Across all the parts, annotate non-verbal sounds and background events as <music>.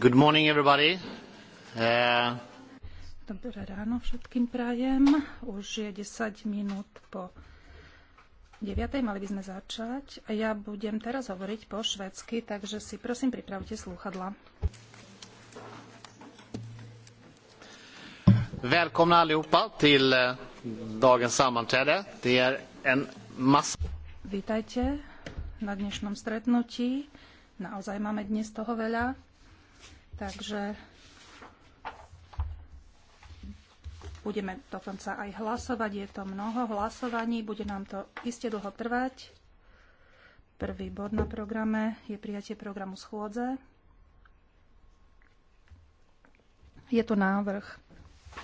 Dobré ráno všetkým prajem. Už je 10 minút po 9. mali by sme začať. A ja budem teraz hovoriť po švedsky, takže si prosím pripravte slúchadla. Välkomna allihopa till eh, dagens sammanträde. Det är en Vítajte na dnešnom stretnutí. Naozaj máme dnes toho veľa. Takže budeme dokonca aj hlasovať. Je to mnoho hlasovaní, bude nám to iste dlho trvať. Prvý bod na programe je prijatie programu schôdze. Je to návrh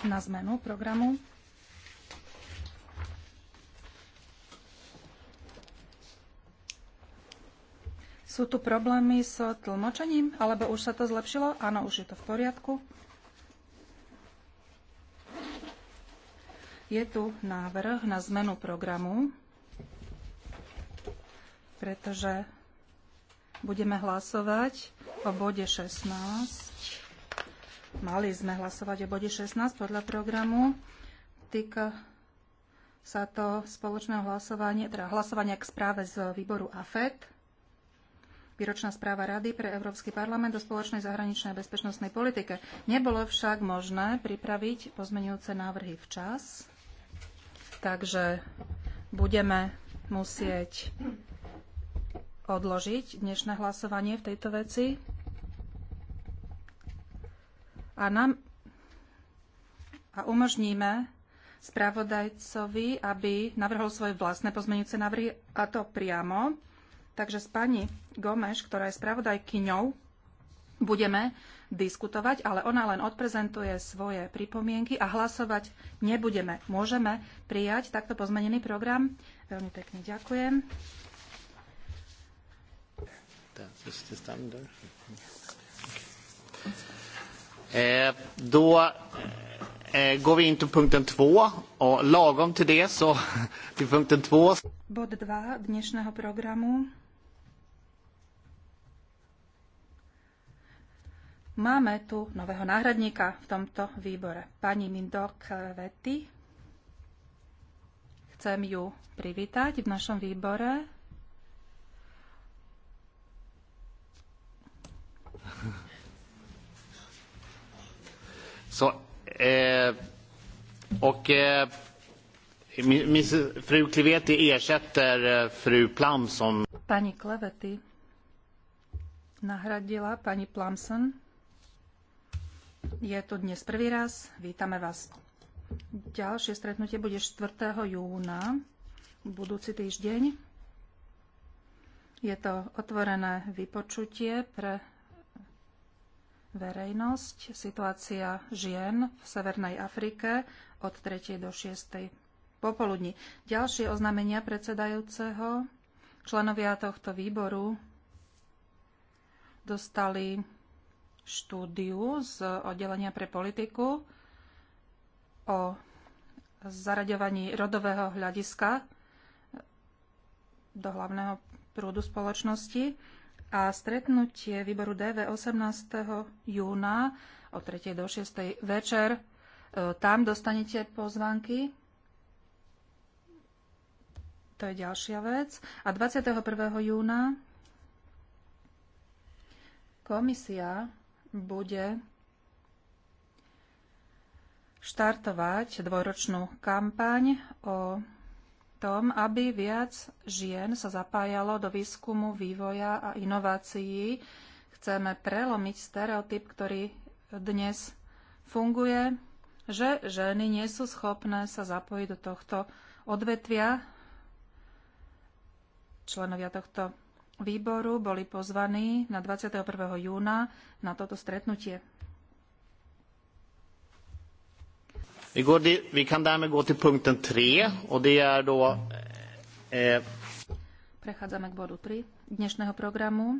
na zmenu programu. Sú tu problémy s tlmočením? Alebo už sa to zlepšilo? Áno, už je to v poriadku. Je tu návrh na zmenu programu, pretože budeme hlasovať o bode 16. Mali sme hlasovať o bode 16 podľa programu. Týka sa to spoločného hlasovania, teda hlasovania k správe z výboru AFET výročná správa Rady pre Európsky parlament o spoločnej zahraničnej a bezpečnostnej politike. Nebolo však možné pripraviť pozmenujúce návrhy včas, takže budeme musieť odložiť dnešné hlasovanie v tejto veci. A, nám, a umožníme spravodajcovi, aby navrhol svoje vlastné pozmenujúce návrhy, a to priamo Takže s pani Gomeš, ktorá je spravodajkyňou, budeme diskutovať, ale ona len odprezentuje svoje pripomienky a hlasovať nebudeme. Môžeme prijať takto pozmenený program? Veľmi pekne ďakujem. Eh, då eh, eh, går vi in till punkten och lagom till det så <laughs> till punkten Bod 2 dnešného programu Máme tu nového náhradníka v tomto výbore, pani Mindok Vety. Chcem ju privítať v našom výbore. Så, eh, och eh, min fru Kleveti ersätter eh, fru Plamson. Pani Kleveti nahradila pani Plamson je tu dnes prvý raz. Vítame vás. Ďalšie stretnutie bude 4. júna, budúci týždeň. Je to otvorené vypočutie pre verejnosť, situácia žien v Severnej Afrike od 3. do 6. popoludní. Ďalšie oznámenia predsedajúceho. Členovia tohto výboru dostali štúdiu z oddelenia pre politiku o zaraďovaní rodového hľadiska do hlavného prúdu spoločnosti a stretnutie výboru DV 18. júna od 3. do 6. večer. E, tam dostanete pozvanky. To je ďalšia vec. A 21. júna komisia bude štartovať dvojročnú kampaň o tom, aby viac žien sa zapájalo do výskumu, vývoja a inovácií. Chceme prelomiť stereotyp, ktorý dnes funguje, že ženy nie sú schopné sa zapojiť do tohto odvetvia. Členovia tohto výboru boli pozvaní na 21. júna na toto stretnutie. Vi, går, vi kan därmed gå till punkten 3 och det är då... Eh... eh Prechádzame k bodu 3 dnešného programu.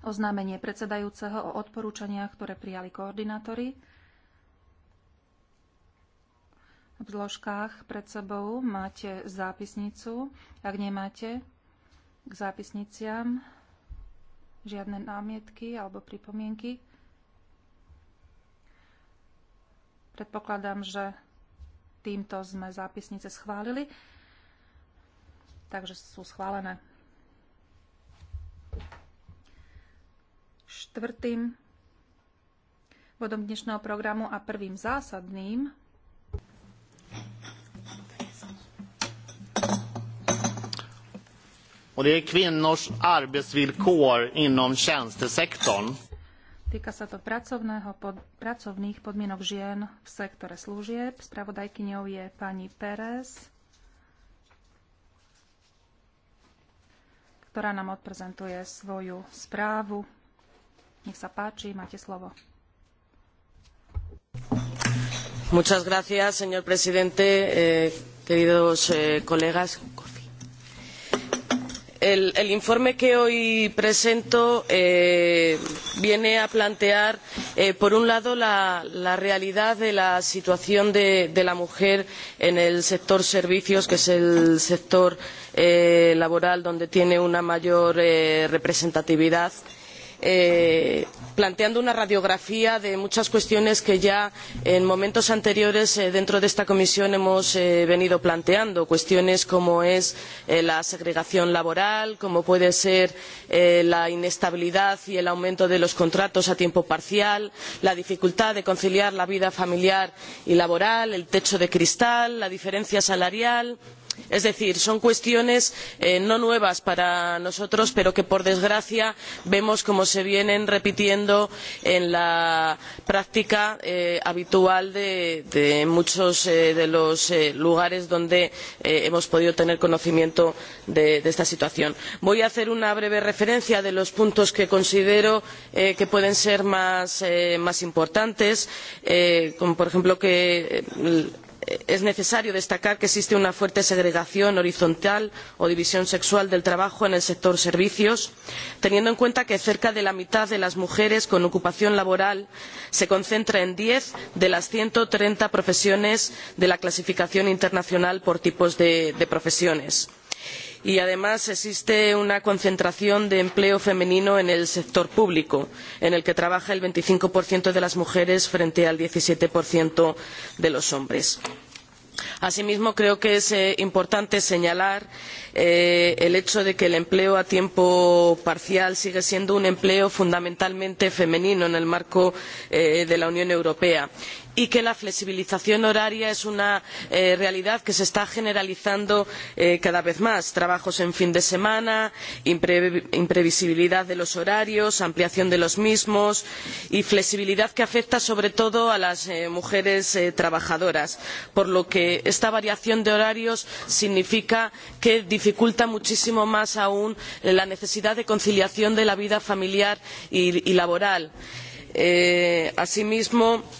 Oznámenie predsedajúceho o odporúčaniach, ktoré prijali koordinátori. V zložkách pred sebou máte zápisnicu. Ak nemáte, k zápisniciam žiadne námietky alebo pripomienky. Predpokladám, že týmto sme zápisnice schválili, takže sú schválené. Štvrtým bodom dnešného programu a prvým zásadným Och det är kvinnors arbetsvillkor inom tjänstesektorn. Týka sa to pracovného pod, pracovných podmienok žien v sektore služieb. Spravodajkyňou je pani Pérez, ktorá nám odprezentuje svoju správu. Nech sa páči, máte slovo. Muchas gracias, señor presidente, eh, queridos eh, colegas el, informe que hoy presento eh, viene a plantear eh, por un lado la, realidad de la situación de, la mujer en el sector servicios que es el sector eh, laboral donde tiene una mayor representatividad y planteando una radiografía de muchas cuestiones que ya en momentos anteriores eh, dentro de esta comisión hemos eh, venido planteando cuestiones como eh, la segregación laboral como puede ser la inestabilidad y el aumento de los contratos a tiempo parcial la dificultad de conciliar la vida familiar y laboral el techo de cristal la diferencia salarial etc es decir son cuestiones eh, no nuevas para nosotros pero que por desgracia vemos cómo se vienen repitiendo en la práctica eh, habitual de, muchos eh, de los lugares donde hemos podido tener conocimiento de, esta situación. voy a hacer una breve referencia de los puntos que considero que pueden ser más importantes como por ejemplo que es necesario destacar que existe una fuerte segregación horizontal o división sexual del trabajo en el sector servicios teniendo en cuenta que cerca de la mitad de las mujeres con ocupación laboral se concentra en diez de las ciento treinta profesiones de la clasificación internacional por tipos de, de profesiones y además existe una concentración de empleo femenino en el sector público en el que trabaja el veinticinco de las mujeres frente al diecisiete de los hombres. asimismo creo que es eh, importante señalar que Eh, el hecho de que el empleo a tiempo parcial sigue siendo un empleo fundamentalmente femenino en el marco eh, de la unión europea y que la flexibilización horaria es una eh, realidad que se está generalizando cada vez más trabajos en fin de semana imprevisibilidad de los horarios ampliación de los mismos y flexibilidad que afecta sobre todo a las mujeres trabajadoras por lo que esta variación de horarios significa que dificulta muchísimo más aún eh, la necesidad de conciliación de la vida familiar y, laboral. Eh, asimismo asimismo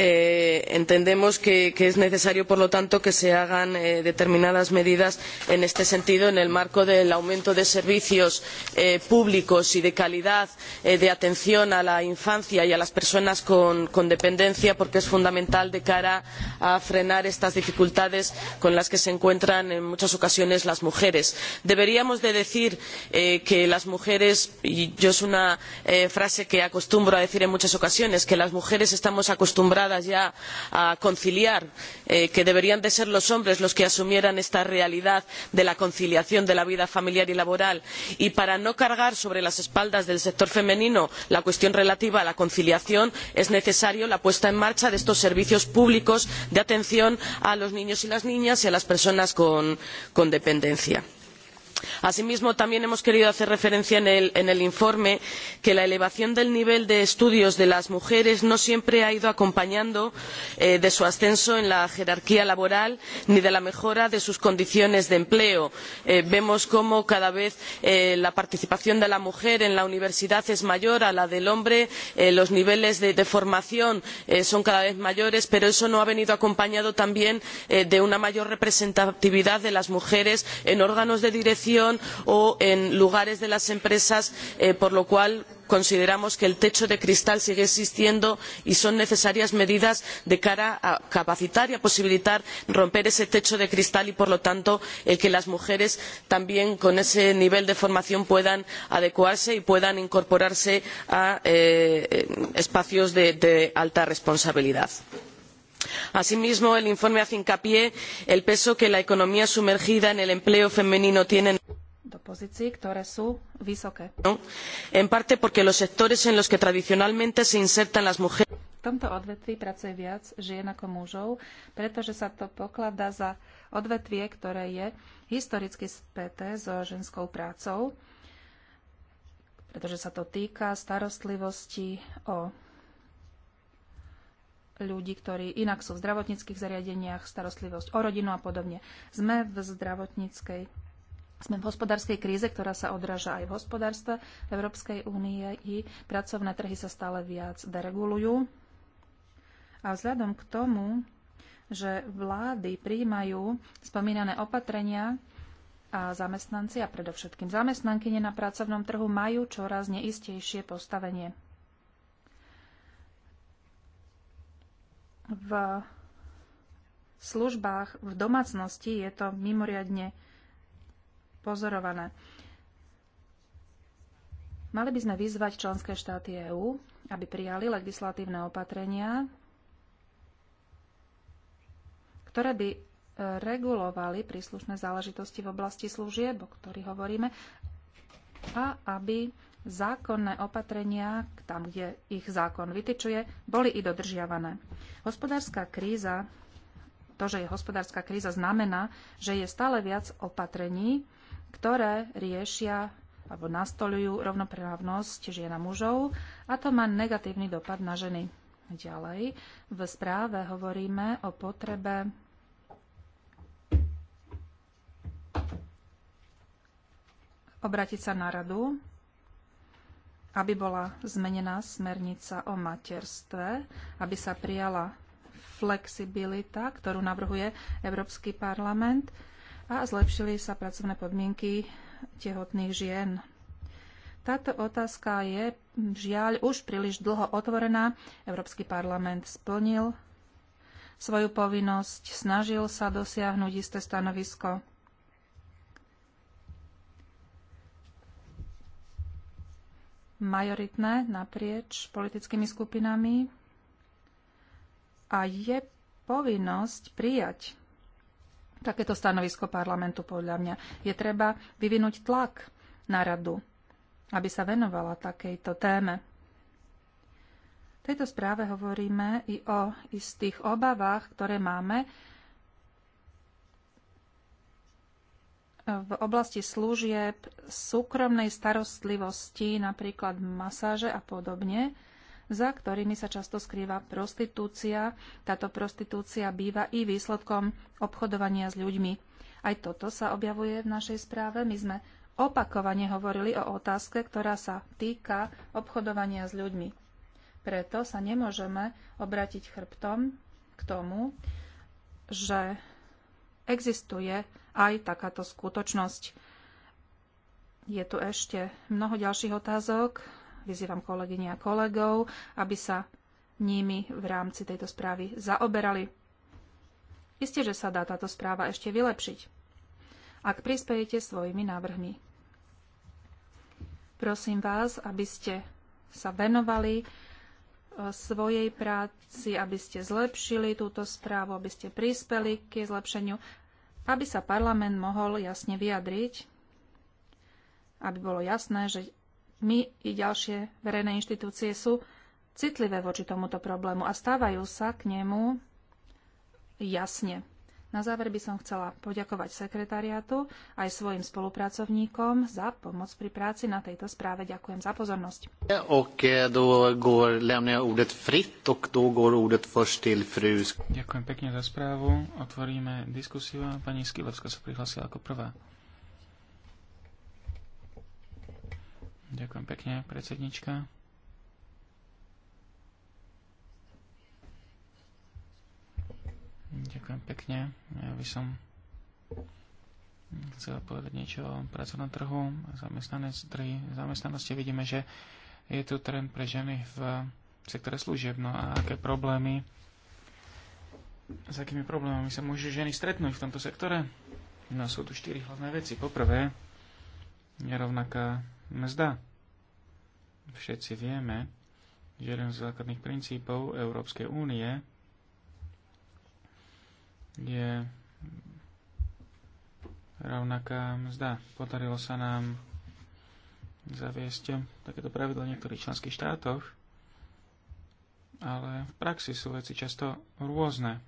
Eh, entendemos que, es necesario, por lo tanto, que se hagan eh, determinadas medidas en este sentido en el marco del aumento de servicios eh, públicos y de calidad de atención a la infancia y a las personas con, dependencia, porque es fundamental de cara a frenar estas dificultades con las que se encuentran en muchas ocasiones las mujeres. Deberíamos decir que las mujeres, y yo es una frase que acostumbro a decir en muchas ocasiones, que las mujeres estamos acostumbradas obligadas ya a conciliar eh, que deberían ser los hombres los que asumieran esta realidad de la conciliación de la vida familiar y laboral y para no cargar sobre las espaldas del sector femenino la cuestión relativa a la conciliación es necesaria la puesta en marcha de estos servicios públicos de atención a los niños y las niñas y a las personas con, con dependencia asimismo también hemos querido hacer referencia en el, informe a que la elevación del nivel de estudios de las mujeres no siempre ha ido acompañada eh, de su ascenso en la jerarquía laboral ni de la mejora de sus condiciones de empleo. Eh, vemos cómo cada vez eh, la participación de la mujer en la universidad es mayor a la del hombre los niveles de, de formación son cada vez mayores pero eso no ha venido acompañado también de una mayor representatividad de las mujeres en órganos de dirección formación o en lugares de las empresas eh, por lo cual consideramos que el techo de cristal sigue existiendo y son necesarias medidas de cara a capacitar y a posibilitar romper ese techo de cristal y por lo tanto que las mujeres también con ese nivel de formación puedan adecuarse y puedan incorporarse a eh, eh, espacios de alta responsabilidad asimismo el informe hace hincapié en el peso que la economía sumergida en el empleo femenino tiene en ¿no? En parte porque los sectores en los que tradicionalmente se insertan las mujeres. V tomto odvetví pracuje viac žien ako mužov, pretože sa to pokladá za odvetvie, ktoré je historicky späté so ženskou prácou, pretože sa to týka starostlivosti o ľudí, ktorí inak sú v zdravotníckých zariadeniach, starostlivosť o rodinu a podobne. Sme v zdravotníckej sme v hospodárskej kríze, ktorá sa odráža aj v hospodárstve Európskej únie i pracovné trhy sa stále viac deregulujú. A vzhľadom k tomu, že vlády príjmajú spomínané opatrenia, a zamestnanci a predovšetkým zamestnankyne na pracovnom trhu majú čoraz neistejšie postavenie. v službách v domácnosti je to mimoriadne pozorované. Mali by sme vyzvať členské štáty EÚ, aby prijali legislatívne opatrenia, ktoré by e, regulovali príslušné záležitosti v oblasti služieb, o ktorých hovoríme, a aby zákonné opatrenia, tam, kde ich zákon vytyčuje, boli i dodržiavané. Hospodárska kríza, to, že je hospodárska kríza, znamená, že je stále viac opatrení, ktoré riešia alebo nastolujú rovnoprávnosť žien a mužov a to má negatívny dopad na ženy. Ďalej v správe hovoríme o potrebe obrátiť sa na radu aby bola zmenená smernica o materstve, aby sa prijala flexibilita, ktorú navrhuje Európsky parlament a zlepšili sa pracovné podmienky tehotných žien. Táto otázka je žiaľ už príliš dlho otvorená. Európsky parlament splnil svoju povinnosť, snažil sa dosiahnuť isté stanovisko majoritné naprieč politickými skupinami a je povinnosť prijať takéto stanovisko parlamentu, podľa mňa. Je treba vyvinúť tlak na radu, aby sa venovala takejto téme. V tejto správe hovoríme i o istých obavách, ktoré máme v oblasti služieb súkromnej starostlivosti, napríklad masáže a podobne, za ktorými sa často skrýva prostitúcia. Táto prostitúcia býva i výsledkom obchodovania s ľuďmi. Aj toto sa objavuje v našej správe. My sme opakovane hovorili o otázke, ktorá sa týka obchodovania s ľuďmi. Preto sa nemôžeme obratiť chrbtom k tomu, že existuje aj takáto skutočnosť. Je tu ešte mnoho ďalších otázok. Vyzývam kolegyne a kolegov, aby sa nimi v rámci tejto správy zaoberali. Isté, že sa dá táto správa ešte vylepšiť, ak prispejete svojimi návrhmi. Prosím vás, aby ste sa venovali e, svojej práci, aby ste zlepšili túto správu, aby ste prispeli k jej zlepšeniu aby sa parlament mohol jasne vyjadriť, aby bolo jasné, že my i ďalšie verejné inštitúcie sú citlivé voči tomuto problému a stávajú sa k nemu jasne. Na záver by som chcela poďakovať sekretariátu aj svojim spolupracovníkom za pomoc pri práci na tejto správe. Ďakujem za pozornosť. Eh, Ďakujem pekne za správu. Otvoríme diskusiu pani Skivovská sa prihlásila ako prvá. Ďakujem pekne, predsednička. Ďakujem pekne. Ja by som chcela povedať niečo o pracovnom trhu. Zamestnanosti vidíme, že je tu trend pre ženy v sektore služieb. No a aké problémy, s akými problémami sa môžu ženy stretnúť v tomto sektore? No sú tu štyri hlavné veci. Poprvé, nerovnaká mzda. Všetci vieme, že jeden z základných princípov Európskej únie je rovnaká mzda. Podarilo sa nám zaviesť takéto pravidlo v niektorých členských štátoch, ale v praxi sú veci často rôzne.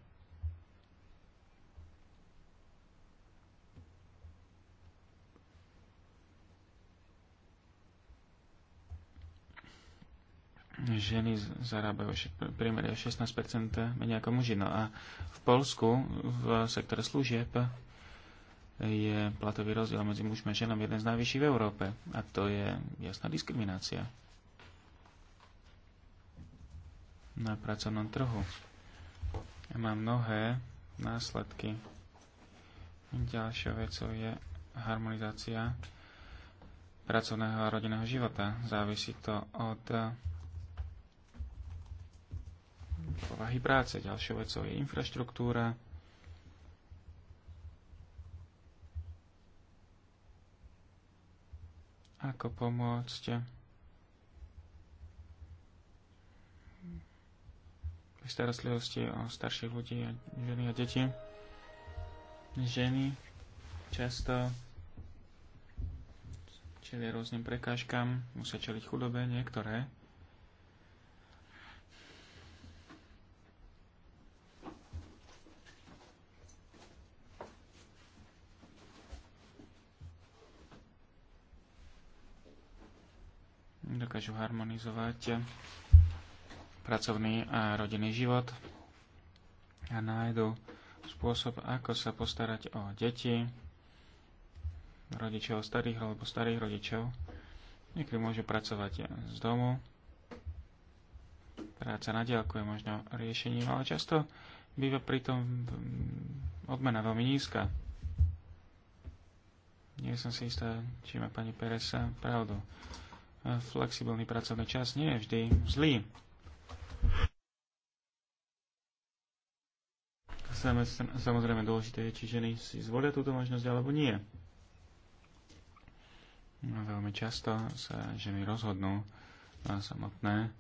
ženy zarábajú priemerne 16 menej ako muži. No a v Polsku v sektore služieb je platový rozdiel medzi mužmi a ženami jeden z najvyšších v Európe. A to je jasná diskriminácia na pracovnom trhu. A má mnohé následky. Ďalšou vecou je harmonizácia pracovného a rodinného života. Závisí to od povahy práce. Ďalšou vecou je infraštruktúra. Ako pomôcť pri starostlivosti o starších ľudí a ženy a deti. Ženy často čelia rôznym prekážkam, musia čeliť chudobe, niektoré dokážu harmonizovať pracovný a rodinný život a nájdu spôsob, ako sa postarať o deti, rodičov starých alebo starých rodičov. Niekedy môžu pracovať z domu. Práca na diálku je možno riešením, ale často býva pritom odmena veľmi nízka. Nie som si istá, či má pani Peresa pravdu flexibilný pracovný čas nie je vždy zlý. Samozrejme dôležité je, či ženy si zvolia túto možnosť alebo nie. No, veľmi často sa ženy rozhodnú samotné,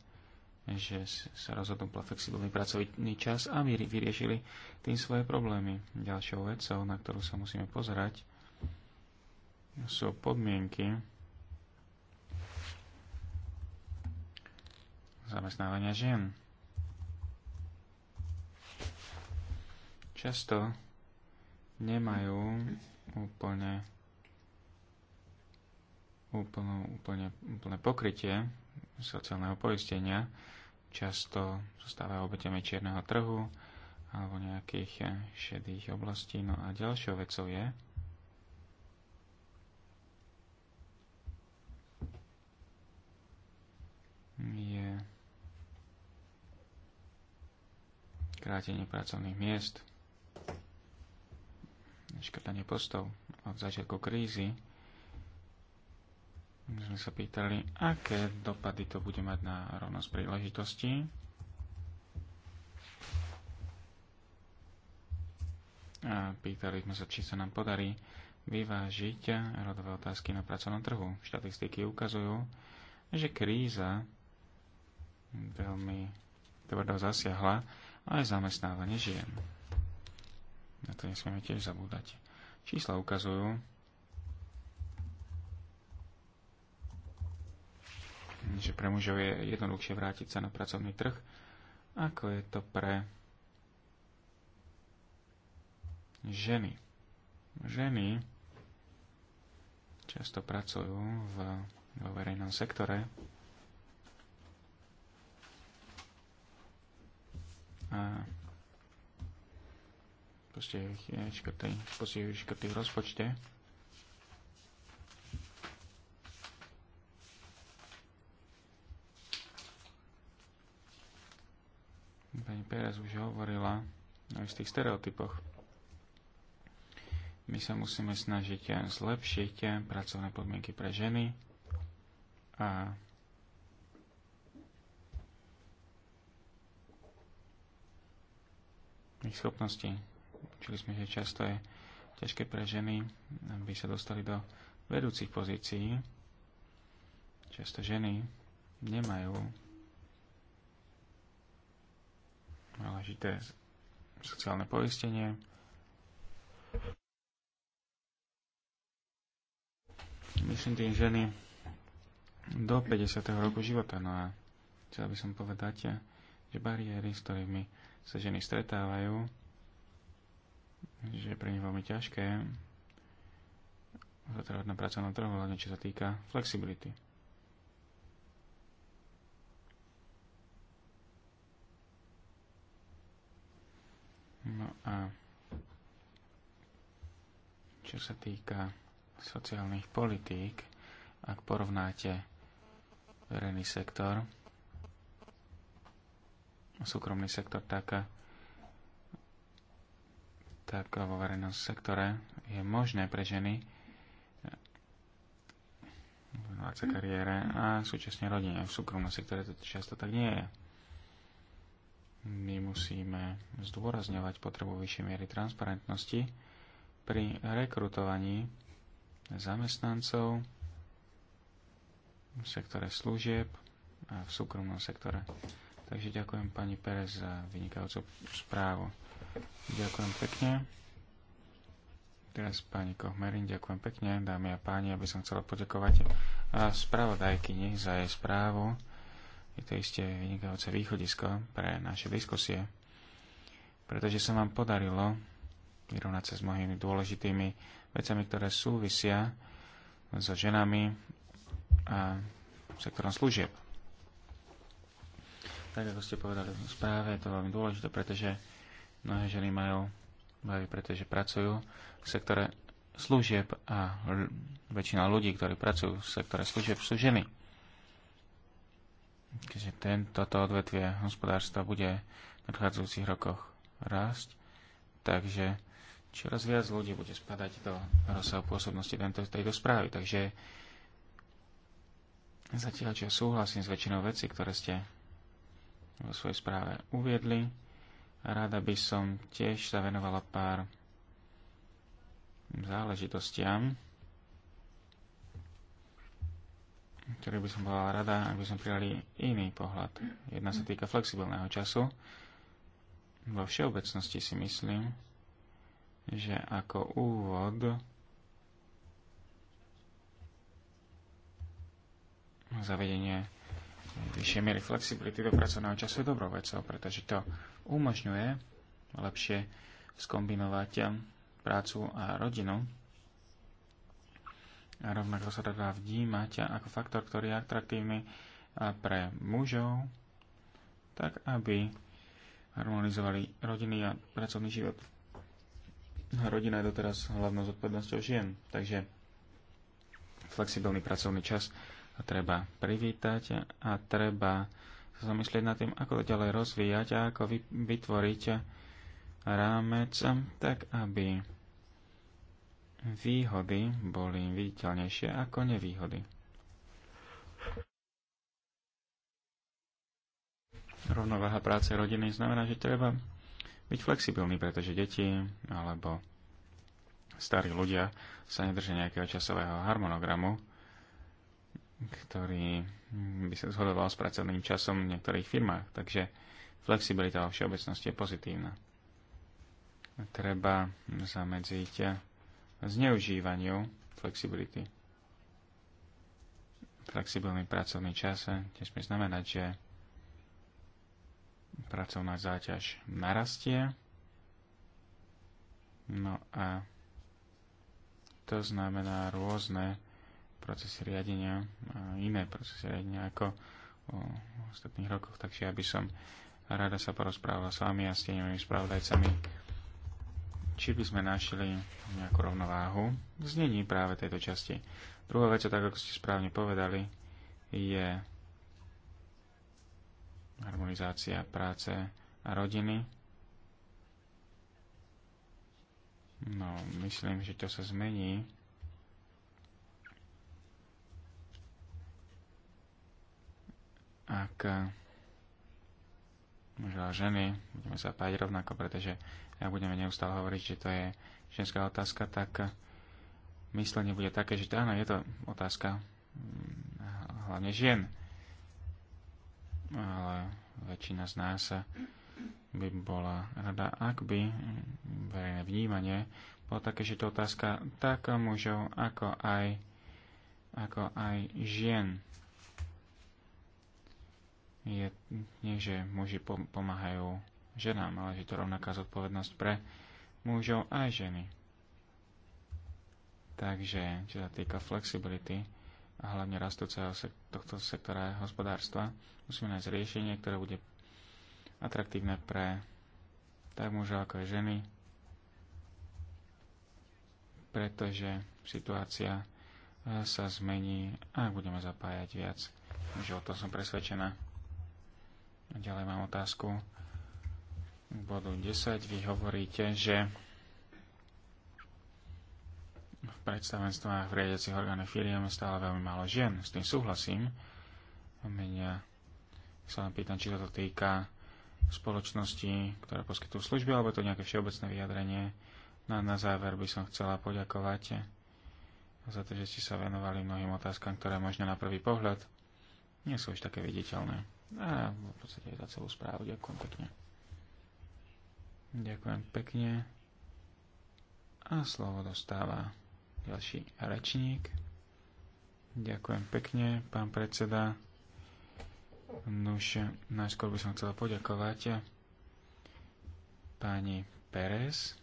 že sa rozhodnú pre flexibilný pracovný čas a vyriešili tým svoje problémy. Ďalšou vecou, na ktorú sa musíme pozerať, sú podmienky, zamestnávania žien. Často nemajú úplne úplne, úplne, úplne pokrytie sociálneho poistenia. Často zostávajú obeťami čierneho trhu alebo nejakých šedých oblastí. No a ďalšou vecou je, je skrátenie pracovných miest, škrtanie postov od začiatku krízy, my sme sa pýtali, aké dopady to bude mať na rovnosť príležitosti. A pýtali sme sa, či sa nám podarí vyvážiť rodové otázky na pracovnom trhu. Štatistiky ukazujú, že kríza veľmi tvrdo zasiahla aj zamestnávanie žien. Na to nesmieme tiež zabúdať. Čísla ukazujú, že pre mužov je jednoduchšie vrátiť sa na pracovný trh, ako je to pre ženy. Ženy často pracujú v, vo verejnom sektore, a proste škrty, proste v rozpočte. Pani Pérez už hovorila o istých stereotypoch. My sa musíme snažiť zlepšiť pracovné podmienky pre ženy a ich schopností. Učili sme, že často je ťažké pre ženy, aby sa dostali do vedúcich pozícií. Často ženy nemajú náležité sociálne poistenie. Myslím tým ženy do 50. roku života. No a chcel by som povedať, že bariéry, s ktorými sa ženy stretávajú, že je pre nich veľmi ťažké zatrvať na pracovnom trhu, hlavne čo sa týka flexibility. No a čo sa týka sociálnych politík, ak porovnáte verejný sektor súkromný sektor, tak, eh, tak eh, vo verejnom sektore je možné pre ženy eh, venovať sa kariére a súčasne rodine. V súkromnom sektore to často tak nie je. My musíme zdôrazňovať potrebu vyššej miery transparentnosti pri rekrutovaní zamestnancov v sektore služieb a v súkromnom sektore. Takže ďakujem pani Perez za vynikajúcu správu. Ďakujem pekne. Teraz pani Kohmerin, ďakujem pekne, dámy a páni, aby som chcela poďakovať spravodajkyni za jej správu. Je to isté vynikajúce východisko pre naše diskusie, pretože sa vám podarilo vyrovnať sa s mnohými dôležitými vecami, ktoré súvisia so ženami a sektorom služieb. Tak ako ste povedali v správe, je to veľmi dôležité, pretože mnohé ženy majú obavy, pretože pracujú v sektore služieb a väčšina ľudí, ktorí pracujú v sektore služieb, sú ženy. Keďže toto odvetvie hospodárstva bude v nadchádzajúcich rokoch rásť, takže čoraz viac ľudí bude spadať do rozsahu pôsobnosti tento, tejto správy. Takže zatiaľ, čo súhlasím s väčšinou vecí, ktoré ste vo svojej správe uviedli. Rada by som tiež sa venovala pár záležitostiam, ktoré by som bola rada, ak by sme prijali iný pohľad. Jedna sa týka flexibilného času. Vo všeobecnosti si myslím, že ako úvod zavedenie vyššej miery flexibility do pracovného času je dobrou vecou, pretože to umožňuje lepšie skombinovať um, prácu a rodinu. A rovnako sa to dá vnímať ako faktor, ktorý je atraktívny pre mužov, tak aby harmonizovali rodiny a pracovný život. Rodina je doteraz hlavnou zodpovednosťou žien, takže flexibilný pracovný čas treba privítať a treba sa zamyslieť nad tým, ako to ďalej rozvíjať a ako vytvoriť rámec tak, aby výhody boli viditeľnejšie ako nevýhody. Rovnováha práce rodiny znamená, že treba byť flexibilný, pretože deti alebo starí ľudia sa nedržia nejakého časového harmonogramu ktorý by sa zhodoval s pracovným časom v niektorých firmách. Takže flexibilita vo všeobecnosti je pozitívna. Treba zamedziť zneužívaniu flexibility. Flexibilný pracovný čas tiež mi znamenať, že pracovná záťaž narastie. No a to znamená rôzne procesy riadenia a iné procesy riadenia ako v ostatných rokoch, takže ja by som rada sa porozprávala s vami a s tými spravodajcami, či by sme našli nejakú rovnováhu v znení práve tejto časti. Druhá vec, tak ako ste správne povedali, je harmonizácia práce a rodiny. No, myslím, že to sa zmení ak eh, možno ženy budeme páť rovnako, pretože ja budeme neustále hovoriť, že to je ženská otázka, tak eh, myslenie bude také, že áno, je to otázka hm, hlavne žien. Ale väčšina z nás eh, by bola rada, ak by verejné vnímanie bolo také, že to otázka tak mužov, ako aj, ako aj žien je nie, že muži pomáhajú ženám, ale že to rovnaká zodpovednosť pre mužov aj ženy. Takže, čo sa týka flexibility a hlavne rastúceho sek- tohto sektora hospodárstva, musíme nájsť riešenie, ktoré bude atraktívne pre tak mužov ako aj ženy, pretože situácia eh, sa zmení, ak budeme zapájať viac o To som presvedčená. Ďalej mám otázku k bodu 10. Vy hovoríte, že v predstavenstvách v riadiacich orgánoch firiem stále veľmi málo žien. S tým súhlasím. Menia sa len pýtam, či sa to týka spoločnosti, ktoré poskytujú služby, alebo to nejaké všeobecné vyjadrenie. No a na záver by som chcela poďakovať za to, že ste sa venovali mnohým otázkam, ktoré možno na prvý pohľad nie sú už také viditeľné a v podstate za celú správu. Ďakujem pekne. Ďakujem pekne. A slovo dostáva ďalší rečník. Ďakujem pekne, pán predseda. Nuž, najskôr by som chcela poďakovať pani Pérez,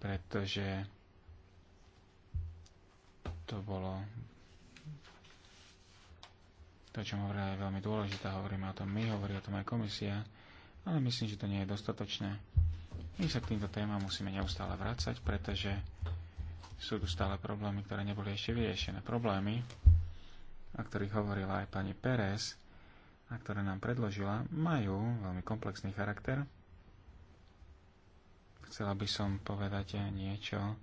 pretože to bolo to, čo hovorí, je veľmi dôležité. Hovoríme o tom my, hovorí o tom aj komisia, ale myslím, že to nie je dostatočné. My sa k týmto témam musíme neustále vrácať, pretože sú tu stále problémy, ktoré neboli ešte vyriešené. Problémy, o ktorých hovorila aj pani Pérez, a ktoré nám predložila, majú veľmi komplexný charakter. Chcela by som povedať niečo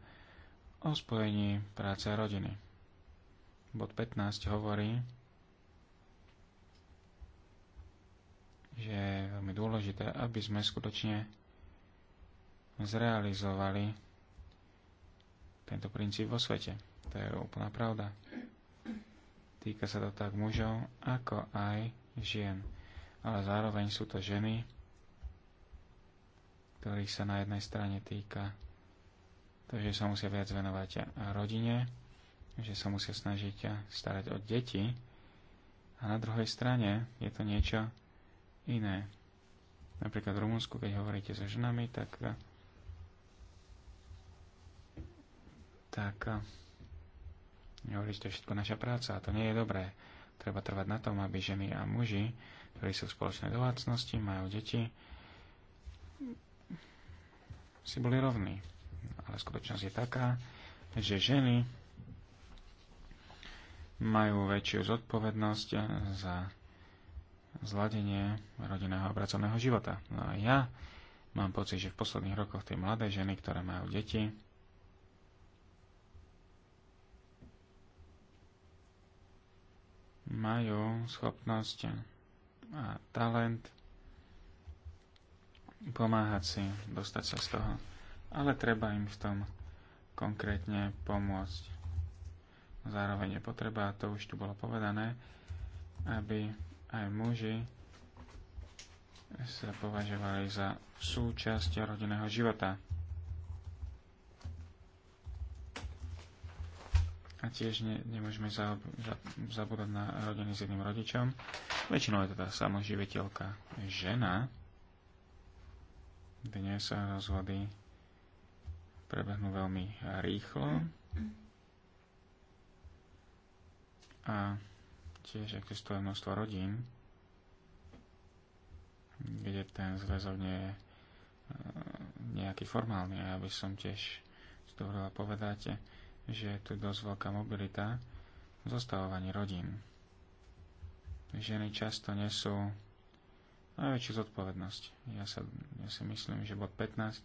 o spojení práce a rodiny. Bod 15 hovorí, že je veľmi dôležité, aby sme skutočne zrealizovali tento princíp vo svete. To je úplná pravda. Týka sa to tak mužov, ako aj žien. Ale zároveň sú to ženy, ktorých sa na jednej strane týka to, že sa musia viac venovať rodine, že sa musia snažiť starať o deti, a na druhej strane je to niečo, iné. Napríklad v Rumunsku, keď hovoríte so ženami, tak eh, tak eh, hovoríte, že všetko naša práca a to nie je dobré. Treba trvať na tom, aby ženy a muži, ktorí sú v spoločnej domácnosti, majú deti, si boli rovní. Ale skutočnosť je taká, že ženy majú väčšiu zodpovednosť za zladenie rodinného a pracovného života. No a ja mám pocit, že v posledných rokoch tie mladé ženy, ktoré majú deti, majú schopnosť a talent pomáhať si, dostať sa z toho. Ale treba im v tom konkrétne pomôcť. Zároveň je potreba, a to už tu bolo povedané, aby aj muži sa považovali za súčasť rodinného života. A tiež ne, nemôžeme zabúdať na rodiny s jedným rodičom. Väčšinou je teda samoživiteľka žena. Dnes sa rozvody prebehnú veľmi rýchlo. A tiež existuje množstvo rodín, kde ten zväzok nie je eh, nejaký formálny. A ja by som tiež zdôvodila povedať, že je tu dosť veľká mobilita v zostavovaní rodín. Ženy často nesú najväčšiu zodpovednosť. Ja, sa, ja si myslím, že bod 15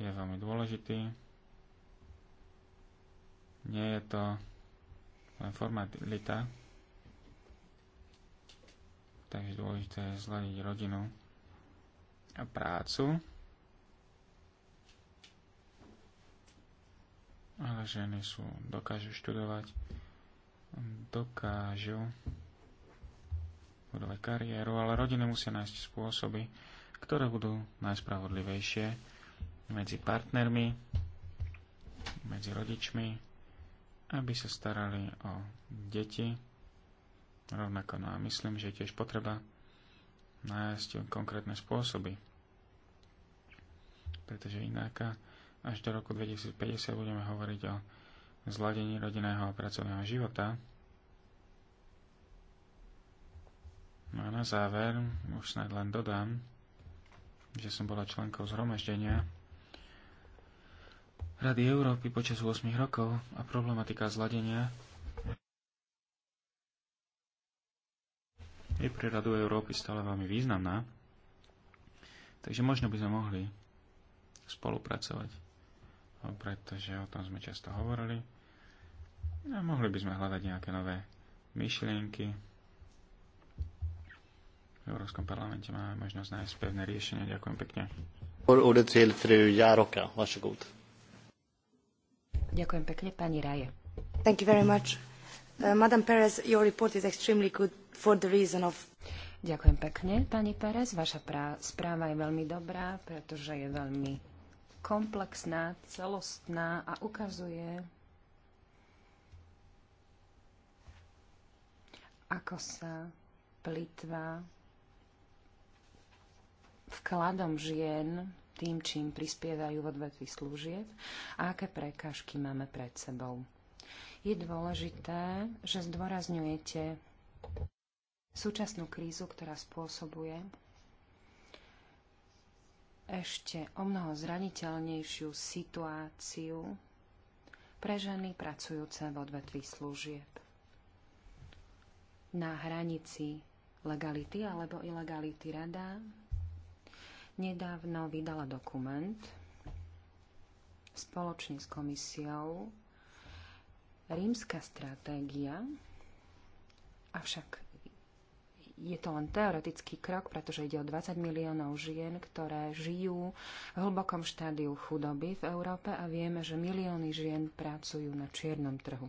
je veľmi dôležitý. Nie je to len formalita, takže dôležité je zladiť rodinu a prácu. Ale ženy sú, dokážu študovať, dokážu budovať kariéru, ale rodiny musia nájsť spôsoby, ktoré budú najspravodlivejšie medzi partnermi, medzi rodičmi, aby sa starali o deti, rovnako. No a myslím, že tiež potreba nájsť konkrétne spôsoby. Pretože inak až do roku 2050 budeme hovoriť o zladení rodinného a pracovného života. No a na záver už snad len dodám, že som bola členkou zhromaždenia Rady Európy počas 8 rokov a problematika zladenia je pre Radu Európy stále veľmi významná. Takže možno by sme mohli spolupracovať, no, pretože o tom sme často hovorili. A no, mohli by sme hľadať nejaké nové myšlienky. V Európskom parlamente máme možnosť nájsť pevné riešenie. Ďakujem pekne. Ďakujem pekne, pani Raje. Thank you very much. Uh, Madam Perez, your report is extremely good for the reason of Ďakujem pekne, pani Perez. Vaša správa je veľmi dobrá, pretože je veľmi komplexná, celostná a ukazuje, ako sa plitva vkladom žien tým, čím prispievajú v odvetví služieb a aké prekážky máme pred sebou. Je dôležité, že zdôrazňujete súčasnú krízu, ktorá spôsobuje ešte o mnoho zraniteľnejšiu situáciu pre ženy pracujúce v odvetví služieb na hranici legality alebo ilegality rada nedávno vydala dokument spoločne s komisiou Rímska stratégia, avšak je to len teoretický krok, pretože ide o 20 miliónov žien, ktoré žijú v hlbokom štádiu chudoby v Európe a vieme, že milióny žien pracujú na čiernom trhu.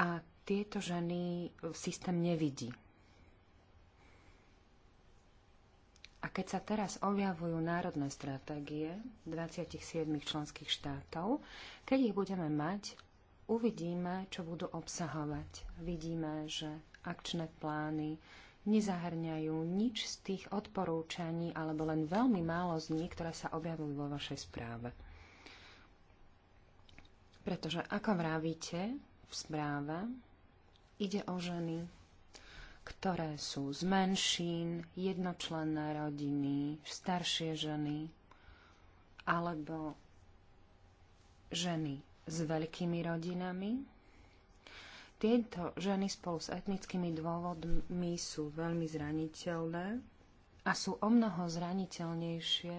A tieto ženy systém nevidí. A keď sa teraz objavujú národné stratégie 27 členských štátov, keď ich budeme mať, uvidíme, čo budú obsahovať. Vidíme, že akčné plány nezahrňajú nič z tých odporúčaní alebo len veľmi málo z nich, ktoré sa objavujú vo vašej správe. Pretože ako vravíte v správe, ide o ženy, ktoré sú z menšín, jednočlenné rodiny, staršie ženy alebo ženy s veľkými rodinami. Tieto ženy spolu s etnickými dôvodmi sú veľmi zraniteľné a sú o mnoho zraniteľnejšie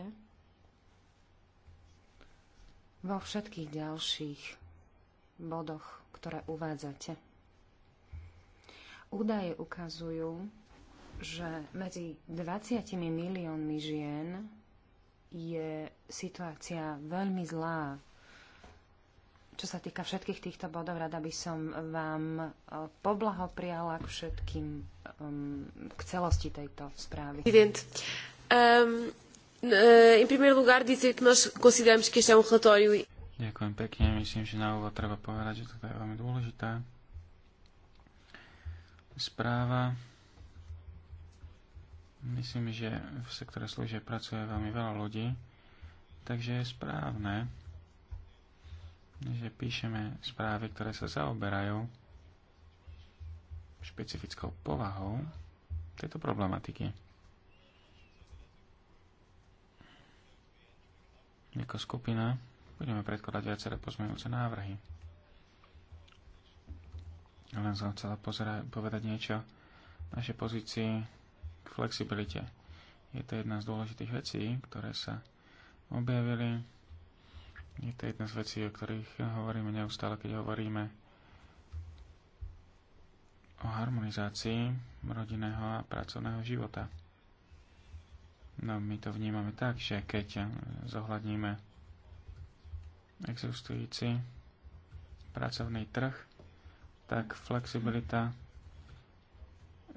vo všetkých ďalších bodoch, ktoré uvádzate. Údaje ukazujú, že medzi 20 miliónmi žien je situácia veľmi zlá čo sa týka všetkých týchto bodov, rada by som vám e, poblahopriala k všetkým, um, k celosti tejto správy. Um, lugar, consideramos relatório... Ďakujem pekne. Myslím, že na úvod treba povedať, že toto je veľmi dôležitá správa. Myslím, že v sektore služieb pracuje veľmi veľa ľudí, takže je správne, že píšeme správy, ktoré sa zaoberajú špecifickou povahou tejto problematiky. Ako skupina budeme predkladať viaceré pozmeňujúce návrhy. Len som chcela pozera- povedať niečo v našej pozícii k flexibilite. Je to jedna z dôležitých vecí, ktoré sa objavili je to jedna z vecí, o ktorých hovoríme neustále, keď hovoríme o harmonizácii rodinného a pracovného života. No my to vnímame tak, že keď zohľadníme existujúci pracovný trh, tak flexibilita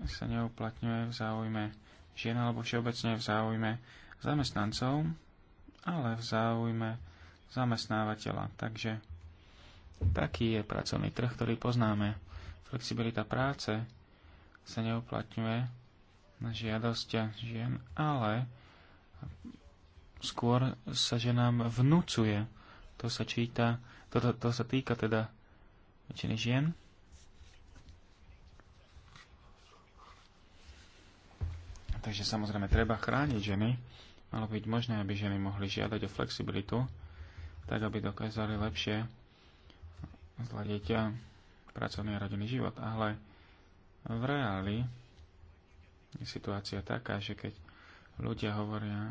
sa neuplatňuje v záujme žien alebo všeobecne v záujme zamestnancov, ale v záujme zamestnávateľa. Takže taký je pracovný trh, ktorý poznáme. Flexibilita práce sa neuplatňuje na žiadosť žien, ale skôr sa ženám vnúcuje. To sa číta, to, to, to sa týka teda väčšiny žien. Takže samozrejme treba chrániť ženy. Malo byť možné, aby ženy mohli žiadať o flexibilitu tak aby dokázali lepšie zladiť pracovný a rodinný život. Ale v reáli je situácia taká, že keď ľudia hovoria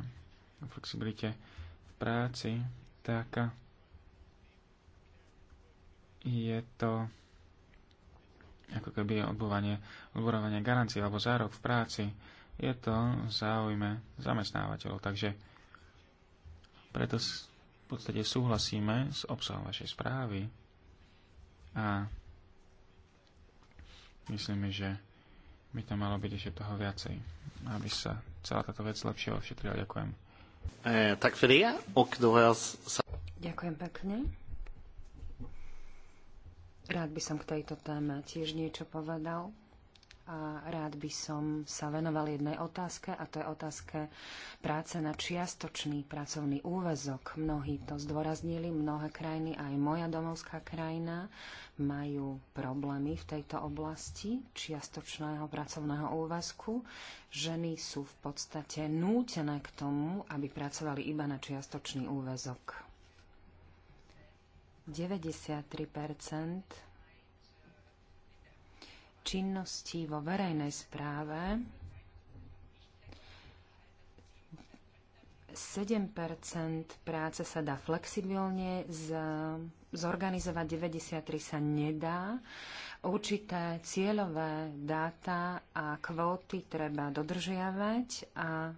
o flexibilite v práci, tak je to ako keby odbúvanie, odbúvanie garancií alebo zárok v práci. Je to záujme zamestnávateľov, takže preto v podstate súhlasíme s obsahom vašej správy a myslíme, že by tam malo byť ešte toho viacej, aby sa celá táto vec lepšie ošetrila. Ďakujem. E, tak for det, och då Ďakujem pekne. Rád by som k tejto téme tiež niečo povedal a rád by som sa venoval jednej otázke a to je otázka práce na čiastočný pracovný úvezok. Mnohí to zdôraznili, mnohé krajiny, aj moja domovská krajina, majú problémy v tejto oblasti čiastočného pracovného úvezku. Ženy sú v podstate nútené k tomu, aby pracovali iba na čiastočný úvezok. 93 činnosti vo verejnej správe 7 práce sa dá flexibilne z, zorganizovať, 93 sa nedá. Určité cieľové dáta a kvóty treba dodržiavať a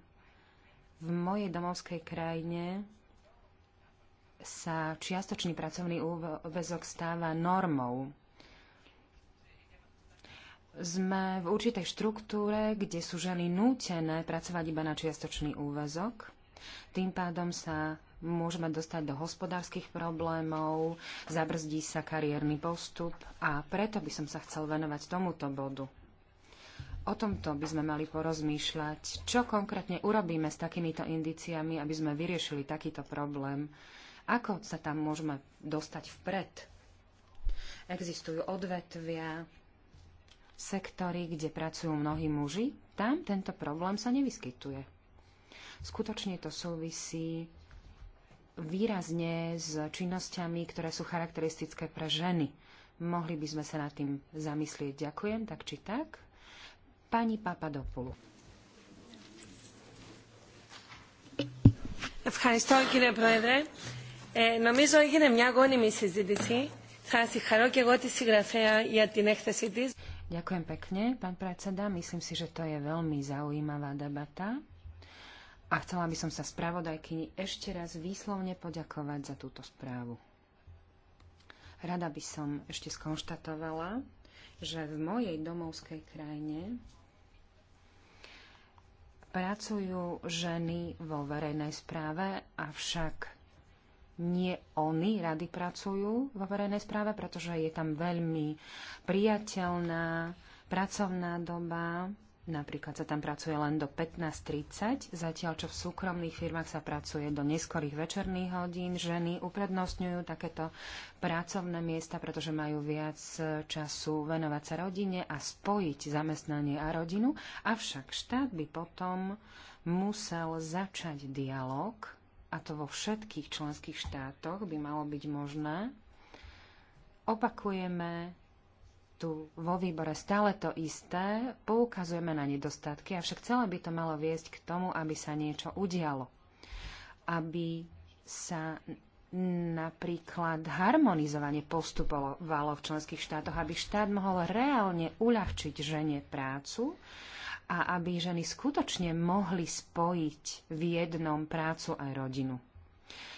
v mojej domovskej krajine sa čiastočný pracovný úvezok stáva normou sme v určitej štruktúre, kde sú ženy nútené pracovať iba na čiastočný úvezok. Tým pádom sa môžeme dostať do hospodárskych problémov, zabrzdí sa kariérny postup a preto by som sa chcel venovať tomuto bodu. O tomto by sme mali porozmýšľať, čo konkrétne urobíme s takýmito indiciami, aby sme vyriešili takýto problém. Ako sa tam môžeme dostať vpred? Existujú odvetvia, sektory, kde pracujú mnohí muži, tam tento problém sa nevyskytuje. Skutočne to súvisí výrazne s činnosťami, ktoré sú charakteristické pre ženy. Mohli by sme sa nad tým zamyslieť. Ďakujem, tak či tak. Pani Papadopoulou. Ευχαριστώ κύριε Πρόεδρε. Ε, νομίζω έγινε μια γόνιμη συζήτηση. Θα συγχαρώ και εγώ τη συγγραφέα για την έκθεση της. Ďakujem pekne, pán predseda. Myslím si, že to je veľmi zaujímavá debata. A chcela by som sa spravodajkyni ešte raz výslovne poďakovať za túto správu. Rada by som ešte skonštatovala, že v mojej domovskej krajine pracujú ženy vo verejnej správe, avšak nie oni rady pracujú vo verejnej správe, pretože je tam veľmi priateľná pracovná doba. Napríklad sa tam pracuje len do 15.30, zatiaľ čo v súkromných firmách sa pracuje do neskorých večerných hodín. Ženy uprednostňujú takéto pracovné miesta, pretože majú viac času venovať sa rodine a spojiť zamestnanie a rodinu. Avšak štát by potom musel začať dialog a to vo všetkých členských štátoch by malo byť možné. Opakujeme tu vo výbore stále to isté, poukazujeme na nedostatky, avšak celé by to malo viesť k tomu, aby sa niečo udialo. Aby sa napríklad harmonizovanie postupovalo v členských štátoch, aby štát mohol reálne uľahčiť žene prácu, a aby ženy skutočne mohli spojiť v jednom prácu aj rodinu.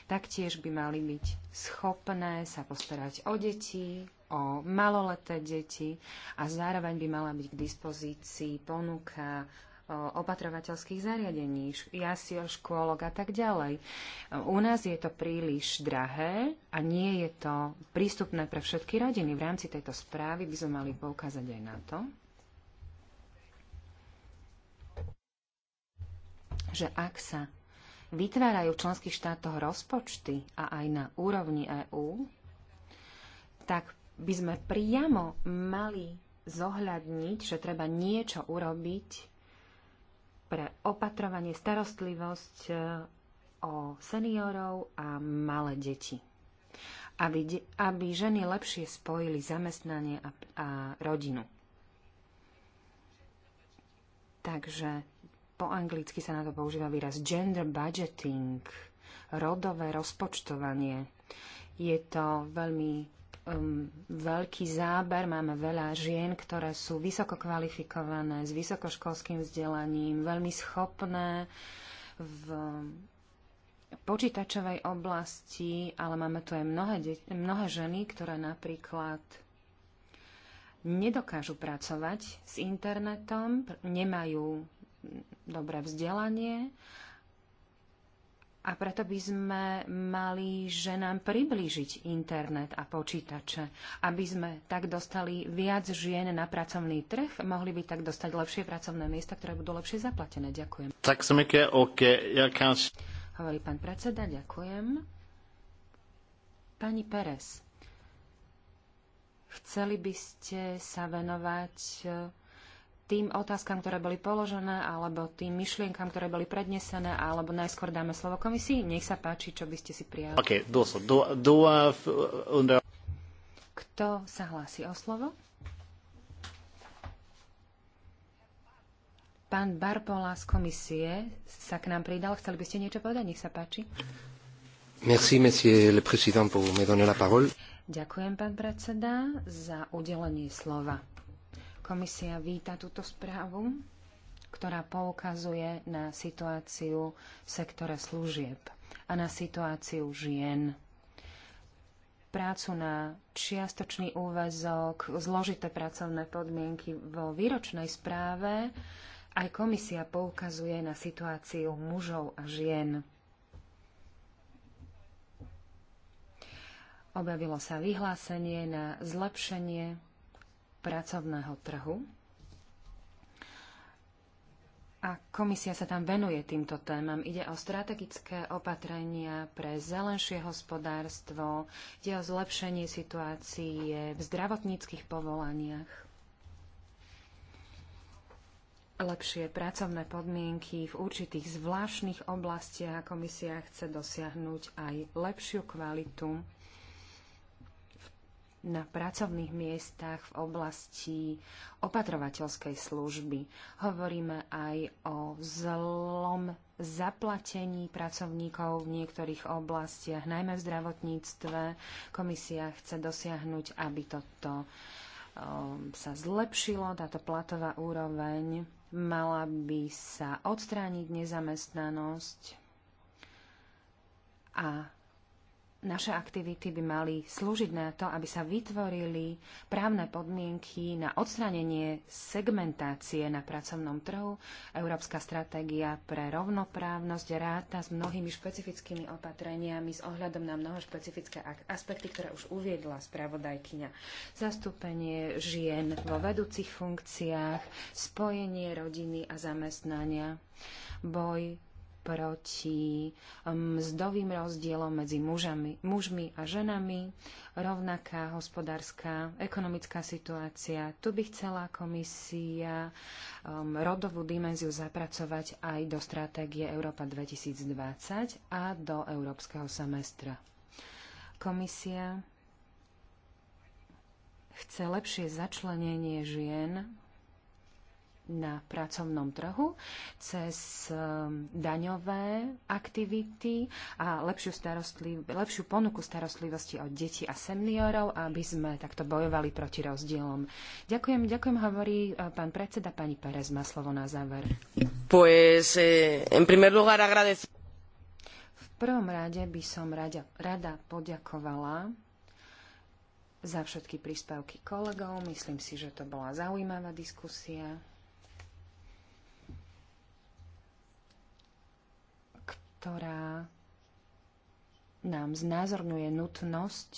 Taktiež by mali byť schopné sa postarať o deti, o maloleté deti a zároveň by mala byť k dispozícii ponuka opatrovateľských zariadení, jasiel, škôlok a tak ďalej. U nás je to príliš drahé a nie je to prístupné pre všetky rodiny. V rámci tejto správy by sme mali poukázať aj na to, že ak sa vytvárajú v členských štátoch rozpočty a aj na úrovni EÚ, tak by sme priamo mali zohľadniť, že treba niečo urobiť pre opatrovanie, starostlivosť e, o seniorov a malé deti. Aby, de aby ženy lepšie spojili zamestnanie a, a rodinu. Takže po anglicky sa na to používa výraz gender budgeting, rodové rozpočtovanie. Je to veľmi um, veľký záber, máme veľa žien, ktoré sú vysoko kvalifikované, s vysokoškolským vzdelaním, veľmi schopné v počítačovej oblasti, ale máme tu aj mnohé, mnohé ženy, ktoré napríklad nedokážu pracovať s internetom, nemajú dobré vzdelanie a preto by sme mali ženám priblížiť internet a počítače, aby sme tak dostali viac žien na pracovný trh, mohli by tak dostať lepšie pracovné miesta, ktoré budú lepšie zaplatené. Ďakujem. Tak som ok, ja kan... Hovorí pán predseda, ďakujem. Pani Perez, chceli by ste sa venovať tým otázkam, ktoré boli položené, alebo tým myšlienkam, ktoré boli prednesené, alebo najskôr dáme slovo komisii. Nech sa páči, čo by ste si prijali. Okay, do, do, do, uh, Kto sa hlási o slovo? Pán Barpola z komisie sa k nám pridal. Chceli by ste niečo povedať? Nech sa páči. Merci, monsieur le président, pour me donner la parole. Ďakujem, pán predseda, za udelenie slova. Komisia víta túto správu, ktorá poukazuje na situáciu v sektore služieb a na situáciu žien. Prácu na čiastočný úvezok, zložité pracovné podmienky vo výročnej správe aj komisia poukazuje na situáciu mužov a žien. Objavilo sa vyhlásenie na zlepšenie pracovného trhu. A komisia sa tam venuje týmto témam. Ide o strategické opatrenia pre zelenšie hospodárstvo, ide o zlepšenie situácie v zdravotníckých povolaniach, lepšie pracovné podmienky v určitých zvláštnych oblastiach. Komisia chce dosiahnuť aj lepšiu kvalitu na pracovných miestach v oblasti opatrovateľskej služby. Hovoríme aj o zlom zaplatení pracovníkov v niektorých oblastiach, najmä v zdravotníctve. Komisia chce dosiahnuť, aby toto um, sa zlepšilo, táto platová úroveň. Mala by sa odstrániť nezamestnanosť a naše aktivity by mali slúžiť na to, aby sa vytvorili právne podmienky na odstranenie segmentácie na pracovnom trhu. Európska stratégia pre rovnoprávnosť ráta s mnohými špecifickými opatreniami s ohľadom na mnoho špecifické aspekty, ktoré už uviedla spravodajkyňa. Zastúpenie žien vo vedúcich funkciách, spojenie rodiny a zamestnania, boj proti um, mzdovým rozdielom medzi mužami, mužmi a ženami, rovnaká hospodárska, ekonomická situácia. Tu by chcela komisia um, rodovú dimenziu zapracovať aj do stratégie Európa 2020 a do európskeho semestra. Komisia chce lepšie začlenenie žien na pracovnom trhu cez um, daňové aktivity a lepšiu, starostliv- lepšiu ponuku starostlivosti o deti a seniorov, aby sme takto bojovali proti rozdielom. Ďakujem, ďakujem, hovorí uh, pán predseda, pani Perez má slovo na záver. Pues, eh, en primer lugar agradec- v prvom rade by som rada, rada poďakovala za všetky príspevky kolegov. Myslím si, že to bola zaujímavá diskusia. ktorá nám znázorňuje nutnosť,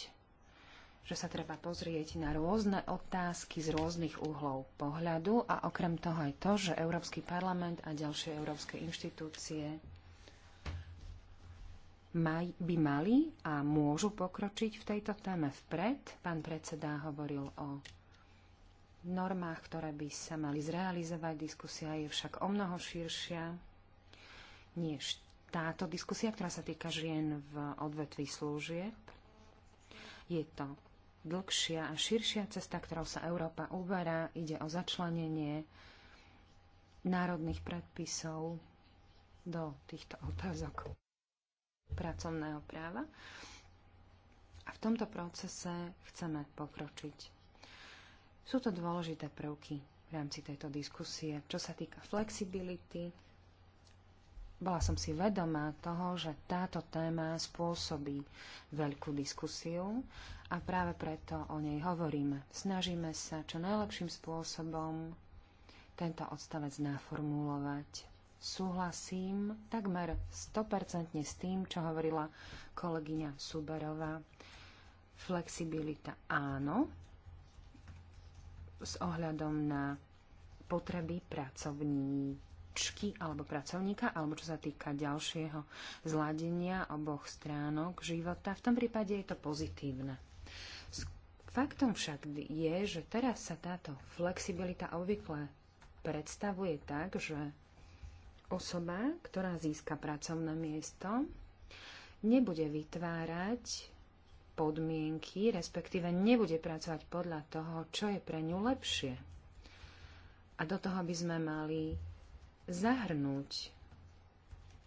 že sa treba pozrieť na rôzne otázky z rôznych uhlov pohľadu a okrem toho aj to, že Európsky parlament a ďalšie európske inštitúcie maj, by mali a môžu pokročiť v tejto téme vpred. Pán predseda hovoril o normách, ktoré by sa mali zrealizovať. Diskusia je však o mnoho širšia. Nie táto diskusia, ktorá sa týka žien v odvetví služieb. Je to dlhšia a širšia cesta, ktorou sa Európa uberá. Ide o začlenenie národných predpisov do týchto otázok pracovného práva. A v tomto procese chceme pokročiť. Sú to dôležité prvky v rámci tejto diskusie, čo sa týka flexibility, bola som si vedomá toho, že táto téma spôsobí veľkú diskusiu a práve preto o nej hovoríme. Snažíme sa čo najlepším spôsobom tento odstavec naformulovať. Súhlasím takmer 100% s tým, čo hovorila kolegyňa Suberová. Flexibilita áno, s ohľadom na potreby pracovník čky alebo pracovníka, alebo čo sa týka ďalšieho zladenia oboch stránok života. V tom prípade je to pozitívne. Faktom však je, že teraz sa táto flexibilita obvykle predstavuje tak, že osoba, ktorá získa pracovné miesto, nebude vytvárať podmienky, respektíve nebude pracovať podľa toho, čo je pre ňu lepšie. A do toho by sme mali zahrnúť.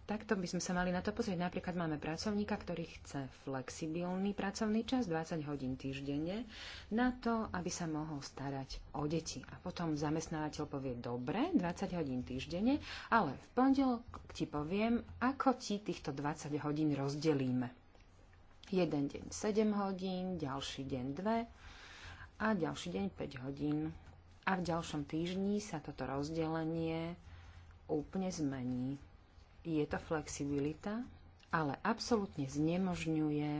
Takto by sme sa mali na to pozrieť. Napríklad máme pracovníka, ktorý chce flexibilný pracovný čas, 20 hodín týždenne, na to, aby sa mohol starať o deti. A potom zamestnávateľ povie, dobre, 20 hodín týždenne, ale v pondelok ti poviem, ako ti týchto 20 hodín rozdelíme. Jeden deň 7 hodín, ďalší deň 2 a ďalší deň 5 hodín. A v ďalšom týždni sa toto rozdelenie úplne zmení. Je to flexibilita, ale absolútne znemožňuje,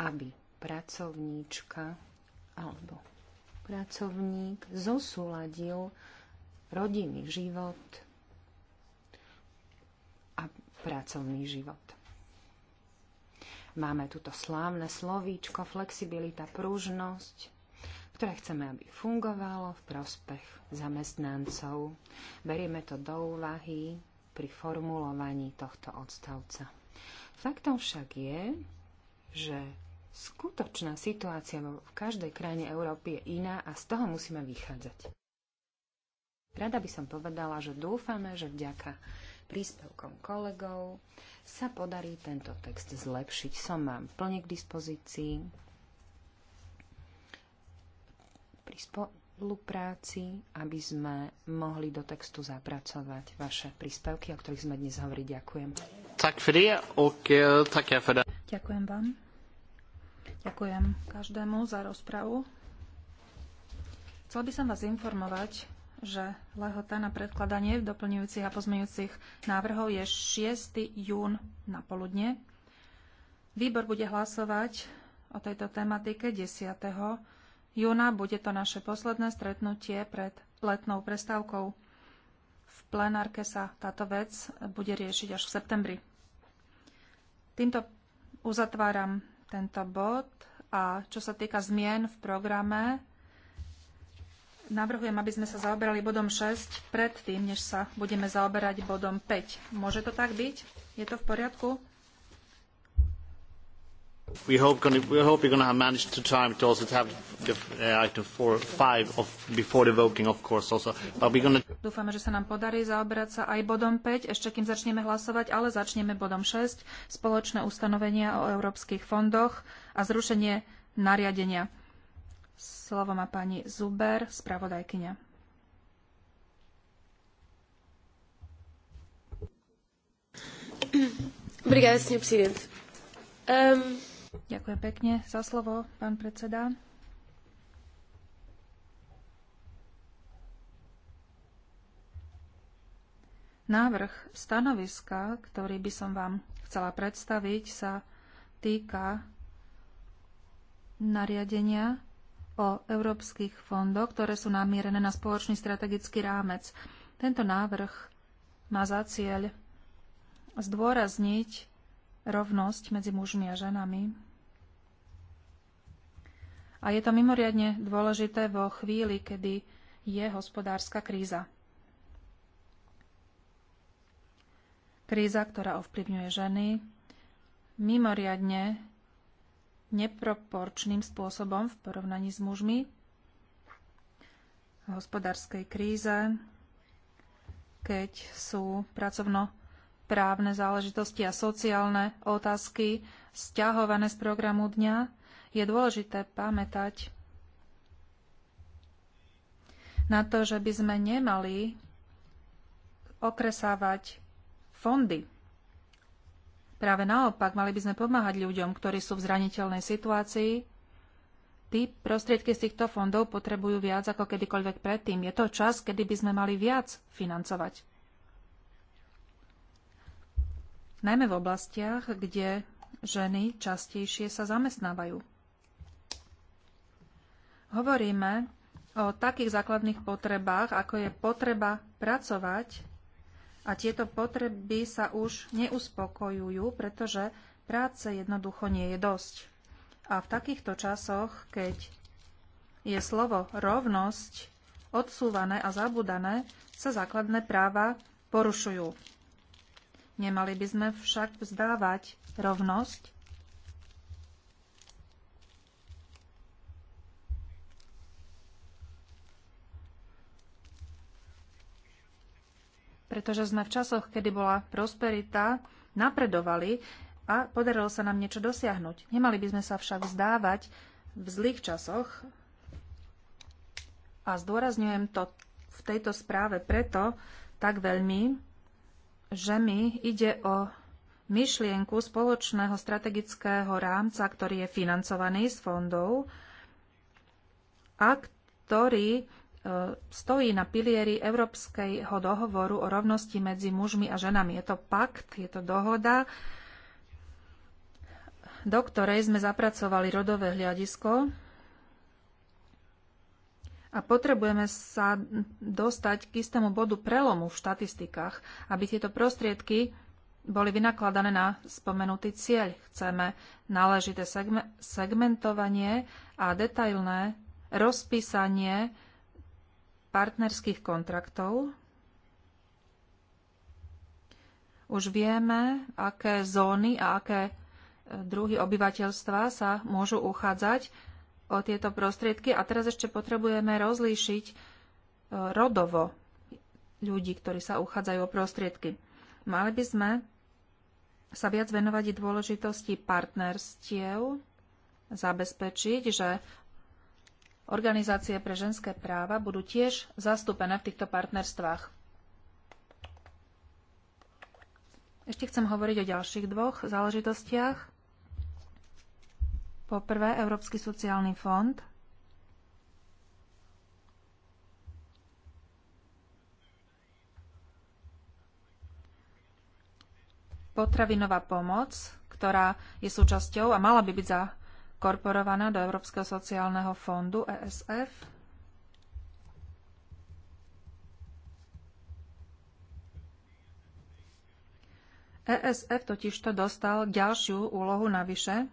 aby pracovníčka alebo pracovník zosúladil rodinný život a pracovný život. Máme tuto slávne slovíčko flexibilita, pružnosť, ktoré chceme, aby fungovalo v prospech zamestnancov. Berieme to do úvahy pri formulovaní tohto odstavca. Faktom však je, že skutočná situácia v každej krajine Európy je iná a z toho musíme vychádzať. Rada by som povedala, že dúfame, že vďaka príspevkom kolegov sa podarí tento text zlepšiť. Som vám plne k dispozícii pri spolupráci, aby sme mohli do textu zapracovať vaše príspevky, o ktorých sme dnes hovorili. Ďakujem. Tak for det, och eh, tackar för det. Ďakujem vám. Ďakujem každému za rozpravu. Chcel by som vás informovať, že lehota na predkladanie doplňujúcich a pozmeňujúcich návrhov je 6. jún na poludne. Výbor bude hlasovať o tejto tematike 10 júna. Bude to naše posledné stretnutie pred letnou prestávkou. V plenárke sa táto vec bude riešiť až v septembri. Týmto uzatváram tento bod a čo sa týka zmien v programe, navrhujem, aby sme sa zaoberali bodom 6 predtým, než sa budeme zaoberať bodom 5. Môže to tak byť? Je to v poriadku? We hope, gonna, we hope you're going to have managed to time to also have the, uh, item four, five of, before the voting, of course, also. But we're gonna... Dúfame, že sa nám podarí zaoberať sa aj bodom 5, ešte kým začneme hlasovať, ale začneme bodom 6, spoločné ustanovenia o európskych fondoch a zrušenie nariadenia. Slovo má pani Zuber, spravodajkyňa. Obrigada, Sr. Presidente. Um... Ďakujem pekne za slovo, pán predseda. Návrh stanoviska, ktorý by som vám chcela predstaviť, sa týka nariadenia o európskych fondoch, ktoré sú namierené na spoločný strategický rámec. Tento návrh má za cieľ zdôrazniť rovnosť medzi mužmi a ženami. A je to mimoriadne dôležité vo chvíli, kedy je hospodárska kríza. Kríza, ktorá ovplyvňuje ženy mimoriadne neproporčným spôsobom v porovnaní s mužmi v hospodárskej kríze, keď sú pracovno právne záležitosti a sociálne otázky stiahované z programu dňa, je dôležité pamätať na to, že by sme nemali okresávať fondy. Práve naopak, mali by sme pomáhať ľuďom, ktorí sú v zraniteľnej situácii. Tí prostriedky z týchto fondov potrebujú viac ako kedykoľvek predtým. Je to čas, kedy by sme mali viac financovať. najmä v oblastiach, kde ženy častejšie sa zamestnávajú. Hovoríme o takých základných potrebách, ako je potreba pracovať a tieto potreby sa už neuspokojujú, pretože práce jednoducho nie je dosť. A v takýchto časoch, keď je slovo rovnosť odsúvané a zabudané, sa základné práva porušujú. Nemali by sme však vzdávať rovnosť. Pretože sme v časoch, kedy bola prosperita, napredovali a podarilo sa nám niečo dosiahnuť. Nemali by sme sa však vzdávať v zlých časoch. A zdôrazňujem to v tejto správe preto tak veľmi, že mi ide o myšlienku spoločného strategického rámca, ktorý je financovaný z fondov a ktorý e, stojí na pilieri Európskeho dohovoru o rovnosti medzi mužmi a ženami. Je to pakt, je to dohoda, do ktorej sme zapracovali rodové hľadisko a potrebujeme sa dostať k istému bodu prelomu v štatistikách, aby tieto prostriedky boli vynakladané na spomenutý cieľ. Chceme náležité segmentovanie a detailné rozpísanie partnerských kontraktov. Už vieme, aké zóny a aké druhy obyvateľstva sa môžu uchádzať o tieto prostriedky. A teraz ešte potrebujeme rozlíšiť e, rodovo ľudí, ktorí sa uchádzajú o prostriedky. Mali by sme sa viac venovať dôležitosti partnerstiev, zabezpečiť, že organizácie pre ženské práva budú tiež zastúpené v týchto partnerstvách. Ešte chcem hovoriť o ďalších dvoch záležitostiach. Po prvé, Európsky sociálny fond. Potravinová pomoc, ktorá je súčasťou a mala by byť zakorporovaná do Európskeho sociálneho fondu ESF. ESF totižto dostal ďalšiu úlohu navyše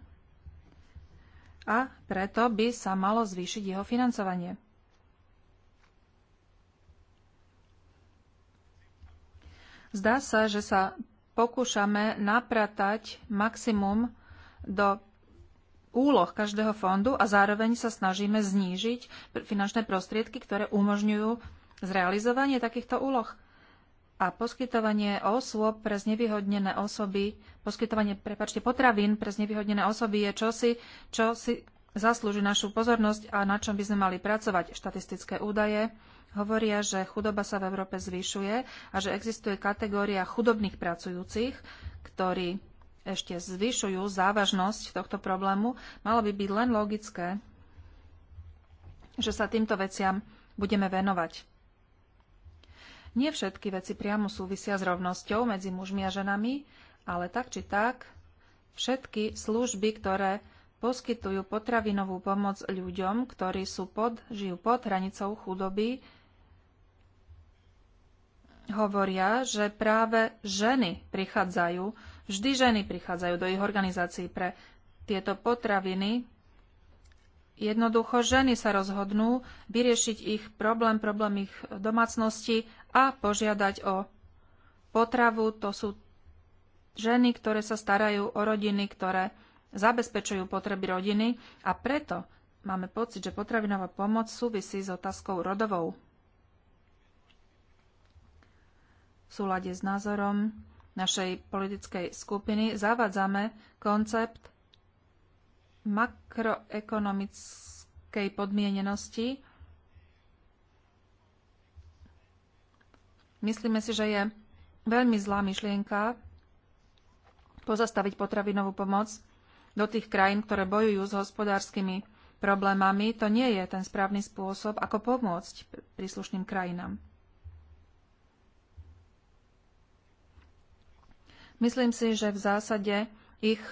a preto by sa malo zvýšiť jeho financovanie. Zdá sa, že sa pokúšame napratať maximum do úloh každého fondu a zároveň sa snažíme znížiť finančné prostriedky, ktoré umožňujú zrealizovanie takýchto úloh a poskytovanie osôb pre znevýhodnené osoby, poskytovanie, prepačte, potravín pre znevýhodnené osoby je čosi, čo si zaslúži našu pozornosť a na čom by sme mali pracovať. Štatistické údaje hovoria, že chudoba sa v Európe zvyšuje a že existuje kategória chudobných pracujúcich, ktorí ešte zvyšujú závažnosť tohto problému. Malo by byť len logické, že sa týmto veciam budeme venovať. Nie všetky veci priamo súvisia s rovnosťou medzi mužmi a ženami, ale tak či tak, všetky služby, ktoré poskytujú potravinovú pomoc ľuďom, ktorí sú pod, žijú pod hranicou chudoby, hovoria, že práve ženy prichádzajú, vždy ženy prichádzajú do ich organizácií pre tieto potraviny, Jednoducho ženy sa rozhodnú vyriešiť ich problém, problém ich domácnosti a požiadať o potravu. To sú ženy, ktoré sa starajú o rodiny, ktoré zabezpečujú potreby rodiny a preto máme pocit, že potravinová pomoc súvisí s otázkou rodovou. V súlade s názorom našej politickej skupiny zavádzame koncept makroekonomickej podmienenosti. Myslíme si, že je veľmi zlá myšlienka pozastaviť potravinovú pomoc do tých krajín, ktoré bojujú s hospodárskymi problémami. To nie je ten správny spôsob, ako pomôcť príslušným krajinám. Myslím si, že v zásade ich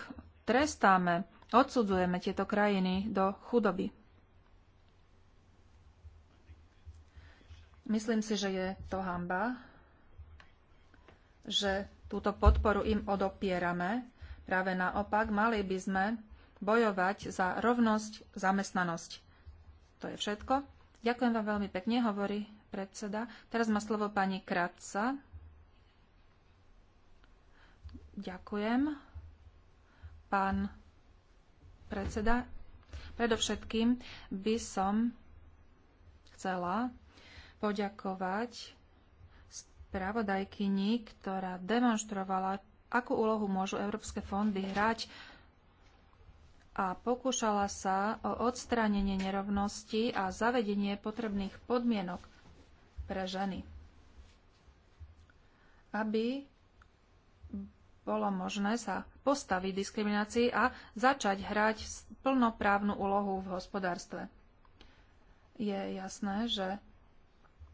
trestáme odsudzujeme tieto krajiny do chudoby. Myslím si, že je to hamba, že túto podporu im odopierame. Práve naopak, mali by sme bojovať za rovnosť, zamestnanosť. To je všetko. Ďakujem vám veľmi pekne, hovorí predseda. Teraz má slovo pani Kratca. Ďakujem. Pán predseda. Predovšetkým by som chcela poďakovať spravodajkyni, ktorá demonstrovala, akú úlohu môžu európske fondy hrať a pokúšala sa o odstránenie nerovnosti a zavedenie potrebných podmienok pre ženy, aby bolo možné sa postaviť diskriminácii a začať hrať plnoprávnu úlohu v hospodárstve. Je jasné, že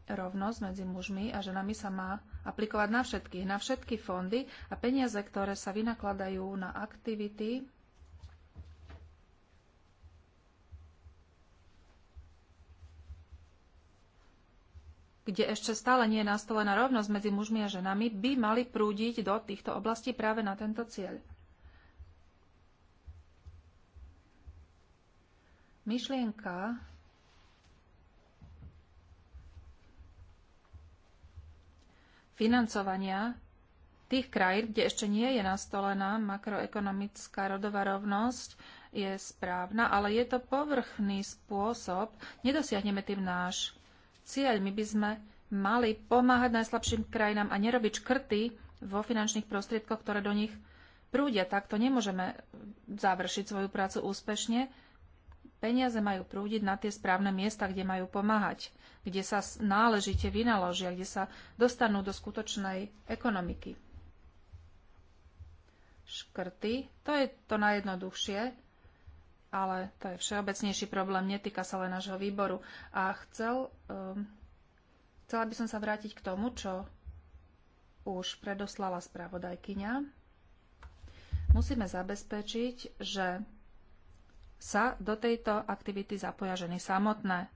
rovnosť medzi mužmi a ženami sa má aplikovať na všetkých, na všetky fondy a peniaze, ktoré sa vynakladajú na aktivity kde ešte stále nie je nastolená rovnosť medzi mužmi a ženami, by mali prúdiť do týchto oblastí práve na tento cieľ. Myšlienka financovania tých krajín, kde ešte nie je nastolená makroekonomická rodová rovnosť, je správna, ale je to povrchný spôsob. Nedosiahneme tým náš cieľ. My by sme mali pomáhať najslabším krajinám a nerobiť škrty vo finančných prostriedkoch, ktoré do nich prúdia. Takto nemôžeme završiť svoju prácu úspešne. Peniaze majú prúdiť na tie správne miesta, kde majú pomáhať, kde sa náležite vynaložia, kde sa dostanú do skutočnej ekonomiky. Škrty, to je to najjednoduchšie, ale to je všeobecnejší problém, netýka sa len nášho výboru. A chcel, um, chcela by som sa vrátiť k tomu, čo už predoslala spravodajkyňa. Musíme zabezpečiť, že sa do tejto aktivity zapoja ženy samotné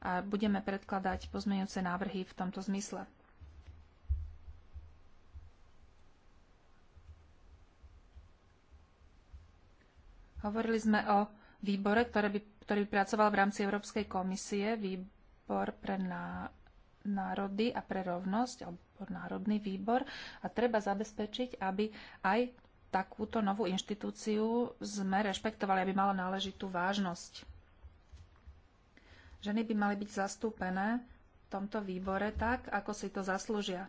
a budeme predkladať pozmeňujúce návrhy v tomto zmysle. Hovorili sme o výbore, ktorý by, ktorý by pracoval v rámci Európskej komisie, výbor pre ná, národy a pre rovnosť, alebo národný výbor. A treba zabezpečiť, aby aj takúto novú inštitúciu sme rešpektovali, aby mala náležitú vážnosť. Ženy by mali byť zastúpené v tomto výbore tak, ako si to zaslúžia.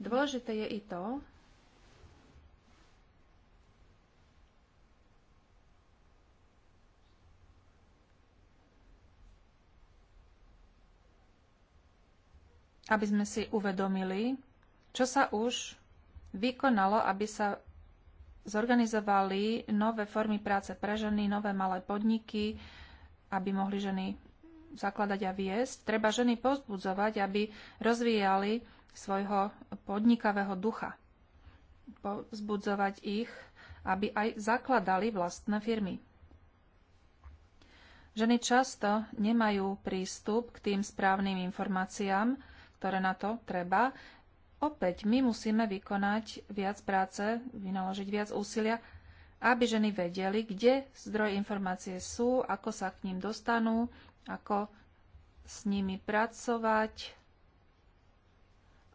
Dôležité je i to, aby sme si uvedomili, čo sa už vykonalo, aby sa zorganizovali nové formy práce pre ženy, nové malé podniky, aby mohli ženy zakladať a viesť. Treba ženy pozbudzovať, aby rozvíjali svojho podnikavého ducha. Pozbudzovať ich, aby aj zakladali vlastné firmy. Ženy často nemajú prístup k tým správnym informáciám, ktoré na to treba. Opäť my musíme vykonať viac práce, vynaložiť viac úsilia, aby ženy vedeli, kde zdroje informácie sú, ako sa k ním dostanú, ako s nimi pracovať,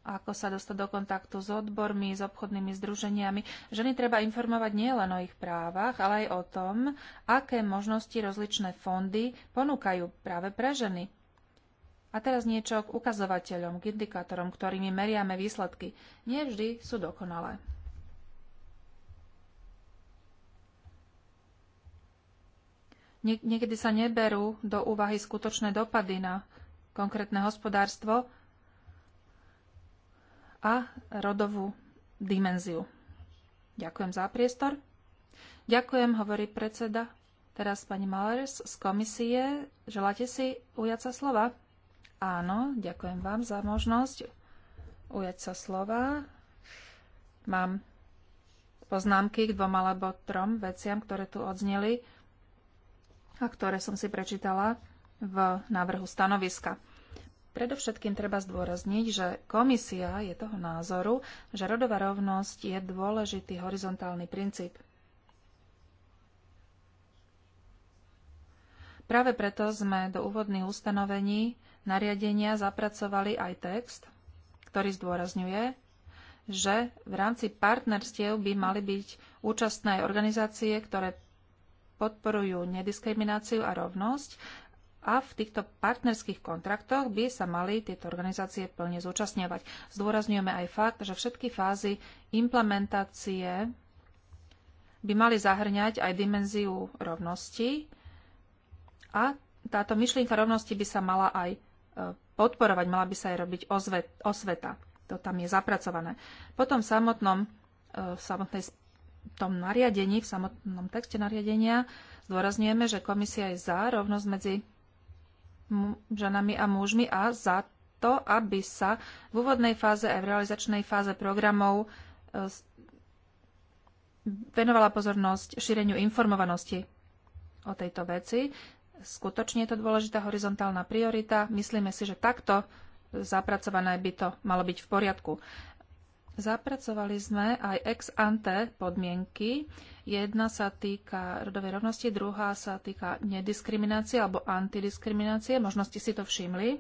ako sa dostať do kontaktu s odbormi, s obchodnými združeniami. Ženy treba informovať nielen o ich právach, ale aj o tom, aké možnosti rozličné fondy ponúkajú práve pre ženy. A teraz niečo k ukazovateľom, k indikátorom, ktorými meriame výsledky. Nie vždy sú dokonalé. Niekedy sa neberú do úvahy skutočné dopady na konkrétne hospodárstvo a rodovú dimenziu. Ďakujem za priestor. Ďakujem, hovorí predseda. Teraz pani Malers z komisie. Želáte si ujať sa slova? Áno, ďakujem vám za možnosť ujať sa slova. Mám poznámky k dvom alebo trom veciam, ktoré tu odzneli a ktoré som si prečítala v návrhu stanoviska. Predovšetkým treba zdôrazniť, že komisia je toho názoru, že rodová rovnosť je dôležitý horizontálny princíp. Práve preto sme do úvodných ustanovení nariadenia zapracovali aj text, ktorý zdôrazňuje, že v rámci partnerstiev by mali byť účastné aj organizácie, ktoré podporujú nediskrimináciu a rovnosť a v týchto partnerských kontraktoch by sa mali tieto organizácie plne zúčastňovať. Zdôrazňujeme aj fakt, že všetky fázy implementácie by mali zahrňať aj dimenziu rovnosti a táto myšlienka rovnosti by sa mala aj podporovať, mala by sa aj robiť ozvet, osveta. To tam je zapracované. Potom v samotnom, e, v samotnej tom nariadení, v samotnom texte nariadenia zdôrazňujeme, že komisia je za rovnosť medzi ženami a mužmi a za to, aby sa v úvodnej fáze aj v realizačnej fáze programov e, venovala pozornosť šíreniu informovanosti o tejto veci. Skutočne je to dôležitá horizontálna priorita. Myslíme si, že takto zapracované by to malo byť v poriadku. Zapracovali sme aj ex ante podmienky. Jedna sa týka rodovej rovnosti, druhá sa týka nediskriminácie alebo antidiskriminácie. Možno ste si to všimli.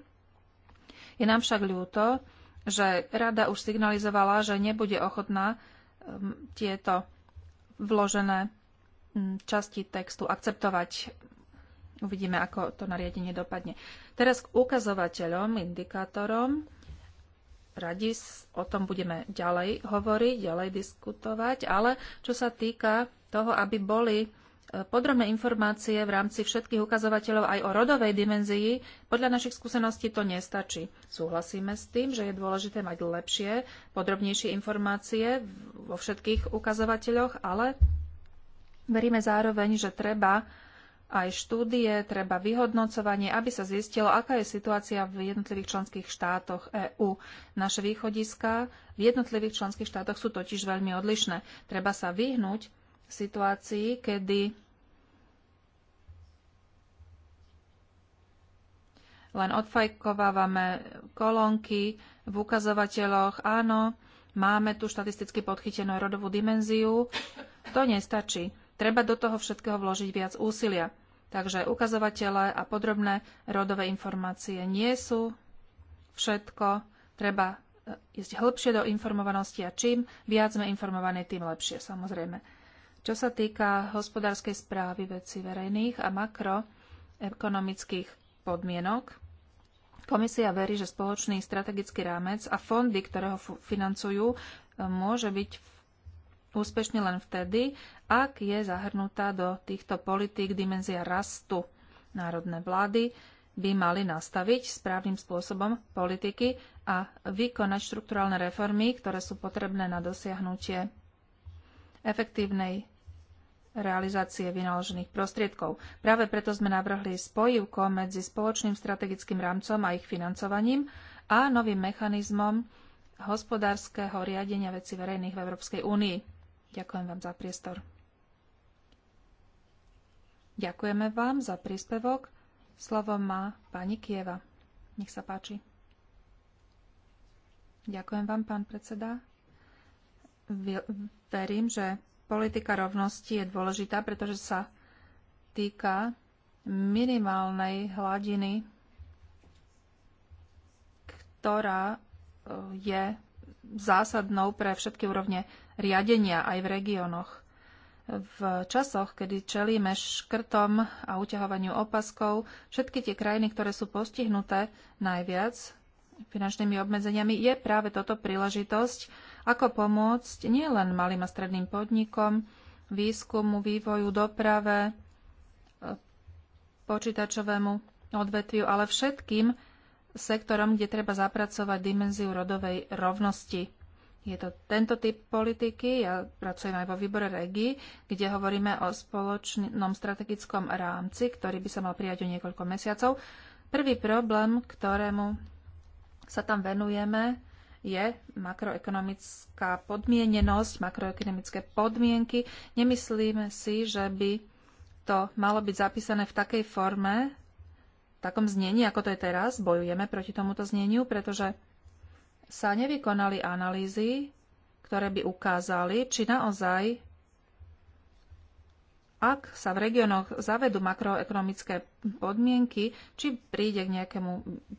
Je nám však ľúto, že rada už signalizovala, že nebude ochotná um, tieto vložené časti textu akceptovať. Uvidíme, ako to nariadenie dopadne. Teraz k ukazovateľom, indikátorom. Radi o tom budeme ďalej hovoriť, ďalej diskutovať, ale čo sa týka toho, aby boli e, podrobné informácie v rámci všetkých ukazovateľov aj o rodovej dimenzii, podľa našich skúseností to nestačí. Súhlasíme s tým, že je dôležité mať lepšie, podrobnejšie informácie vo všetkých ukazovateľoch, ale veríme zároveň, že treba aj štúdie, treba vyhodnocovanie, aby sa zistilo, aká je situácia v jednotlivých členských štátoch EÚ. Naše východiska v jednotlivých členských štátoch sú totiž veľmi odlišné. Treba sa vyhnúť situácii, kedy len odfajkovávame kolónky v ukazovateľoch. Áno, máme tu štatisticky podchytenú rodovú dimenziu. To nestačí Treba do toho všetkého vložiť viac úsilia. Takže ukazovatele a podrobné rodové informácie nie sú všetko. Treba eh, ísť hĺbšie do informovanosti a čím viac sme informovaní, tým lepšie, samozrejme. Čo sa týka hospodárskej správy veci verejných a makroekonomických podmienok, Komisia verí, že spoločný strategický rámec a fondy, ktoré ho financujú, eh, môže byť úspešný len vtedy, ak je zahrnutá do týchto politík dimenzia rastu. Národné vlády by mali nastaviť správnym spôsobom politiky a vykonať štrukturálne reformy, ktoré sú potrebné na dosiahnutie efektívnej realizácie vynaložených prostriedkov. Práve preto sme navrhli spojivko medzi spoločným strategickým rámcom a ich financovaním a novým mechanizmom hospodárskeho riadenia veci verejných v Európskej únii. Ďakujem vám za priestor. Ďakujeme vám za príspevok. Slovo má pani Kieva. Nech sa páči. Ďakujem vám, pán predseda. Verím, že politika rovnosti je dôležitá, pretože sa týka minimálnej hladiny, ktorá e, je zásadnou pre všetky úrovne riadenia aj v regiónoch. V časoch, kedy čelíme škrtom a uťahovaniu opaskov, všetky tie krajiny, ktoré sú postihnuté najviac finančnými obmedzeniami, je práve toto príležitosť, ako pomôcť nielen malým a stredným podnikom, výskumu, vývoju, doprave, e, počítačovému odvetviu, ale všetkým sektorom, kde treba zapracovať dimenziu rodovej rovnosti. Je to tento typ politiky, ja pracujem aj vo výbore REGI, kde hovoríme o spoločnom strategickom rámci, ktorý by sa mal prijať o niekoľko mesiacov. Prvý problém, ktorému sa tam venujeme, je makroekonomická podmienenosť, makroekonomické podmienky. Nemyslíme si, že by to malo byť zapísané v takej forme, v takom znení, ako to je teraz. Bojujeme proti tomuto zneniu, pretože sa nevykonali analýzy, ktoré by ukázali, či naozaj, ak sa v regiónoch zavedú makroekonomické podmienky, či príde k nejakému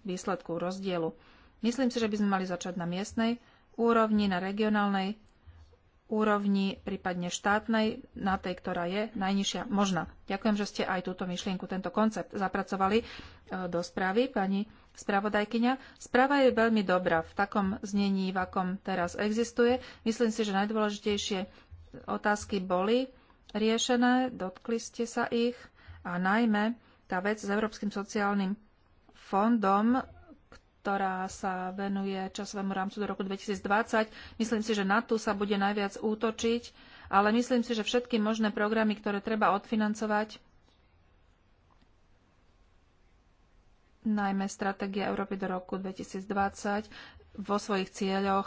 výsledku rozdielu. Myslím si, že by sme mali začať na miestnej úrovni, na regionálnej úrovni, prípadne štátnej, na tej, ktorá je najnižšia možná. Ďakujem, že ste aj túto myšlienku, tento koncept zapracovali e, do správy. Pani spravodajkyňa. Správa je veľmi dobrá v takom znení, v akom teraz existuje. Myslím si, že najdôležitejšie otázky boli riešené, dotkli ste sa ich a najmä tá vec s Európskym sociálnym fondom, ktorá sa venuje časovému rámcu do roku 2020. Myslím si, že na tú sa bude najviac útočiť, ale myslím si, že všetky možné programy, ktoré treba odfinancovať, najmä stratégia Európy do roku 2020 vo svojich cieľoch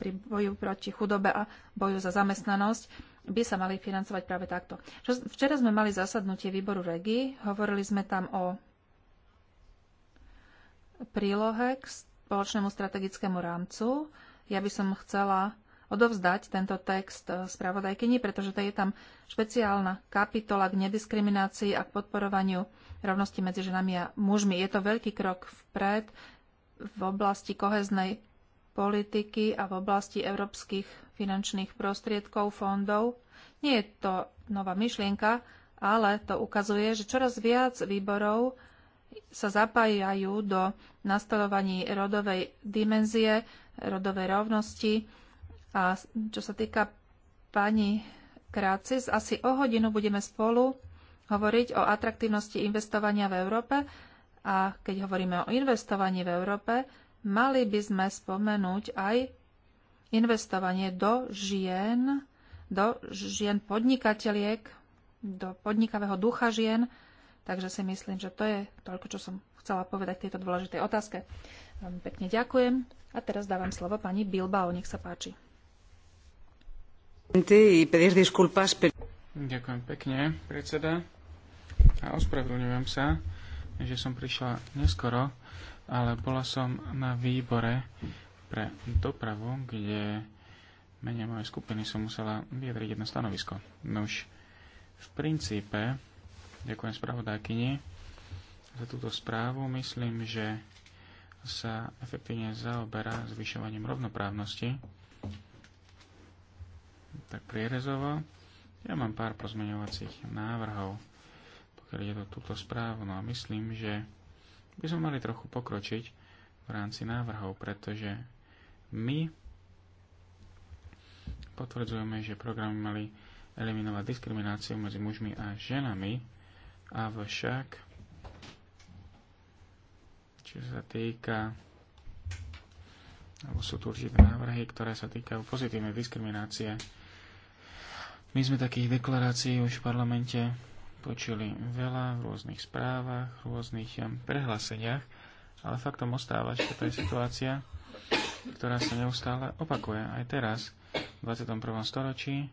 pri boju proti chudobe a boju za zamestnanosť by sa mali financovať práve takto. Včera sme mali zasadnutie výboru REGI, hovorili sme tam o prílohe k spoločnému strategickému rámcu. Ja by som chcela odovzdať tento text eh, spravodajkyni, pretože je tam špeciálna kapitola k nediskriminácii a k podporovaniu rovnosti medzi ženami a mužmi. Je to veľký krok vpred v oblasti koheznej politiky a v oblasti európskych finančných prostriedkov, fondov. Nie je to nová myšlienka, ale to ukazuje, že čoraz viac výborov sa zapájajú do nastavovaní rodovej dimenzie, rodovej rovnosti a čo sa týka pani Krácis, asi o hodinu budeme spolu hovoriť o atraktívnosti investovania v Európe. A keď hovoríme o investovaní v Európe, mali by sme spomenúť aj investovanie do žien, do žien podnikateliek, do podnikavého ducha žien. Takže si myslím, že to je toľko, čo som chcela povedať k tejto dôležitej otázke. Veľmi pekne ďakujem. A teraz dávam slovo pani Bilbao, nech sa páči. Ďakujem pekne, predseda. A ospravedlňujem sa, že som prišla neskoro, ale bola som na výbore pre dopravu, kde mene mojej skupiny som musela vyjadriť jedno stanovisko. No už v princípe, ďakujem spravodajkyni za túto správu, myslím, že sa efektívne zaoberá zvyšovaním rovnoprávnosti tak prierezovo. Ja mám pár pozmeňovacích návrhov, pokiaľ je to túto správno. A myslím, že by sme mali trochu pokročiť v rámci návrhov, pretože my potvrdzujeme, že programy mali eliminovať diskrimináciu medzi mužmi a ženami, avšak čo sa týka alebo sú tu určité návrhy, ktoré sa týkajú pozitívnej diskriminácie my sme takých deklarácií už v parlamente počuli veľa v rôznych správach, v rôznych prehláseniach, ale faktom ostáva, že to je situácia, ktorá sa neustále opakuje aj teraz, v 21. storočí.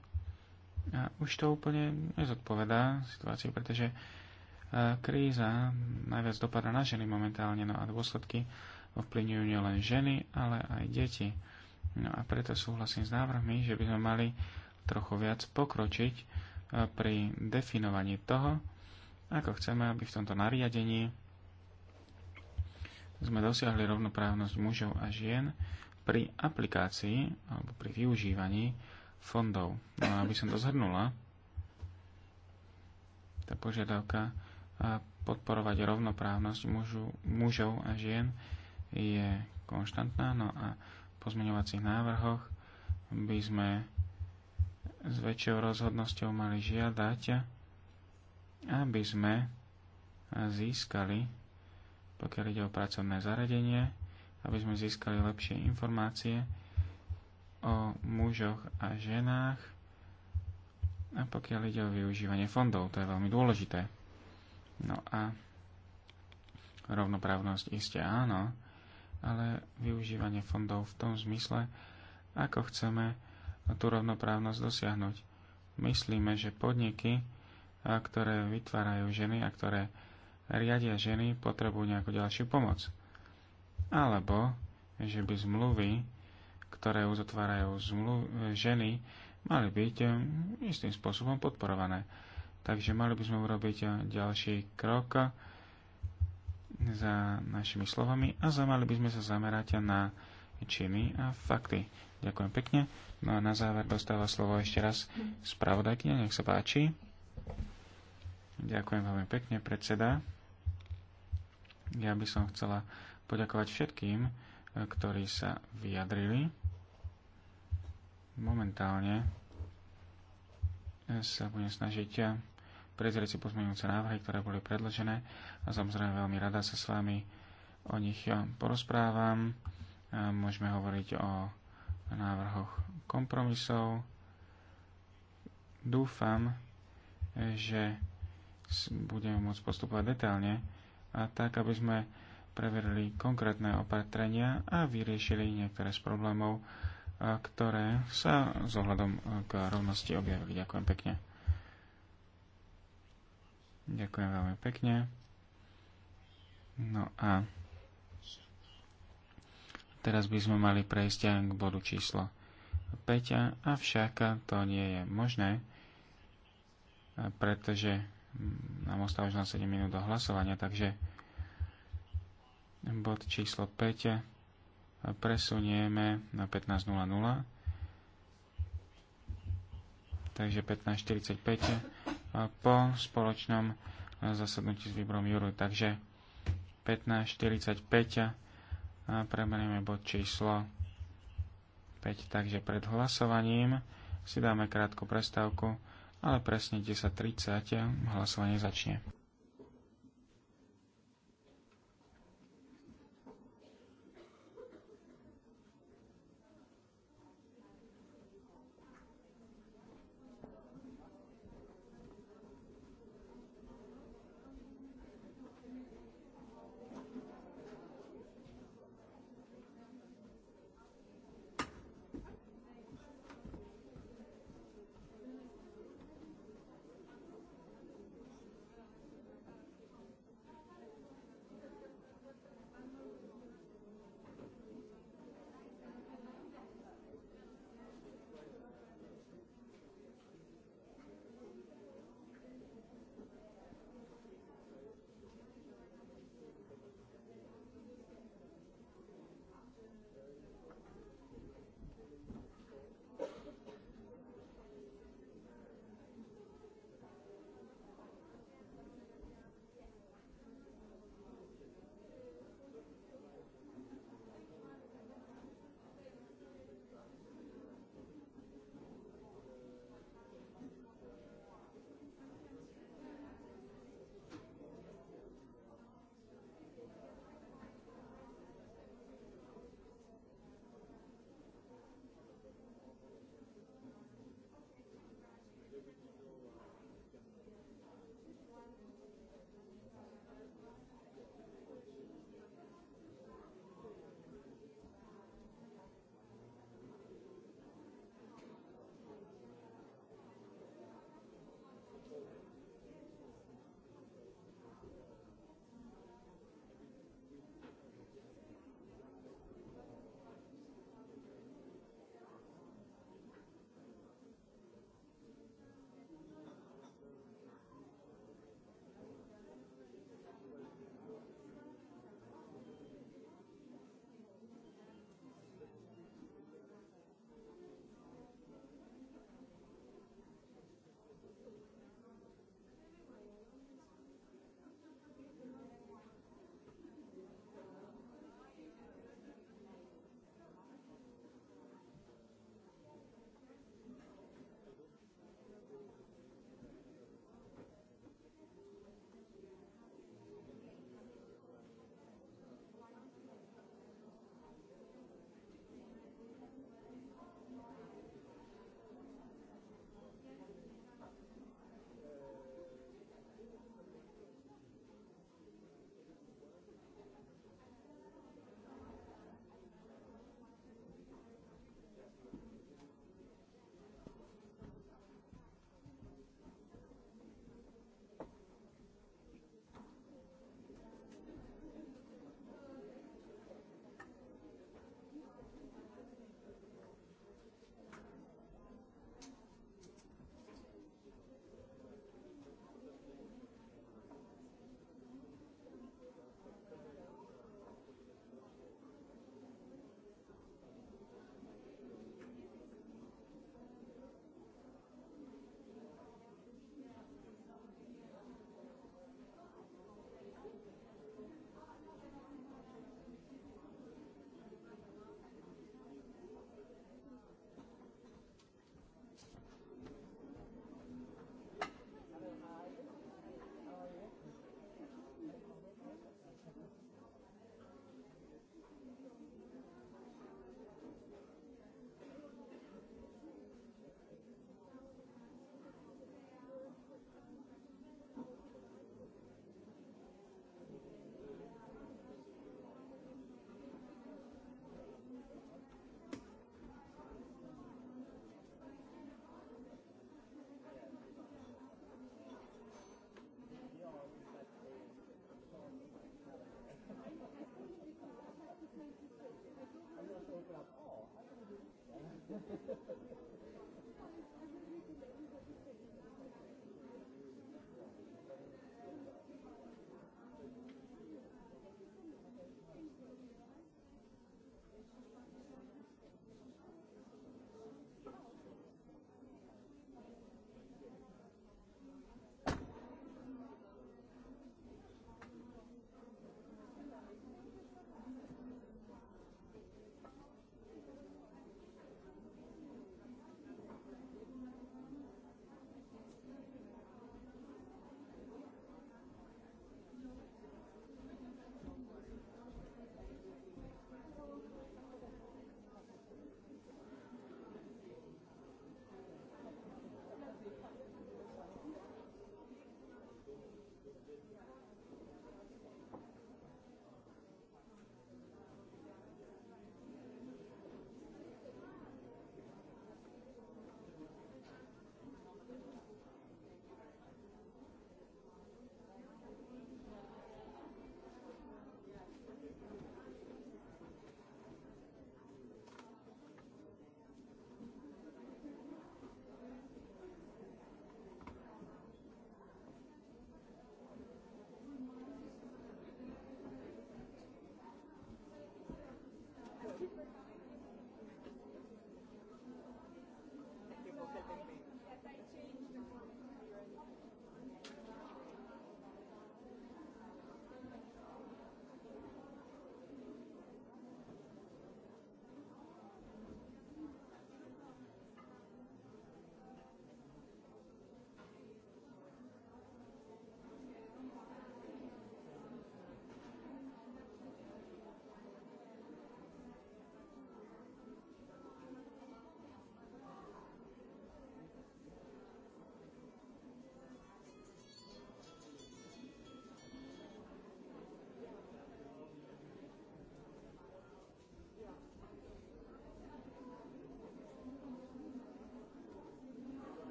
A už to úplne nezodpovedá situácii, pretože e, kríza najviac dopadá na ženy momentálne, no a dôsledky ovplyvňujú nielen ženy, ale aj deti. No a preto súhlasím s návrhmi, že by sme mali trochu viac pokročiť e, pri definovaní toho, ako chceme, aby v tomto nariadení sme dosiahli rovnoprávnosť mužov a žien pri aplikácii alebo pri využívaní fondov. No aby som to zhrnula, tá požiadavka a e, podporovať rovnoprávnosť mužu, mužov a žien je konštantná, no a v pozmeňovacích návrhoch by sme s väčšou rozhodnosťou mali žiadať, aby sme získali, pokiaľ ide o pracovné zaradenie, aby sme získali lepšie informácie o mužoch a ženách a pokiaľ ide o využívanie fondov, to je veľmi dôležité. No a rovnoprávnosť iste áno, ale využívanie fondov v tom zmysle, ako chceme a tú rovnoprávnosť dosiahnuť. Myslíme, že podniky, ktoré vytvárajú ženy a ktoré riadia ženy, potrebujú nejakú ďalšiu pomoc. Alebo, že by zmluvy, ktoré uzatvárajú zmluv, ženy, mali byť um, istým spôsobom podporované. Takže mali by sme urobiť ďalší krok za našimi slovami a za mali by sme sa zamerať na činy a fakty. Ďakujem pekne. No a na záver dostáva slovo ešte raz spravodajkňa, nech sa páči. Ďakujem veľmi pekne, predseda. Ja by som chcela poďakovať všetkým, eh, ktorí sa vyjadrili. Momentálne eh, sa budem snažiť eh, prezrieť si pozmeňujúce návrhy, ktoré boli predložené a samozrejme veľmi rada sa s vami o nich porozprávam. Môžeme hovoriť o a návrhoch kompromisov. Dúfam, že budeme môcť postupovať detálne, a tak, aby sme preverili konkrétne opatrenia a vyriešili niektoré z problémov, ktoré sa z ohľadom k rovnosti objavili. Ďakujem pekne. Ďakujem veľmi pekne. No a Teraz by sme mali prejsť k bodu číslo 5, avšak to nie je možné, pretože nám ostáva už na 7 minút do hlasovania, takže bod číslo 5 presunieme na 15.00. Takže 15.45 po spoločnom zasadnutí s výborom Juru. Takže 15.45 a preberieme bod číslo 5, takže pred hlasovaním si dáme krátku prestávku, ale presne 10.30 hlasovanie začne.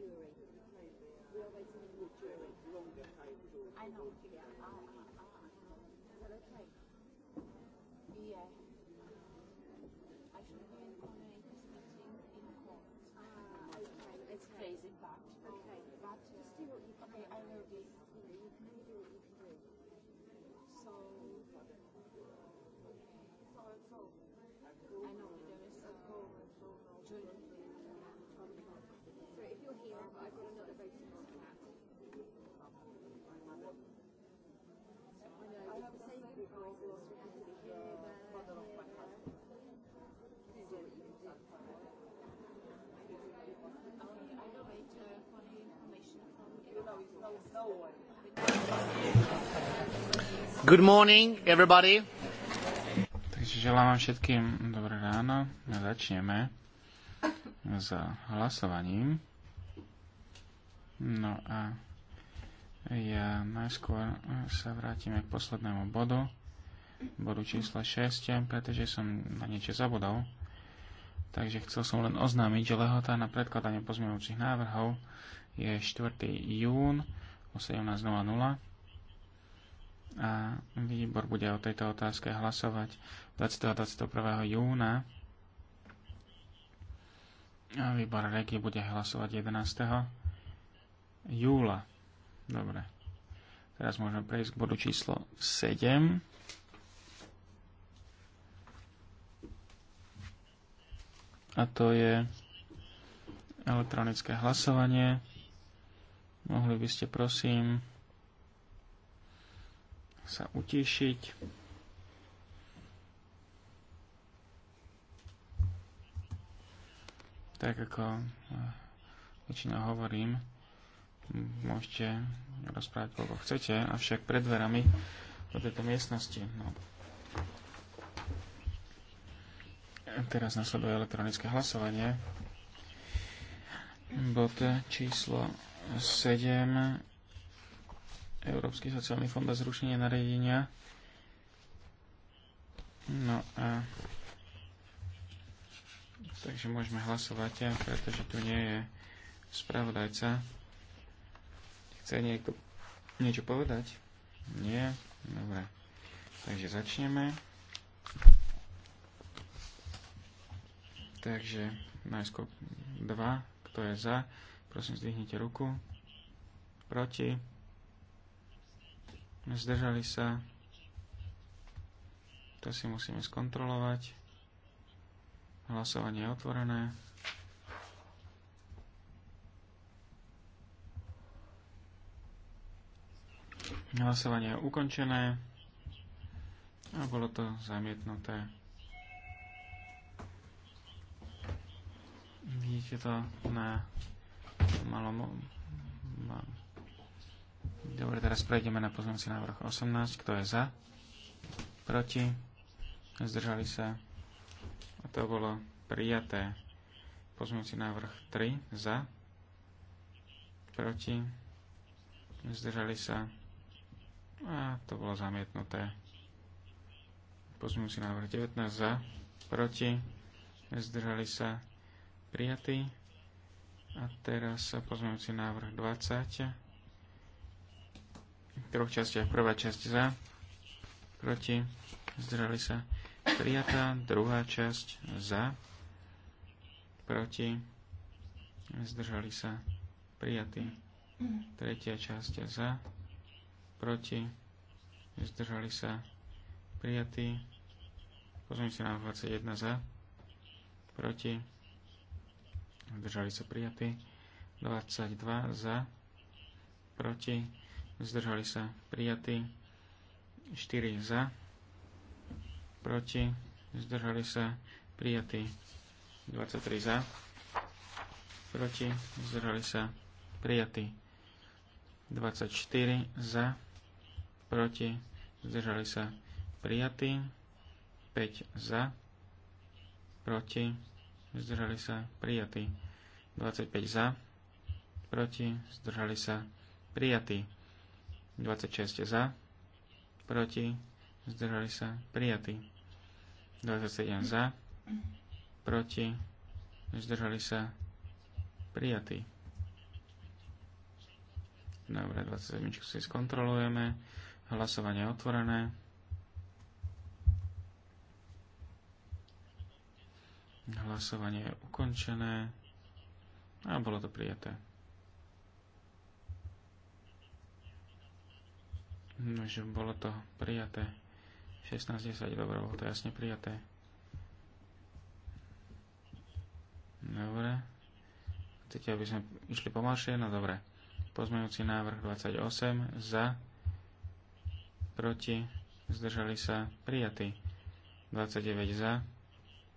jury. We always meet with jury. Longer I know. Yeah. Ah, ah, ah. Is that okay? Yeah. I should be in contact. Good morning, everybody. Takže želám vám všetkým dobré ráno. No, začneme s hlasovaním. No a ja najskôr sa vrátime k poslednému bodu, bodu číslo 6, pretože som na niečo zabudol. Takže chcel som len oznámiť, že lehota na predkladanie pozmeňujúcich návrhov je 4. jún o 17.00 a výbor bude o tejto otázke hlasovať 20. a 21. júna a výbor regie bude hlasovať 11. júla. Dobre. Teraz môžeme prejsť k bodu číslo 7. A to je elektronické hlasovanie Mohli by ste prosím sa utišiť. Tak ako eh, väčšina hovorím, môžete rozprávať koľko chcete, avšak pred dverami do tejto miestnosti. No. Teraz nasleduje elektronické hlasovanie. Bot číslo 7 Európsky sociálny fond a zrušenie nariadenia. No a takže môžeme hlasovať, pretože tu nie je spravodajca. Chce niekto niečo povedať? Nie? Dobre. Takže začneme. Takže najskôr 2, kto je za, Prosím, zdvihnite ruku. Proti. Zdržali sa. To si musíme skontrolovať. Hlasovanie je otvorené. Hlasovanie je ukončené a bolo to zamietnuté. Vidíte to na malo... Dobre, teraz prejdeme na poznanci návrh 18. Kto je za? Proti? Zdržali sa? A to bolo prijaté. Poznanci návrh 3 za, proti, zdržali sa a to bolo zamietnuté. Poznanci návrh 19 za, proti, zdržali sa, prijatý. A teraz pozmeňujúci návrh 20. V troch častiach. Prvá časť za, proti, zdrali sa. Prijatá, druhá časť za, proti, zdržali sa. Prijatý. Tretia časť za, proti, zdržali sa. Prijatý. Pozmeňujúci návrh 21 za, proti, zdržali sa prijatí, 22 za, proti, zdržali sa prijatí, 4 za, proti, zdržali sa prijatí, 23 za, proti, zdržali sa prijatí, 24 za, proti, zdržali sa prijatí, 5 za, proti, zdržali sa, prijatí. 25 za, proti, zdržali sa, prijatí. 26 za, proti, zdržali sa, prijatí. 27 za, proti, zdržali sa, prijatí. Dobre, 27 si skontrolujeme. Hlasovanie otvorené. Hlasovanie je ukončené a bolo to prijaté. No, že bolo to prijaté. 16 dobre, bolo to jasne prijaté. Dobre. Chcete, aby sme išli pomalšie? No dobre. Pozmejúci návrh 28 za, proti, zdržali sa, prijatý. 29 za,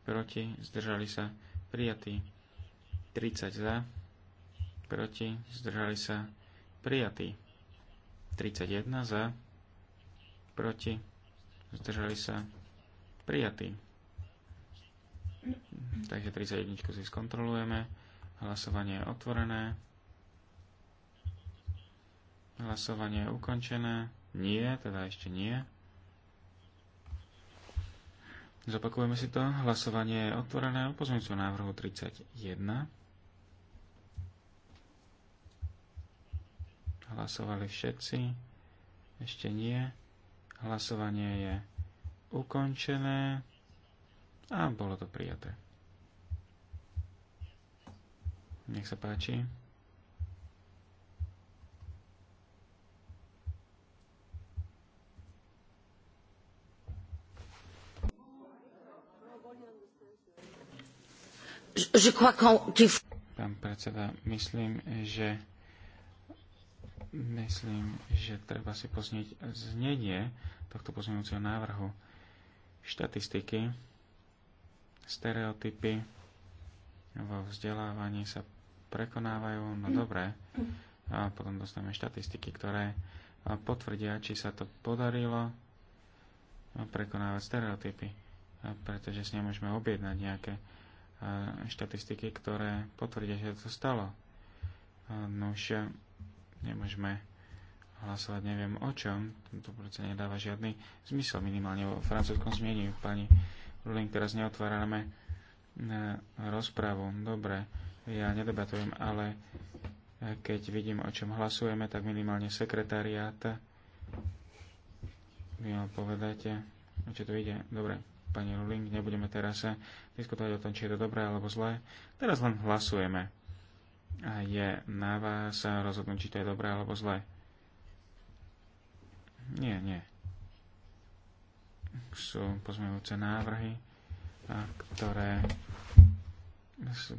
proti, zdržali sa prijatí. 30 za, proti, zdržali sa prijatí. 31 za, proti, zdržali sa prijatí. Takže 31 si skontrolujeme. Hlasovanie je otvorené. Hlasovanie je ukončené. Nie, teda ešte nie. Zopakujeme si to. Hlasovanie je otvorené o pozmeňujúcom návrhu 31. Hlasovali všetci. Ešte nie. Hlasovanie je ukončené. A bolo to prijaté. Nech sa páči. Pán predseda, myslím, že myslím, že treba si poznieť znenie tohto pozmeňujúceho návrhu. Štatistiky, stereotypy vo vzdelávaní sa prekonávajú, no dobre, a potom dostaneme štatistiky, ktoré potvrdia, či sa to podarilo prekonávať stereotypy, pretože si nemôžeme objednať nejaké štatistiky, ktoré potvrdia, že to stalo. No už e, nemôžeme hlasovať neviem o čom, to proste nedáva žiadny zmysel minimálne vo francúzskom zmiení. Pani Rulín, teraz neotvárame e, rozprávu. Dobre, ja nedebatujem, ale e, keď vidím, o čom hlasujeme, tak minimálne sekretariát by mal povedať, o čo tu ide. Dobre, pani Luling, nebudeme teraz eh, diskutovať o tom, či je to dobré alebo zlé. Teraz len hlasujeme. A je na vás eh, rozhodnúť, či to je dobré alebo zlé. Nie, nie. Sú pozmeňujúce návrhy, eh, ktoré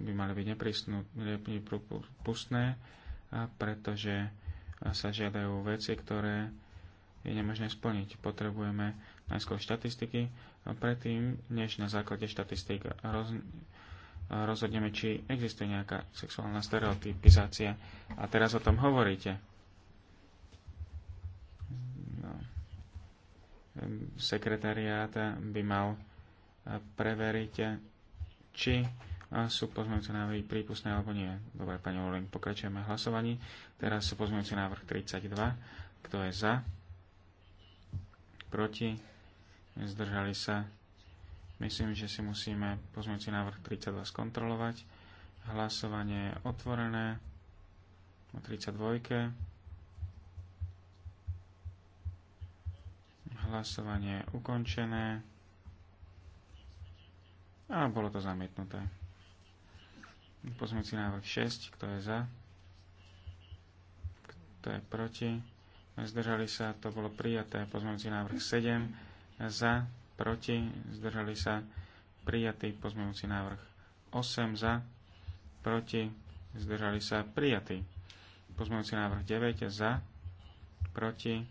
by mali byť nepripustné, pretože sa žiadajú veci, ktoré je nemožné splniť. Potrebujeme najskôr štatistiky, predtým, než na základe štatistík roz, rozhodneme, či existuje nejaká sexuálna stereotypizácia. A teraz o tom hovoríte. No. Sekretariát by mal preveriť, či sú pozmeňujúce návrhy prípustné alebo nie. Dobre, pani Olin, pokračujeme v hlasovaní. Teraz sú pozmeňujúci návrh 32. Kto je za? Proti? zdržali sa. Myslím, že si musíme pozmeňujúci návrh 32 skontrolovať. Hlasovanie je otvorené o 32. Hlasovanie je ukončené. A bolo to zamietnuté. Pozmeňujúci návrh 6, kto je za? Kto je proti? Zdržali sa, to bolo prijaté. Pozmeňujúci návrh 7, za, proti, zdržali sa, prijatý pozmeňujúci návrh 8 za, proti, zdržali sa, prijatý pozmeňujúci návrh 9 za, proti,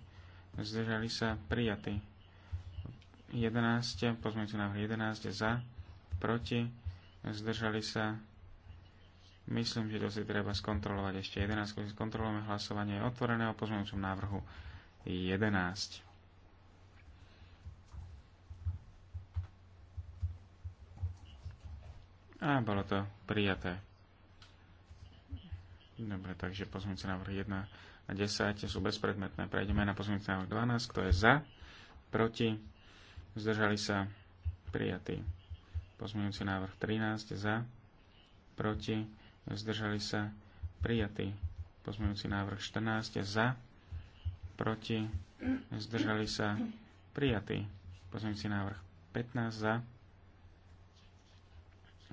zdržali sa, prijatý 11, pozmeňujúci návrh 11 za, proti, zdržali sa, Myslím, že to si treba skontrolovať ešte 11. Skontrolujeme hlasovanie otvoreného pozmeňujúcom návrhu 11. A bolo to prijaté. Dobre, takže pozmeňujúce návrh 1 a 10 sú bezpredmetné. Prejdeme na pozmeňujúce návrh 12. Kto je za? Proti? Zdržali sa? Prijatý. Pozmeňujúci návrh 13. Za? Proti? Zdržali sa? Prijatý. Pozmeňujúci návrh 14. Za? Proti? Zdržali sa? Prijatý. Pozmeňujúci návrh 15. Za?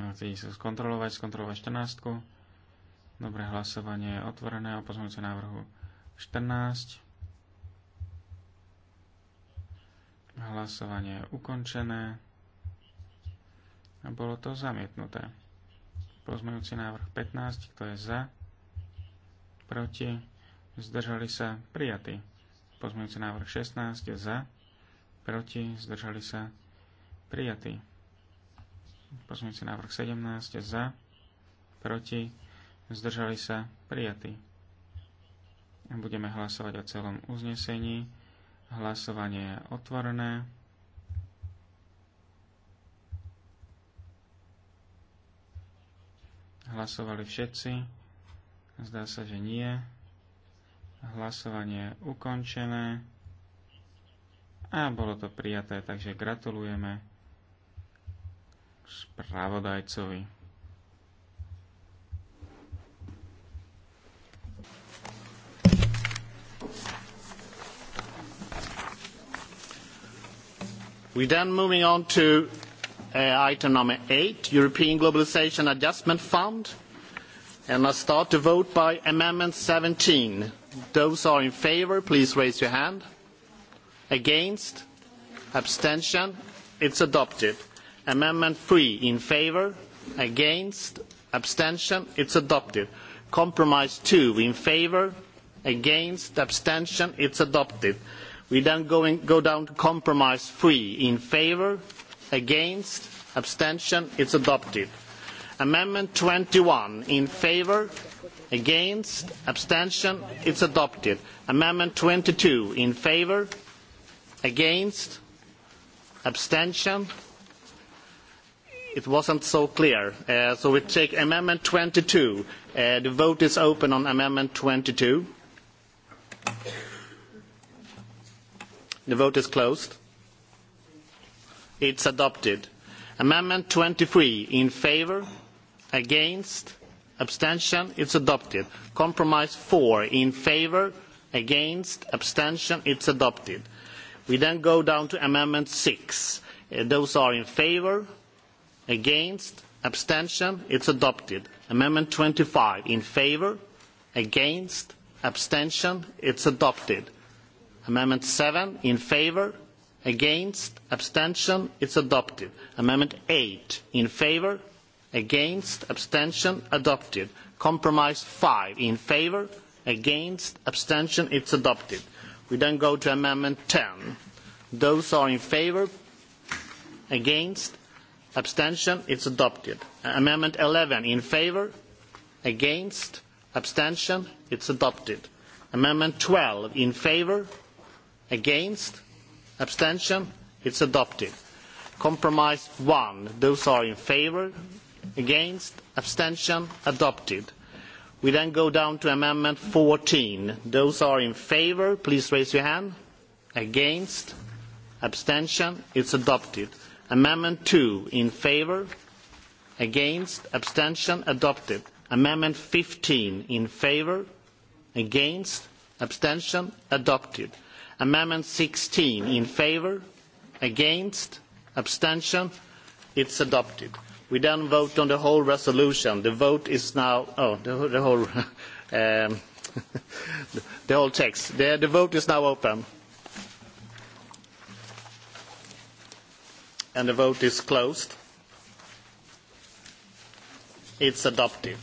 Chcete sa skontrolovať, skontrolovať 14. Dobre, hlasovanie je otvorené o pozmeňujúcom návrhu 14. Hlasovanie je ukončené. A bolo to zamietnuté. Pozmeňujúci návrh 15, kto je za, proti, zdržali sa, prijatý. Pozmeňujúci návrh 16 je za, proti, zdržali sa, prijatý Pozmeňujúci návrh 17 za, proti, zdržali sa, prijatí. Budeme hlasovať o celom uznesení. Hlasovanie je otvorené. Hlasovali všetci. Zdá sa, že nie. Hlasovanie je ukončené. A bolo to prijaté, takže gratulujeme spravodajcovi. We then moving on to uh, item number eight, European Globalization Adjustment Fund. And I start to vote by Amendment 17. Those are in favor, please raise your hand. Against? Abstention? It's adopted amendment three in favour against abstention it is adopted compromise two in favour against abstention it is adopted we then go, go down to compromise three in favour against abstention it is adopted amendment twenty one in favour against abstention it is adopted amendment twenty two in favour against abstention it wasn't so clear. Uh, so we take Amendment 22. Uh, the vote is open on Amendment 22. The vote is closed. It's adopted. Amendment 23 in favour, against, abstention, it's adopted. Compromise 4 in favour, against, abstention, it's adopted. We then go down to Amendment 6. Uh, those are in favour, against abstention it's adopted amendment twenty five in favour against abstention it's adopted amendment seven in favour against abstention it's adopted amendment eight in favour against abstention adopted compromise five in favour against abstention it's adopted we then go to amendment ten those are in favour against abstention it's adopted amendment eleven in favour against abstention it's adopted amendment twelve in favour against abstention it's adopted compromise one those are in favour against abstention adopted we then go down to amendment fourteen those are in favour please raise your hand against abstention it's adopted amendment two in favour against abstention adopted amendment fifteen in favour against abstention adopted amendment sixteen in favour against abstention it is adopted we then vote on the whole resolution the vote is now oh the, the whole <laughs> um, <laughs> the whole text the, the vote is now open and the vote is closed. It's adopted.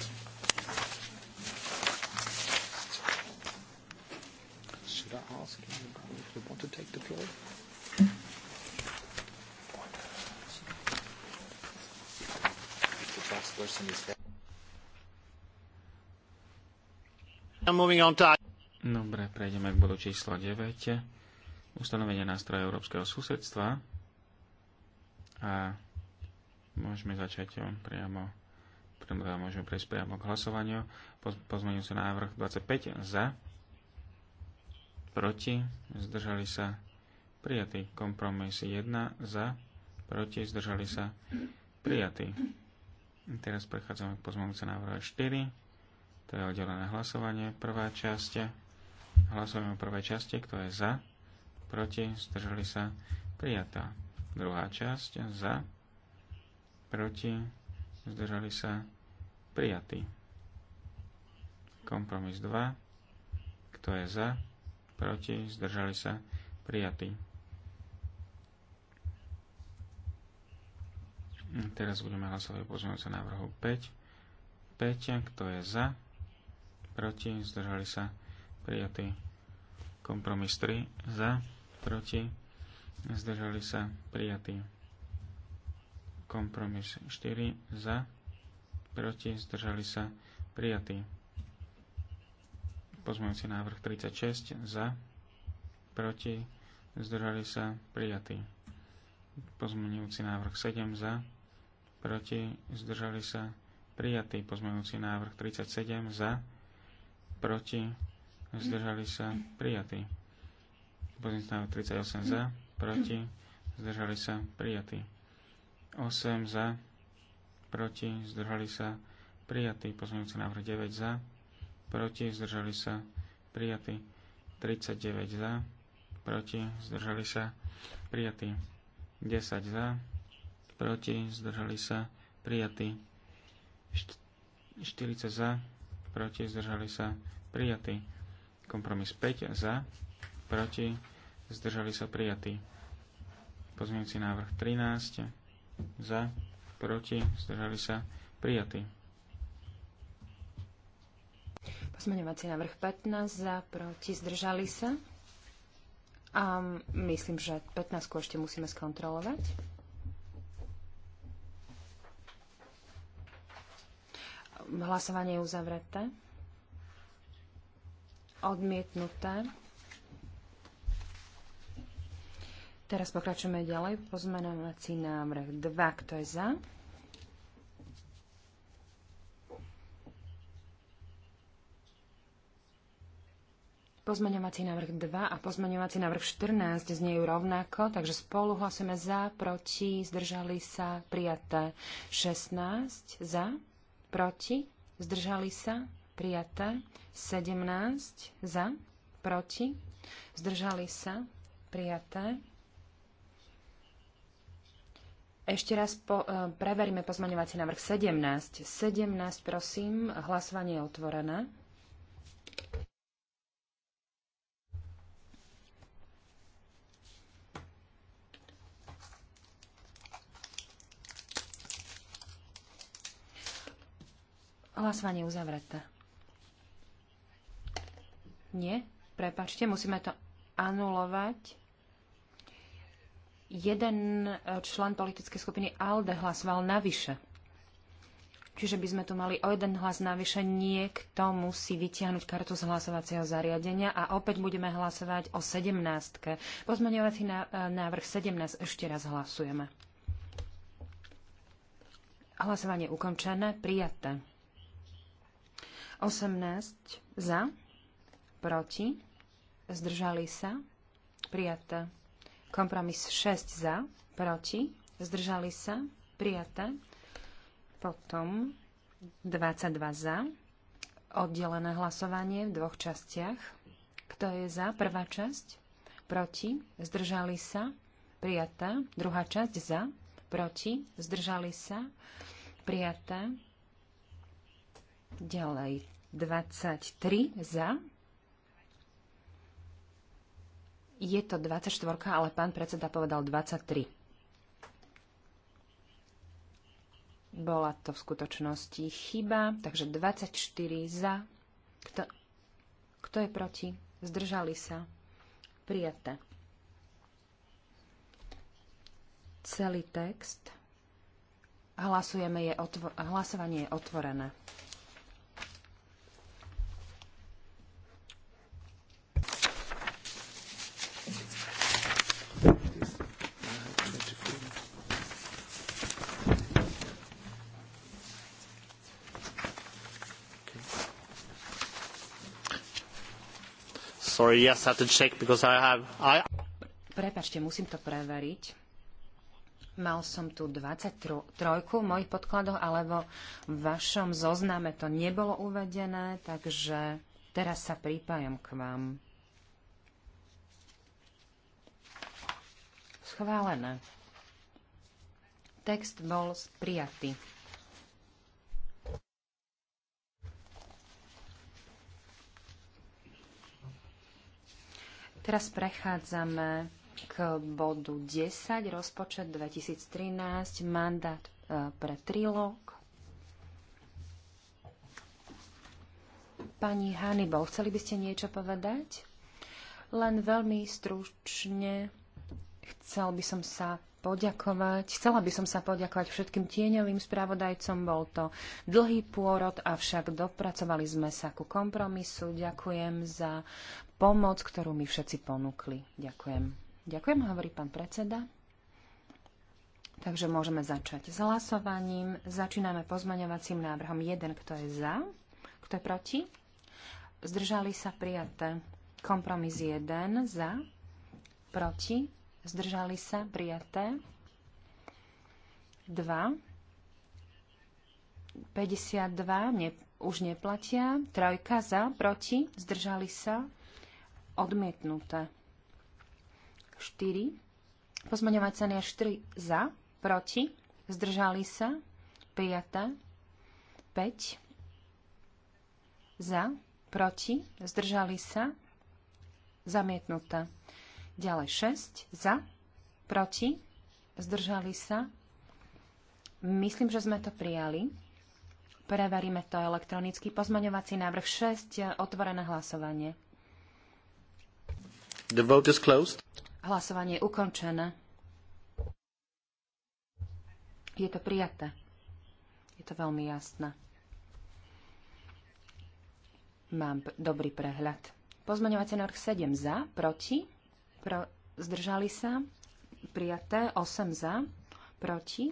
Should I ask you if you want to take the floor? Dobre, prejdeme k bodu číslo 9. Ustanovenie nástroja európskeho susedstva a môžeme začať priamo teda môžeme prejsť priamo k hlasovaniu. Pozmením sa návrh 25 za, proti, zdržali sa prijatý. Kompromis 1 za, proti, zdržali sa prijatý. Teraz prechádzame k sa návrhu 4. To je oddelené hlasovanie. Prvá časť. Hlasujeme o prvej časti, kto je za, proti, zdržali sa prijatá Druhá časť za, proti, zdržali sa, prijatý. Kompromis 2, kto je za, proti, zdržali sa, prijatý. Teraz budeme hlasovať o pozmeňujúcom návrhu 5. 5, kto je za, proti, zdržali sa, prijatý. Kompromis 3, za, proti, zdržali sa prijatí. Kompromis 4 za, proti, zdržali sa prijatí. Pozmeňujúci návrh 36 za, proti, zdržali sa prijatí. Pozmeňujúci návrh 7 za, proti, zdržali sa prijatí. Pozmeňujúci návrh 37 za, proti, zdržali sa prijatí. Pozmeňujúci návrh 38 za, proti, zdržali sa prijatí. 8 za, proti, zdržali sa prijatí. Pozmeňujúci návrh 9 za, proti, zdržali sa prijatí. 39 za, proti, zdržali sa prijatí. 10 za, proti, zdržali sa prijatí. 40 za, proti, zdržali sa prijatí. Kompromis 5 za, proti, zdržali sa prijatí. Pozmienci návrh 13, za, proti, zdržali sa prijatí. Pozmeňovací návrh 15, za, proti, zdržali sa. A myslím, že 15 ešte musíme skontrolovať. Hlasovanie je uzavreté. Odmietnuté. Teraz pokračujeme ďalej. Pozmenovací návrh 2. Kto je za? Pozmeňovací návrh 2 a pozmeňovací návrh 14 zniejú rovnako, takže spolu hlasujeme za, proti, zdržali sa, prijaté 16, za, proti, zdržali sa, prijaté 17, za, proti, zdržali sa, prijaté ešte raz po, e, preveríme pozmaňovací návrh 17. 17, prosím, hlasovanie je otvorené. Hlasovanie uzavreté. Nie, prepačte, musíme to anulovať jeden e, člen politickej skupiny ALDE hlasoval navyše. Čiže by sme tu mali o jeden hlas navyše, niekto musí vytiahnuť kartu z hlasovacieho zariadenia a opäť budeme hlasovať o 17. Pozmeňovací e, návrh 17 ešte raz hlasujeme. Hlasovanie ukončené, prijaté. 18 za, proti, zdržali sa, prijaté. Kompromis 6 za, proti, zdržali sa, prijaté. Potom 22 za, oddelené hlasovanie v dvoch častiach. Kto je za? Prvá časť. Proti, zdržali sa, prijaté. Druhá časť za, proti, zdržali sa, prijaté. Ďalej 23 za, je to 24, ale pán predseda povedal 23. Bola to v skutočnosti chyba, takže 24 za. Kto, kto je proti? Zdržali sa. Prijaté. Celý text. Hlasujeme je otvo- hlasovanie je otvorené. sorry, yes, I have to check because I have... I... Prepačte, musím to preveriť. Mal som tu 23 v mojich podkladoch, ale vo vašom zozname to nebolo uvedené, takže teraz sa pripájam k vám. Schválené. Text bol prijatý. Teraz prechádzame k bodu 10, rozpočet 2013, mandát e, pre trilóg. Pani Hannibal, chceli by ste niečo povedať? Len veľmi stručne chcel by som sa poďakovať. Chcela by som sa poďakovať všetkým tieňovým spravodajcom. Bol to dlhý pôrod, avšak dopracovali sme sa ku kompromisu. Ďakujem za pomoc, ktorú mi všetci ponúkli. Ďakujem. Ďakujem, hovorí pán predseda. Takže môžeme začať s hlasovaním. Začíname pozmaňovacím návrhom 1, kto je za, kto je proti. Zdržali sa prijaté. Kompromis 1 za, proti. Zdržali sa prijaté. 2. 52 ne, už neplatia. Trojka za, proti. Zdržali sa odmietnuté. 4. sa nie 4 za, proti, zdržali sa, prijaté. 5 za, proti, zdržali sa, zamietnuté. Ďalej 6 za, proti, zdržali sa. Myslím, že sme to prijali. Preveríme to elektronicky. Pozmaňovací návrh 6, otvorené hlasovanie. The vote is closed. Hlasovanie je ukončené. Je to prijaté. Je to veľmi jasné. Mám dobrý prehľad. Pozmeňovací návrh 7 za, proti, pro, zdržali sa, prijaté, 8 za, proti,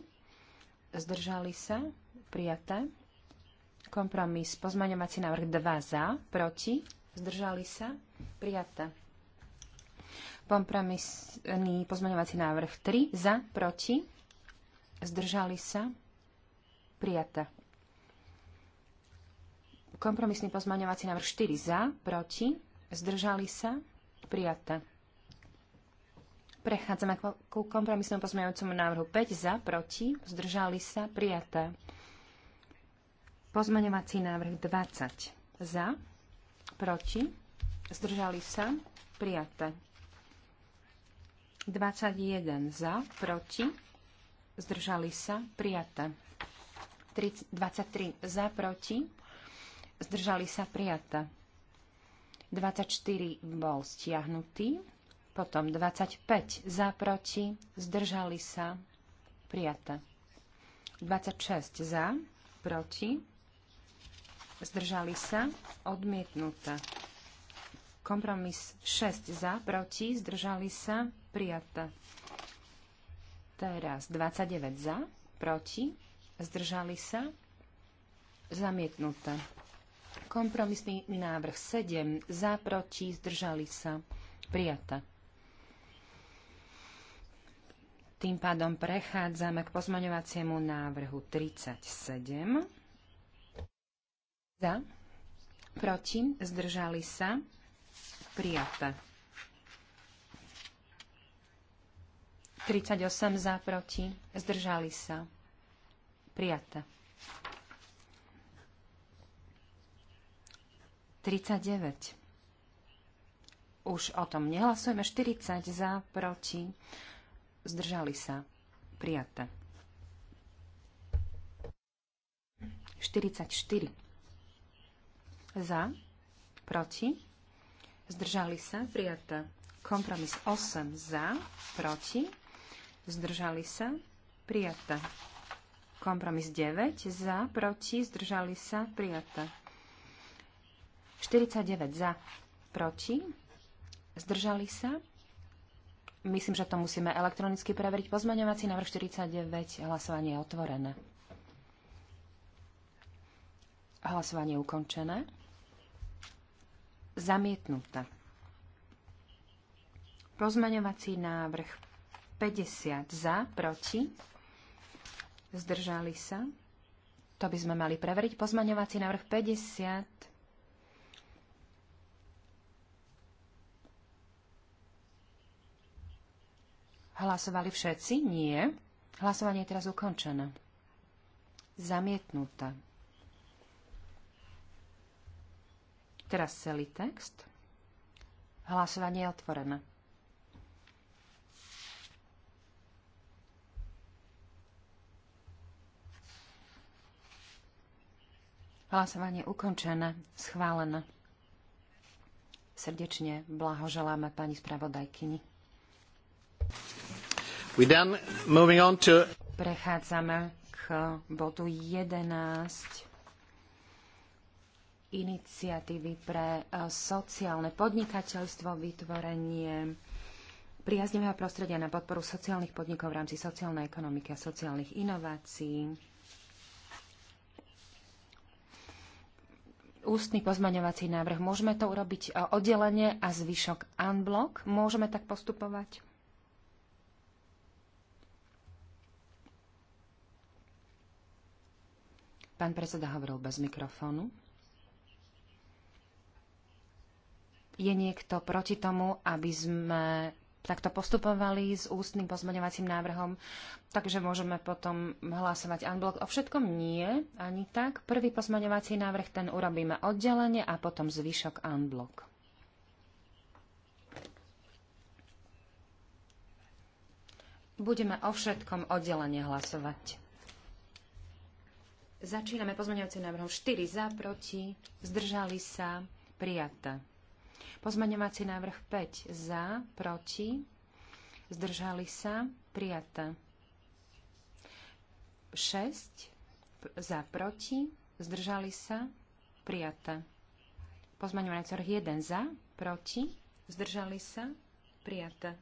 zdržali sa, prijaté, kompromis, pozmeňovací návrh 2 za, proti, zdržali sa, prijaté. Kompromisný pozmeňovací návrh 3 za, proti, zdržali sa, prijata. Kompromisný pozmaňovací návrh 4 za, proti, zdržali sa, prijaté. Prechádzame ku kompromisnému pozmeňujúcemu návrhu 5 za, proti, zdržali sa, prijaté. Pozmeňovací návrh 20 za, proti, zdržali sa, prijata. 21 za, proti, zdržali sa, prijaté. 23 za, proti, zdržali sa, prijaté. 24 bol stiahnutý, potom 25 za, proti, zdržali sa, prijaté. 26 za, proti, zdržali sa, odmietnuté. Kompromis 6 za, proti, zdržali sa, prijaté. Teraz 29 za, proti, zdržali sa, zamietnuté. Kompromisný návrh 7 za, proti, zdržali sa, prijatá. Tým pádom prechádzame k pozmaňovaciemu návrhu 37. Za, proti, zdržali sa, prijaté. 38 za, proti, zdržali sa. Prijaté. 39. Už o tom nehlasujeme. 40 za, proti, zdržali sa. Prijaté. 44. Za, proti, zdržali sa. Prijaté. Kompromis 8 za, proti, zdržali sa, prijata. Kompromis 9 za, proti, zdržali sa, prijata. 49 za, proti, zdržali sa. Myslím, že to musíme elektronicky preveriť. Pozmaňovací návrh 49, hlasovanie je otvorené. Hlasovanie je ukončené. Zamietnuté. Pozmaňovací návrh 50 za, proti. Zdržali sa. To by sme mali preveriť. Pozmaňovací návrh 50. Hlasovali všetci? Nie. Hlasovanie je teraz ukončené. Zamietnuté. Teraz celý text. Hlasovanie je otvorené. Hlasovanie ukončené, schválené. Srdečne blahoželáme pani spravodajkyni. We then moving on to... Prechádzame k bodu 11 iniciatívy pre e, sociálne podnikateľstvo, vytvorenie priaznivého prostredia na podporu sociálnych podnikov v rámci sociálnej ekonomiky a sociálnych inovácií. ústny pozmaňovací návrh. Môžeme to urobiť e, oddelenie a zvyšok unblock? Môžeme tak postupovať? Pán predseda hovoril bez mikrofónu. Je niekto proti tomu, aby sme takto postupovali s ústnym pozmeňovacím návrhom, takže môžeme potom hlasovať unblock. O všetkom nie, ani tak. Prvý pozmeňovací návrh, ten urobíme oddelenie a potom zvyšok unblock. Budeme o všetkom oddelenie hlasovať. Začíname pozmeňovacím návrhom 4 za, proti, zdržali sa, prijaté. Pozmaňovací návrh 5 za, proti, zdržali sa, prijaté. 6 za, proti, zdržali sa, prijaté. Pozmaňovací návrh 1 za, proti, zdržali sa, prijaté.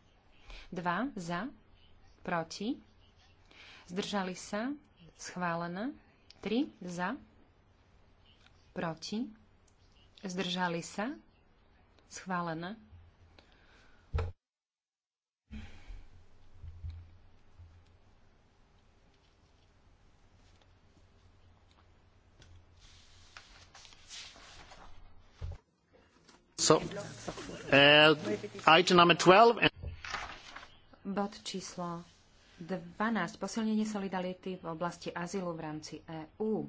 2 za, proti, zdržali sa, schválené. 3 za, proti, zdržali sa, Schválené. So, uh, item number 12. Bod číslo 12. Posilnenie solidarity v oblasti azylu v rámci EÚ.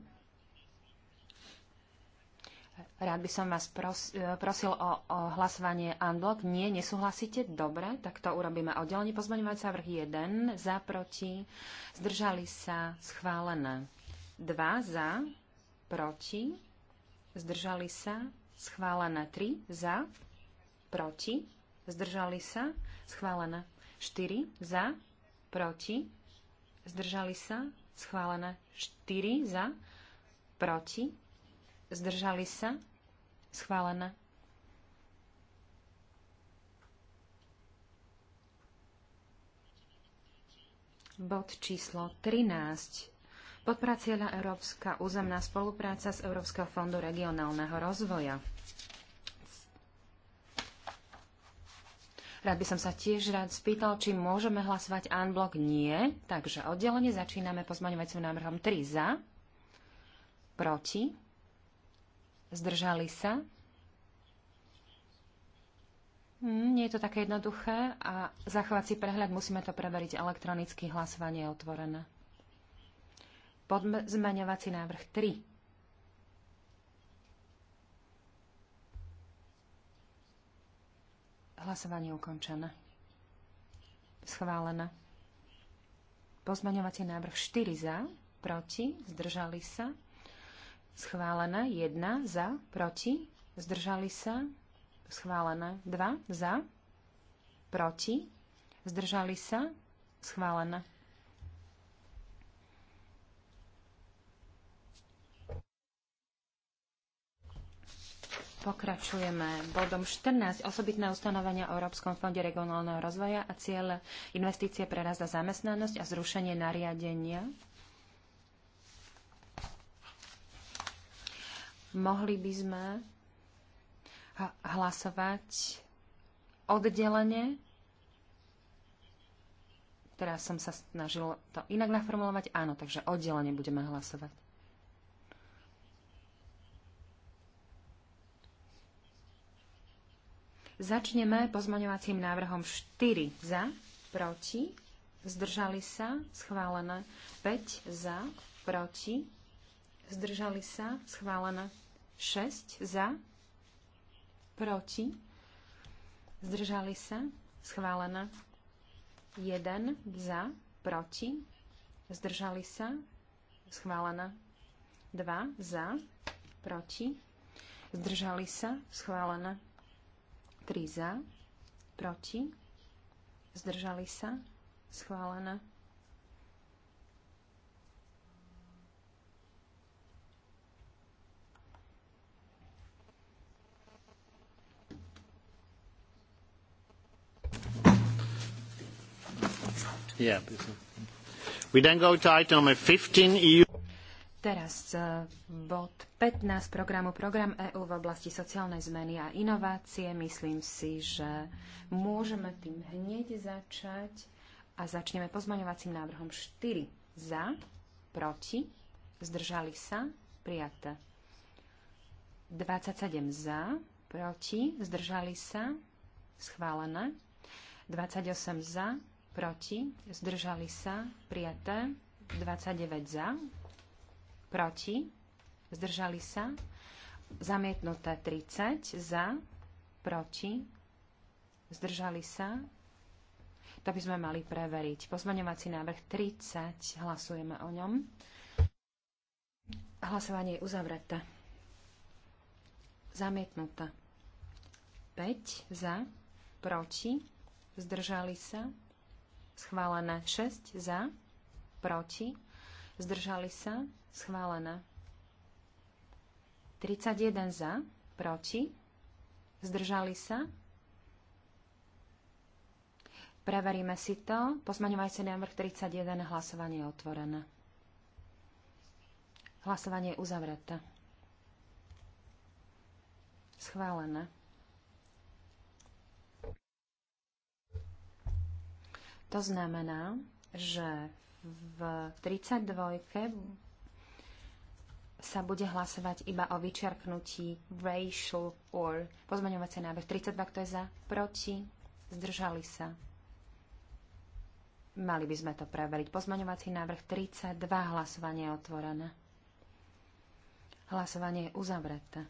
Rád by som vás pros, e, prosil o, o hlasovanie unblock. Nie, nesúhlasíte? Dobre, tak to urobíme oddelenie. Pozmeňovací návrh 1, za, proti, zdržali sa, schválené. 2, za, proti, zdržali sa, schválené. 3, za, proti, zdržali sa, schválené. 4, za, proti, zdržali sa, schválené. 4, za, proti, Zdržali sa? Schválené. Bod číslo 13. Podpracieľa Európska územná spolupráca z Európskeho fondu regionálneho rozvoja. Rád by som sa tiež rád spýtal, či môžeme hlasovať unblock. Nie. Takže oddelenie začíname pozmaňovacím návrhom 3 za, proti, Zdržali sa? Hm, nie je to také jednoduché a zachovať prehľad musíme to preveriť elektronicky. Hlasovanie je otvorené. Podzmaňovací návrh 3. Hlasovanie ukončené. Schválené. Pozmaňovací návrh 4 za, proti, zdržali sa, Schválené 1 za, proti, zdržali sa. Schválené 2 za, proti, zdržali sa. Schválené. Pokračujeme bodom 14. Osobitné ustanovenia o Európskom fonde regionálneho rozvoja a cieľ investície pre rast a zamestnanosť a zrušenie nariadenia Mohli by sme hlasovať oddelenie. Teraz som sa snažil to inak naformulovať. Áno, takže oddelenie budeme hlasovať. Začneme pozmaňovacím návrhom 4 za, proti, zdržali sa, schválené. 5 za, proti, zdržali sa, schválené. 6 za, proti, zdržali sa, schválená. 1 za, proti, zdržali sa, schválená. 2 za, proti, zdržali sa, schválená. 3 za, proti, zdržali sa, schválená. E Teraz e, bod 15 programu Program EÚ v oblasti sociálnej zmeny a inovácie. Myslím si, že môžeme tým hneď začať a začneme pozmaňovacím návrhom 4. Za, proti, zdržali sa, prijaté. 27 za, proti, zdržali sa, schválené. 28 za, proti, zdržali sa, prijaté. 29 za, proti, zdržali sa, zamietnuté 30 za, proti, zdržali sa. To by sme mali preveriť. Pozmaňovací návrh 30, hlasujeme o ňom. Hlasovanie je uzavreté. Zamietnuté. 5 za, proti, zdržali sa, schválené 6 za, proti, zdržali sa, schválené 31 za, proti, zdržali sa. Preveríme si to. Pozmaňovajúci návrh 31, hlasovanie je otvorené. Hlasovanie je uzavreté. Schválené. To znamená, že v 32 sa bude hlasovať iba o vyčerknutí racial or pozmeňovacie návrh 32, kto je za, proti, zdržali sa. Mali by sme to preveriť. Pozmeňovací návrh 32, hlasovanie je otvorené. Hlasovanie je uzavreté.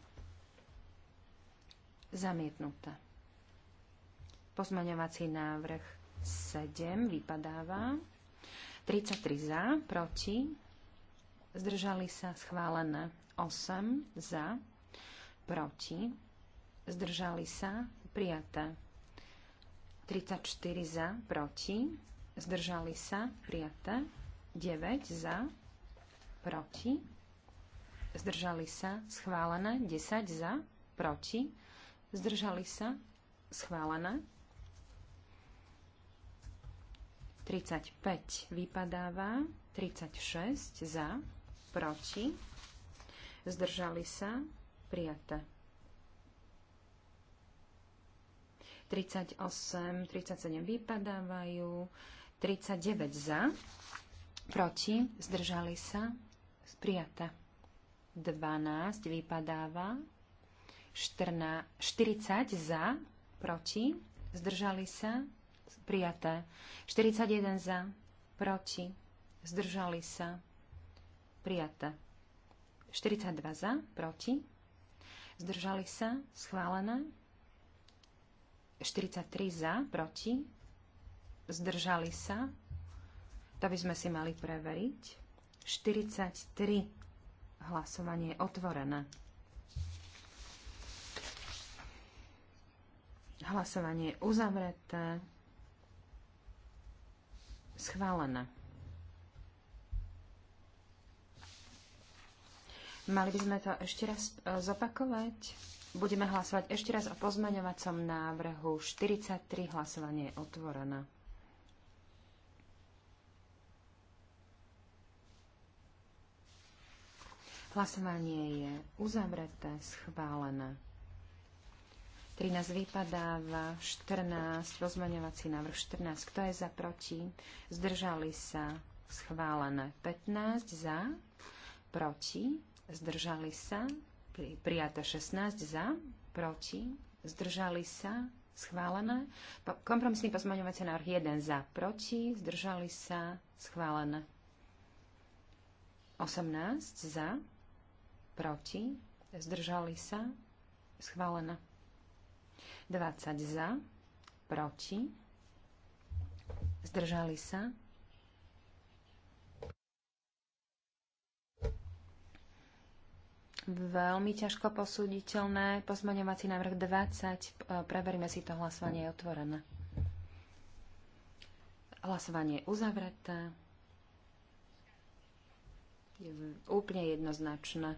Zamietnuté. Pozmeňovací návrh 7 vypadáva. 33 za, proti. Zdržali sa schválené 8 za, proti. Zdržali sa prijaté. 34 za, proti. Zdržali sa prijaté. 9 za, proti. Zdržali sa schválené 10 za, proti. Zdržali sa schválené 35 vypadáva, 36 za, proti, zdržali sa, prijaté. 38, 37 vypadávajú, 39 za, proti, zdržali sa, prijaté. 12 vypadáva, 14, 40 za, proti, zdržali sa, prijaté. 41 za, proti, zdržali sa, prijaté. 42 za, proti, zdržali sa, schválené. 43 za, proti, zdržali sa, to by sme si mali preveriť. 43 hlasovanie je otvorené. Hlasovanie je uzavreté. Schválené. Mali by sme to ešte raz e, zopakovať. Budeme hlasovať ešte raz o pozmeňovacom návrhu 43. Hlasovanie je otvorené. Hlasovanie je uzavreté, schválené. 13 vypadáva, 14, rozmaňovací návrh 14, kto je za, proti, zdržali sa, schválené 15, za, proti, zdržali sa, pri, prijaté 16, za, proti, zdržali sa, schválené. Po, kompromisný pozmaňovací návrh 1 za, proti, zdržali sa, schválené. 18 za, proti, zdržali sa, schválené. 20 za, proti, zdržali sa. Veľmi ťažko posúditeľné. Pozmaňovací návrh 20. Preberíme si to hlasovanie je otvorené. Hlasovanie je uzavreté. Je úplne jednoznačné.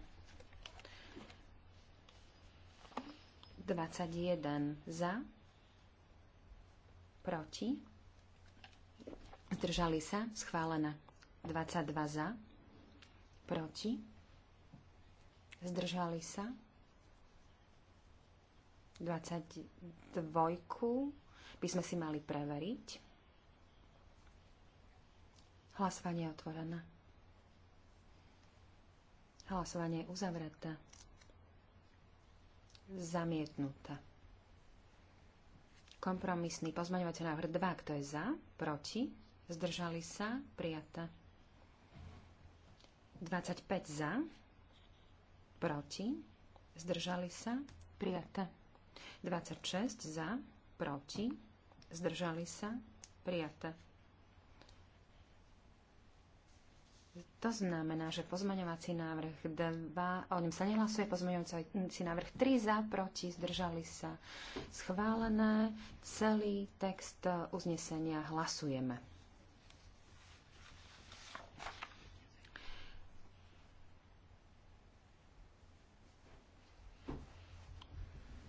21 za, proti, zdržali sa, schválená. 22 za, proti, zdržali sa, 22 by sme si mali preveriť. Hlasovanie je otvorené. Hlasovanie je uzavreté. Zamietnutá. Kompromisný pozmaňovací návrh 2. Kto je za? Proti? Zdržali sa? prijata. 25 za. Proti? Zdržali sa? Prijatá. 26 za. Proti? Zdržali sa? prijata. To znamená, že pozmaňovací návrh 2, o ňom sa nehlasuje, pozmaňovací návrh 3 za, proti, zdržali sa schválené. Celý text uznesenia hlasujeme.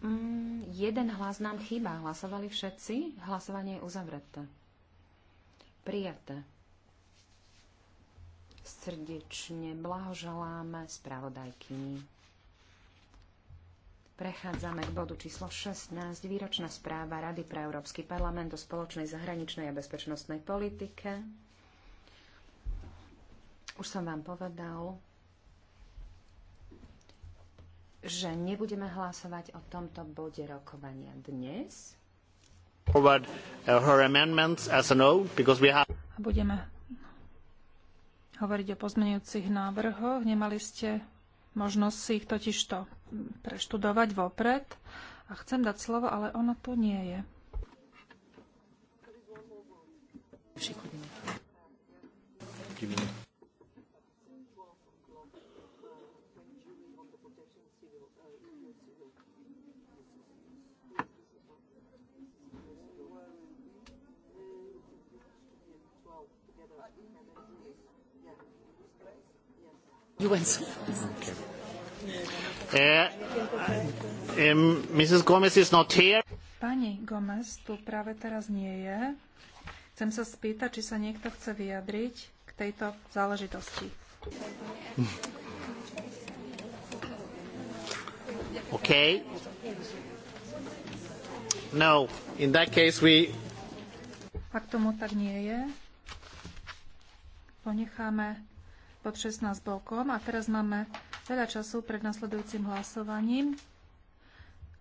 Mm, jeden hlas nám chýba. Hlasovali všetci? Hlasovanie je uzavreté. Prijaté. Srdečne blahoželáme spravodajkyni. Prechádzame k bodu číslo 16, výročná správa Rady pre Európsky parlament o spoločnej zahraničnej a bezpečnostnej politike. Už som vám povedal, že nebudeme hlasovať o tomto bode rokovania dnes. Uh, budeme hovoriť o pozmeňujúcich návrhoch. Nemali ste možnosť si ich totižto preštudovať vopred. A chcem dať slovo, ale ono tu nie je. Všichni. Uh, um, Pani Gomez tu práve teraz nie je. Chcem sa spýtať, či sa niekto chce vyjadriť k tejto záležitosti. Okay. No, in that case we... Ak tomu tak nie je, ponecháme pod 16 bokom a teraz máme veľa času pred nasledujúcim hlasovaním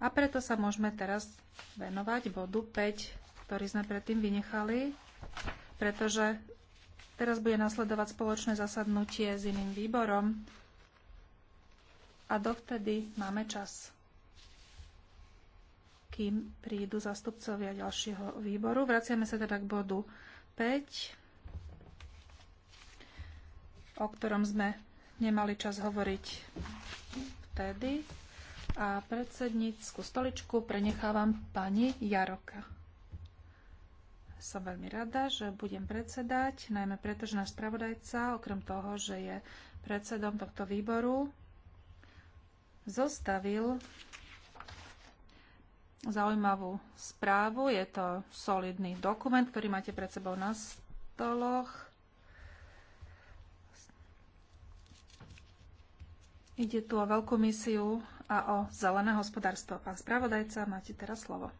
a preto sa môžeme teraz venovať bodu 5, ktorý sme predtým vynechali, pretože teraz bude nasledovať spoločné zasadnutie s iným výborom a dovtedy máme čas kým prídu zastupcovia ďalšieho výboru. Vraciame sa teda k bodu 5 o ktorom sme nemali čas hovoriť vtedy. A predsednícku stoličku prenechávam pani Jaroka. Som veľmi rada, že budem predsedať, najmä preto, že náš spravodajca, okrem toho, že je predsedom tohto výboru, zostavil zaujímavú správu. Je to solidný dokument, ktorý máte pred sebou na stoloch. Ide tu o veľkú misiu a o zelené hospodárstvo. Pán spravodajca, máte teraz slovo.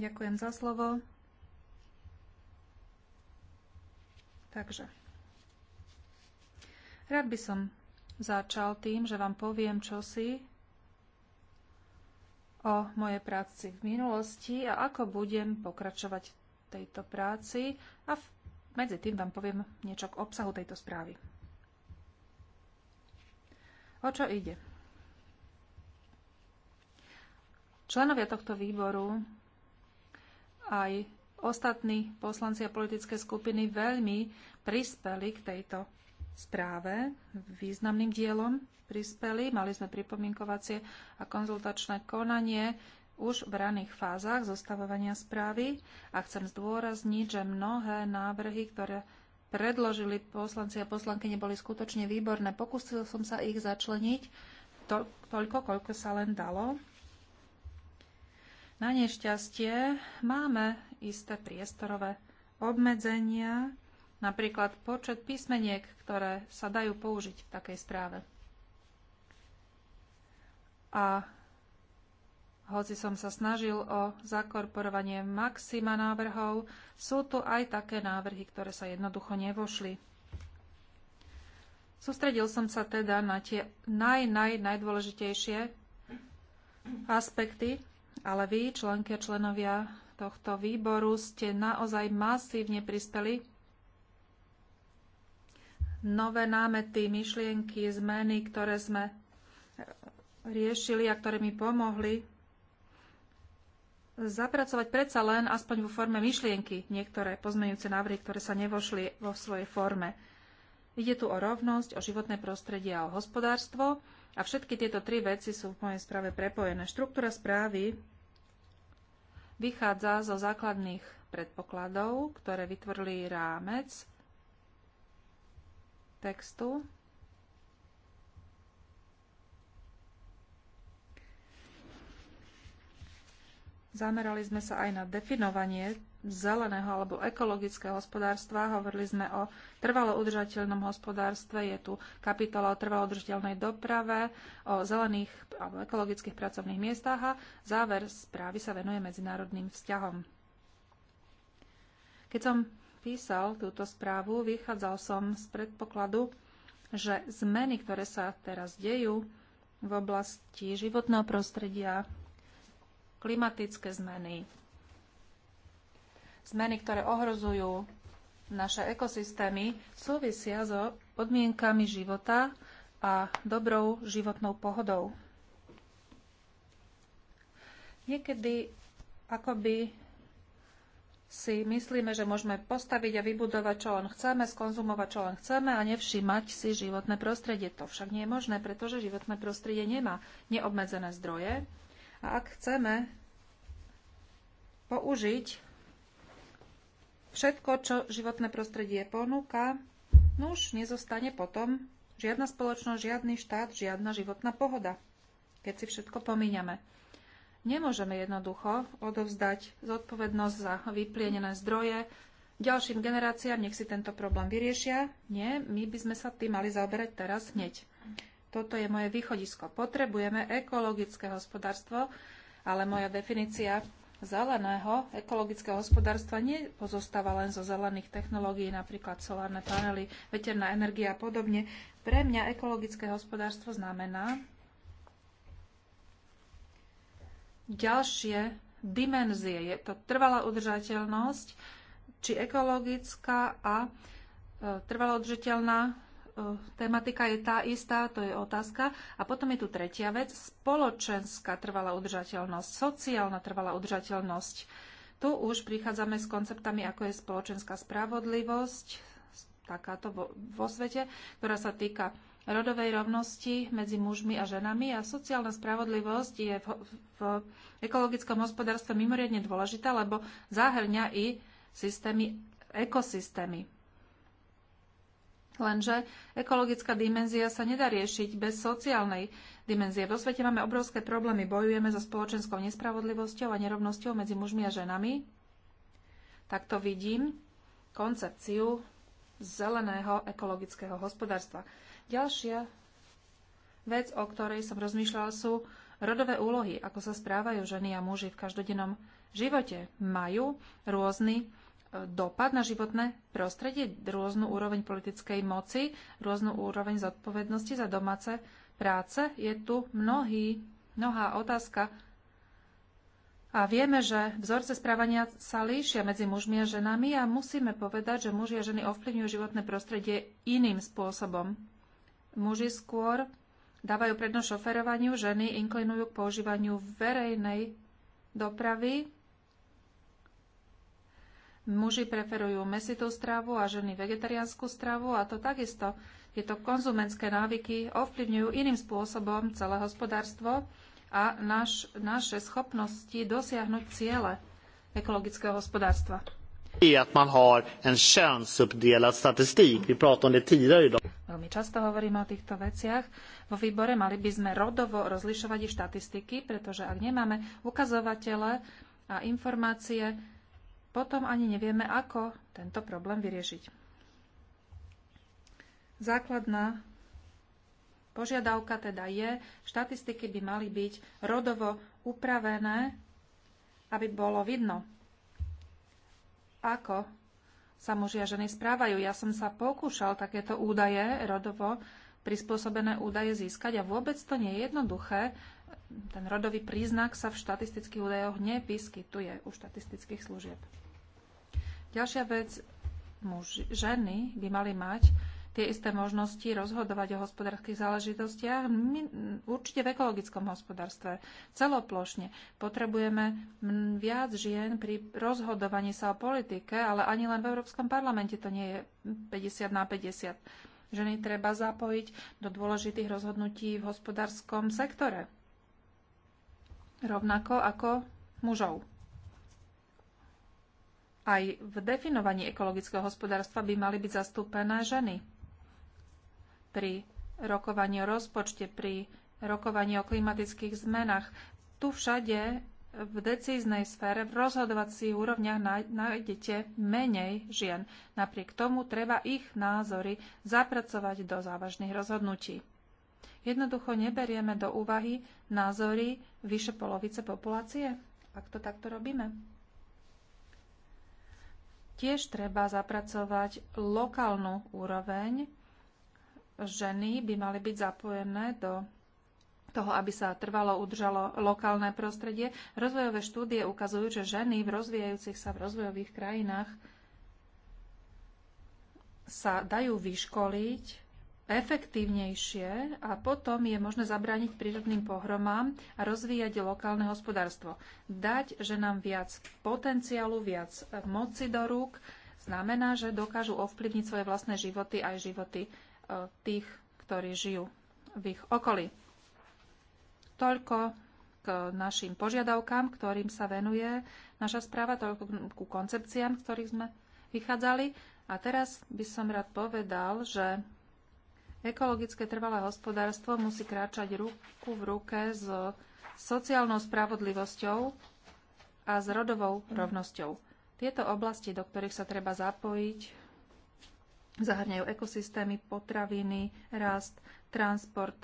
Ďakujem za slovo. Takže. Rád by som začal tým, že vám poviem čosi o mojej práci v minulosti a ako budem pokračovať v tejto práci a v medzi tým vám poviem niečo k obsahu tejto správy. O čo ide? Členovia tohto výboru aj ostatní poslanci a politické skupiny veľmi prispeli k tejto správe, významným dielom prispeli. Mali sme pripomienkovacie a konzultačné konanie už v raných fázach zostavovania správy a chcem zdôrazniť, že mnohé návrhy, ktoré predložili poslanci a poslanky, neboli skutočne výborné. pokúsil som sa ich začleniť to, toľko, koľko sa len dalo. Na nešťastie máme isté priestorové obmedzenia, napríklad počet písmeniek, ktoré sa dajú použiť v takej správe. A hoci som sa snažil o zakorporovanie maxima návrhov, sú tu aj také návrhy, ktoré sa jednoducho nevošli. Sústredil som sa teda na tie naj, naj, najdôležitejšie aspekty, ale vy, členky a členovia tohto výboru, ste naozaj masívne prispeli nové námety, myšlienky, zmeny, ktoré sme riešili a ktoré mi pomohli zapracovať predsa len aspoň vo forme myšlienky niektoré pozmeňujúce návrhy, ktoré sa nevošli vo svojej forme. Ide tu o rovnosť, o životné prostredie a o hospodárstvo a všetky tieto tri veci sú v mojej správe prepojené. Štruktúra správy vychádza zo základných predpokladov, ktoré vytvorili rámec textu Zamerali sme sa aj na definovanie zeleného alebo ekologického hospodárstva. Hovorili sme o trvalo udržateľnom hospodárstve. Je tu kapitola o trvalo udržateľnej doprave, o zelených alebo ekologických pracovných miestach a záver správy sa venuje medzinárodným vzťahom. Keď som písal túto správu, vychádzal som z predpokladu, že zmeny, ktoré sa teraz dejú v oblasti životného prostredia, klimatické zmeny, zmeny, ktoré ohrozujú naše ekosystémy, súvisia so podmienkami života a dobrou životnou pohodou. Niekedy akoby si myslíme, že môžeme postaviť a vybudovať, čo len chceme, skonzumovať, čo len chceme a nevšimať si životné prostredie. To však nie je možné, pretože životné prostredie nemá neobmedzené zdroje, a ak chceme použiť všetko, čo životné prostredie ponúka, no už nezostane potom žiadna spoločnosť, žiadny štát, žiadna životná pohoda, keď si všetko pomíňame. Nemôžeme jednoducho odovzdať zodpovednosť za vyplienené zdroje ďalším generáciám, nech si tento problém vyriešia. Nie, my by sme sa tým mali zaoberať teraz hneď toto je moje východisko. Potrebujeme ekologické hospodárstvo, ale moja definícia zeleného ekologického hospodárstva nepozostáva len zo zelených technológií, napríklad solárne panely, veterná energia a podobne. Pre mňa ekologické hospodárstvo znamená ďalšie dimenzie. Je to trvalá udržateľnosť, či ekologická a e, trvalá udržateľná E, tematika je tá istá, to je otázka. A potom je tu tretia vec, spoločenská trvalá udržateľnosť, sociálna trvalá udržateľnosť. Tu už prichádzame s konceptami, ako je spoločenská spravodlivosť, takáto vo, vo svete, ktorá sa týka rodovej rovnosti medzi mužmi a ženami a sociálna spravodlivosť je v, v ekologickom hospodárstve mimoriadne dôležitá, lebo zahrňa i systémy, ekosystémy. Lenže ekologická dimenzia sa nedá riešiť bez sociálnej dimenzie. Vo svete máme obrovské problémy. Bojujeme so spoločenskou nespravodlivosťou a nerovnosťou medzi mužmi a ženami. Takto vidím koncepciu zeleného ekologického hospodárstva. Ďalšia vec, o ktorej som rozmýšľala, sú rodové úlohy, ako sa správajú ženy a muži v každodennom živote. Majú rôzny dopad na životné prostredie, rôznu úroveň politickej moci, rôznu úroveň zodpovednosti za domáce práce. Je tu mnohý, mnohá otázka. A vieme, že vzorce správania sa líšia medzi mužmi a ženami a musíme povedať, že muži a ženy ovplyvňujú životné prostredie iným spôsobom. Muži skôr dávajú prednosť šoferovaniu, ženy inklinujú k používaniu verejnej dopravy, Muži preferujú mesitú stravu a ženy vegetariánsku stravu a to takisto. Tieto konzumenské návyky ovplyvňujú iným spôsobom celé hospodárstvo a naš, naše schopnosti dosiahnuť ciele ekologického hospodárstva. Veľmi často hovoríme o týchto veciach. Vo výbore mali by sme rodovo rozlišovať i štatistiky, pretože ak nemáme ukazovatele a informácie, potom ani nevieme, ako tento problém vyriešiť. Základná požiadavka teda je, štatistiky by mali byť rodovo upravené, aby bolo vidno, ako sa muži a ženy správajú. Ja som sa pokúšal takéto údaje rodovo prispôsobené údaje získať a vôbec to nie je jednoduché. Ten rodový príznak sa v štatistických údajoch nevyskytuje u štatistických služieb. Ďalšia vec, muž, ženy by mali mať tie isté možnosti rozhodovať o hospodárskych záležitostiach, my určite v ekologickom hospodárstve, celoplošne. Potrebujeme viac žien pri rozhodovaní sa o politike, ale ani len v Európskom parlamente to nie je 50 na 50. Ženy treba zapojiť do dôležitých rozhodnutí v hospodárskom sektore. Rovnako ako mužov. Aj v definovaní ekologického hospodárstva by mali byť zastúpené ženy. Pri rokovaní o rozpočte, pri rokovaní o klimatických zmenách. Tu všade v decíznej sfére, v rozhodovacích úrovniach nájdete menej žien. Napriek tomu treba ich názory zapracovať do závažných rozhodnutí. Jednoducho neberieme do úvahy názory vyše polovice populácie, ak to takto robíme. Tiež treba zapracovať lokálnu úroveň. Ženy by mali byť zapojené do toho, aby sa trvalo udržalo lokálne prostredie. Rozvojové štúdie ukazujú, že ženy v rozvíjajúcich sa v rozvojových krajinách sa dajú vyškoliť efektívnejšie a potom je možné zabrániť prírodným pohromám a rozvíjať lokálne hospodárstvo. Dať, že nám viac potenciálu, viac moci do rúk, znamená, že dokážu ovplyvniť svoje vlastné životy aj životy e, tých, ktorí žijú v ich okolí. Toľko k našim požiadavkám, ktorým sa venuje naša správa, toľko ku koncepciám, ktorých sme vychádzali. A teraz by som rád povedal, že Ekologické trvalé hospodárstvo musí kráčať ruku v ruke s sociálnou spravodlivosťou a s rodovou rovnosťou. Tieto oblasti, do ktorých sa treba zapojiť, zahrňajú ekosystémy, potraviny, rast, transport,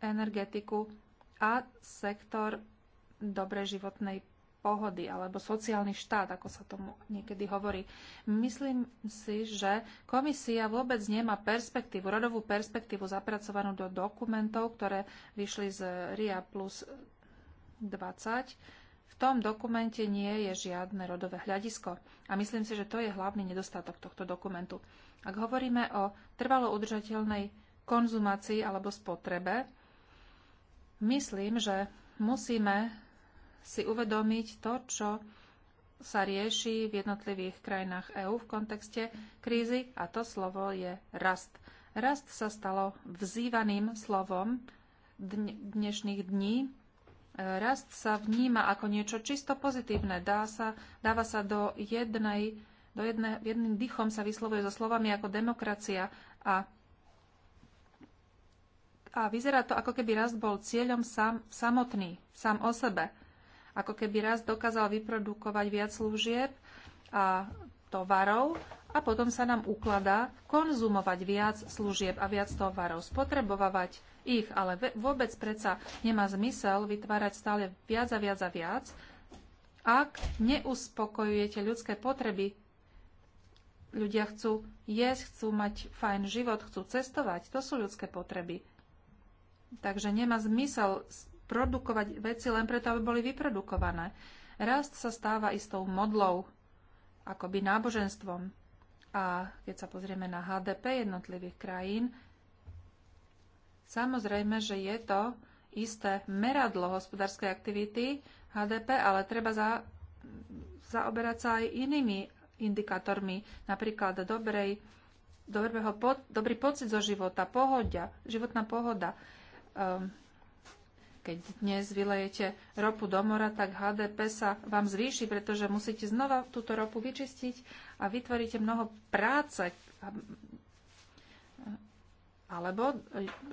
energetiku a sektor dobrej životnej pohody alebo sociálny štát, ako sa tomu niekedy hovorí. Myslím si, že komisia vôbec nemá perspektívu, rodovú perspektívu zapracovanú do dokumentov, ktoré vyšli z RIA plus 20. V tom dokumente nie je žiadne rodové hľadisko a myslím si, že to je hlavný nedostatok tohto dokumentu. Ak hovoríme o trvalo udržateľnej konzumácii alebo spotrebe, myslím, že musíme si uvedomiť to, čo sa rieši v jednotlivých krajinách EÚ v kontexte krízy a to slovo je rast. Rast sa stalo vzývaným slovom dnešných dní. Rast sa vníma ako niečo čisto pozitívne. Dá sa, dáva sa do jednej, do jedne, jedným dychom sa vyslovuje so slovami ako demokracia a a vyzerá to, ako keby rast bol cieľom sam, samotný, sám o sebe ako keby raz dokázal vyprodukovať viac služieb a tovarov a potom sa nám ukladá konzumovať viac služieb a viac tovarov, spotrebovať ich, ale vôbec predsa nemá zmysel vytvárať stále viac a viac a viac, ak neuspokojujete ľudské potreby ľudia chcú jesť, chcú mať fajn život, chcú cestovať. To sú ľudské potreby. Takže nemá zmysel produkovať veci len preto, aby boli vyprodukované. Rast sa stáva istou modlou, akoby náboženstvom. A keď sa pozrieme na HDP jednotlivých krajín, samozrejme, že je to isté meradlo hospodárskej aktivity HDP, ale treba za, zaoberať sa aj inými indikátormi, napríklad dobrej, dobrého, dobrý pocit zo života, pohodia, životná pohoda, um, keď dnes vylejete ropu do mora, tak HDP sa vám zvýši, pretože musíte znova túto ropu vyčistiť a vytvoríte mnoho práce. Alebo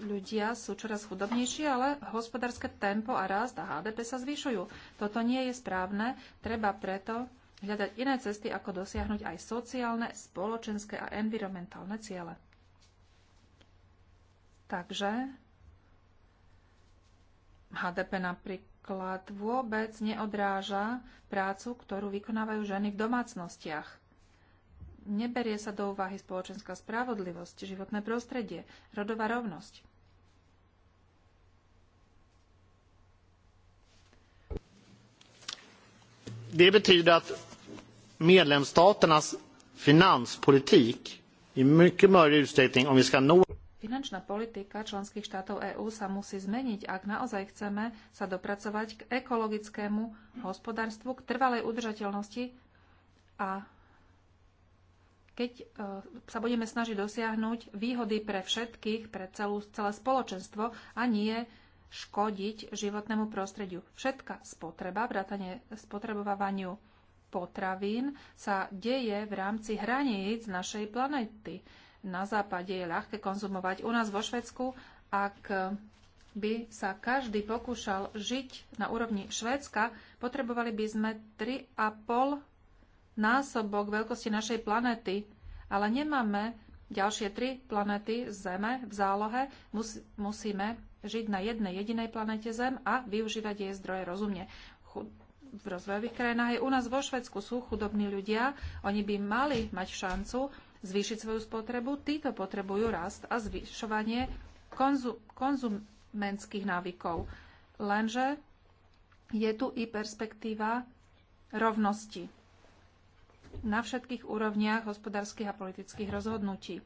ľudia sú čoraz chudobnejší, ale hospodárske tempo a rast a HDP sa zvyšujú. Toto nie je správne, treba preto hľadať iné cesty, ako dosiahnuť aj sociálne, spoločenské a environmentálne ciele. Takže HDP napríklad vôbec neodráža prácu, ktorú vykonávajú ženy v domácnostiach. Neberie sa do úvahy spoločenská spravodlivosť, životné prostredie, rodová rovnosť. Det betyder att medlemsstaternas finanspolitik i mycket mörk utsträckning om vi ska nå Finančná politika členských štátov EÚ sa musí zmeniť, ak naozaj chceme sa dopracovať k ekologickému hospodárstvu, k trvalej udržateľnosti a keď e, sa budeme snažiť dosiahnuť výhody pre všetkých, pre celú, celé spoločenstvo a nie škodiť životnému prostrediu. Všetká spotreba, vrátanie spotrebovávaniu potravín sa deje v rámci hraníc našej planety na západe je ľahké konzumovať. U nás vo Švedsku, ak by sa každý pokúšal žiť na úrovni Švédska, potrebovali by sme 3,5 násobok veľkosti našej planety, ale nemáme ďalšie tri planety Zeme v zálohe. Mus, musíme žiť na jednej jedinej planete Zem a využívať jej zdroje rozumne. Chud, v rozvojových krajinách je u nás vo Švedsku sú chudobní ľudia, oni by mali mať šancu zvýšiť svoju spotrebu, títo potrebujú rast a zvyšovanie konzum, konzumenských návykov. Lenže je tu i perspektíva rovnosti na všetkých úrovniach hospodárskych a politických rozhodnutí.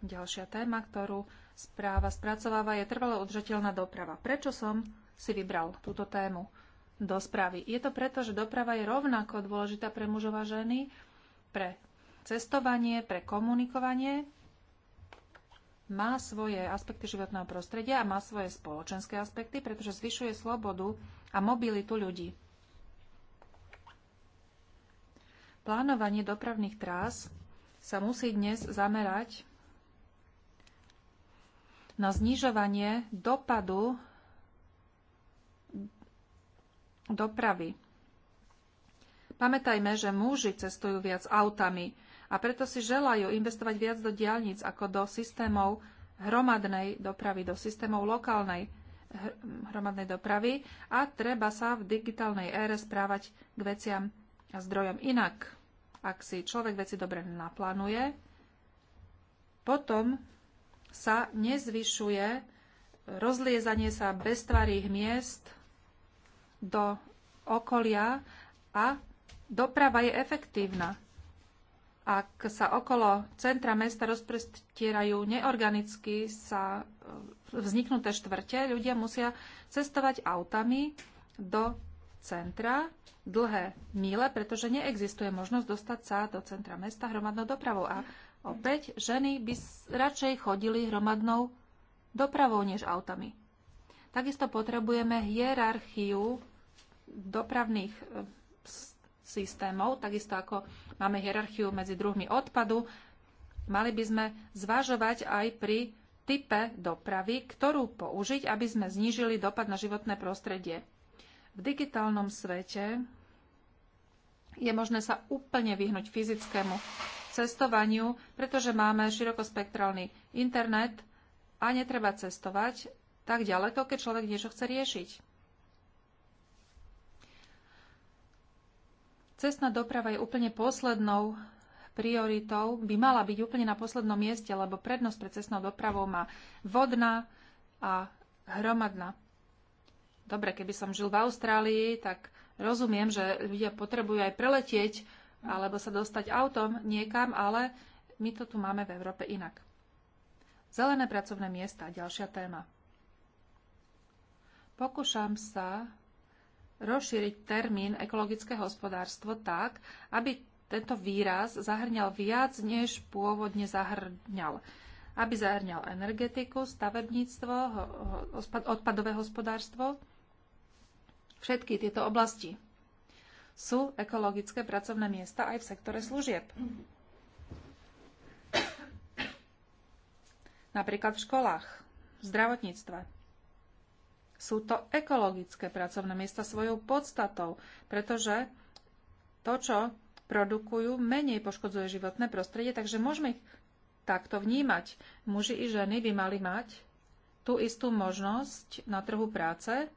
Ďalšia téma, ktorú správa spracováva, je trvalo udržateľná doprava. Prečo som si vybral túto tému do správy? Je to preto, že doprava je rovnako dôležitá pre mužov a ženy, pre cestovanie, pre komunikovanie má svoje aspekty životného prostredia a má svoje spoločenské aspekty, pretože zvyšuje slobodu a mobilitu ľudí. Plánovanie dopravných trás sa musí dnes zamerať na znižovanie dopadu dopravy. Pamätajme, že muži cestujú viac autami, a preto si želajú investovať viac do diálnic ako do systémov hromadnej dopravy, do systémov lokálnej hromadnej dopravy a treba sa v digitálnej ére správať k veciam a zdrojom inak. Ak si človek veci dobre naplánuje, potom sa nezvyšuje rozliezanie sa beztvarých miest do okolia a doprava je efektívna ak sa okolo centra mesta rozprestierajú neorganicky sa e, vzniknuté štvrte, ľudia musia cestovať autami do centra dlhé míle, pretože neexistuje možnosť dostať sa do centra mesta hromadnou dopravou. A opäť ženy by radšej chodili hromadnou dopravou než autami. Takisto potrebujeme hierarchiu dopravných e, systémov, takisto ako máme hierarchiu medzi druhmi odpadu, mali by sme zvažovať aj pri type dopravy, ktorú použiť, aby sme znížili dopad na životné prostredie. V digitálnom svete je možné sa úplne vyhnúť fyzickému cestovaniu, pretože máme širokospektrálny internet a netreba cestovať tak ďaleko, keď človek niečo chce riešiť. Cestná doprava je úplne poslednou prioritou, by mala byť úplne na poslednom mieste, lebo prednosť pred cestnou dopravou má vodná a hromadná. Dobre, keby som žil v Austrálii, tak rozumiem, že ľudia potrebujú aj preletieť alebo sa dostať autom niekam, ale my to tu máme v Európe inak. Zelené pracovné miesta, ďalšia téma. Pokúšam sa rozšíriť termín ekologické hospodárstvo tak, aby tento výraz zahrňal viac, než pôvodne zahrňal. Aby zahrňal energetiku, stavebníctvo, odpadové hospodárstvo. Všetky tieto oblasti sú ekologické pracovné miesta aj v sektore služieb. Napríklad v školách, v zdravotníctve. Sú to ekologické pracovné miesta svojou podstatou, pretože to, čo produkujú, menej poškodzuje životné prostredie, takže môžeme ich takto vnímať. Muži i ženy by mali mať tú istú možnosť na trhu práce,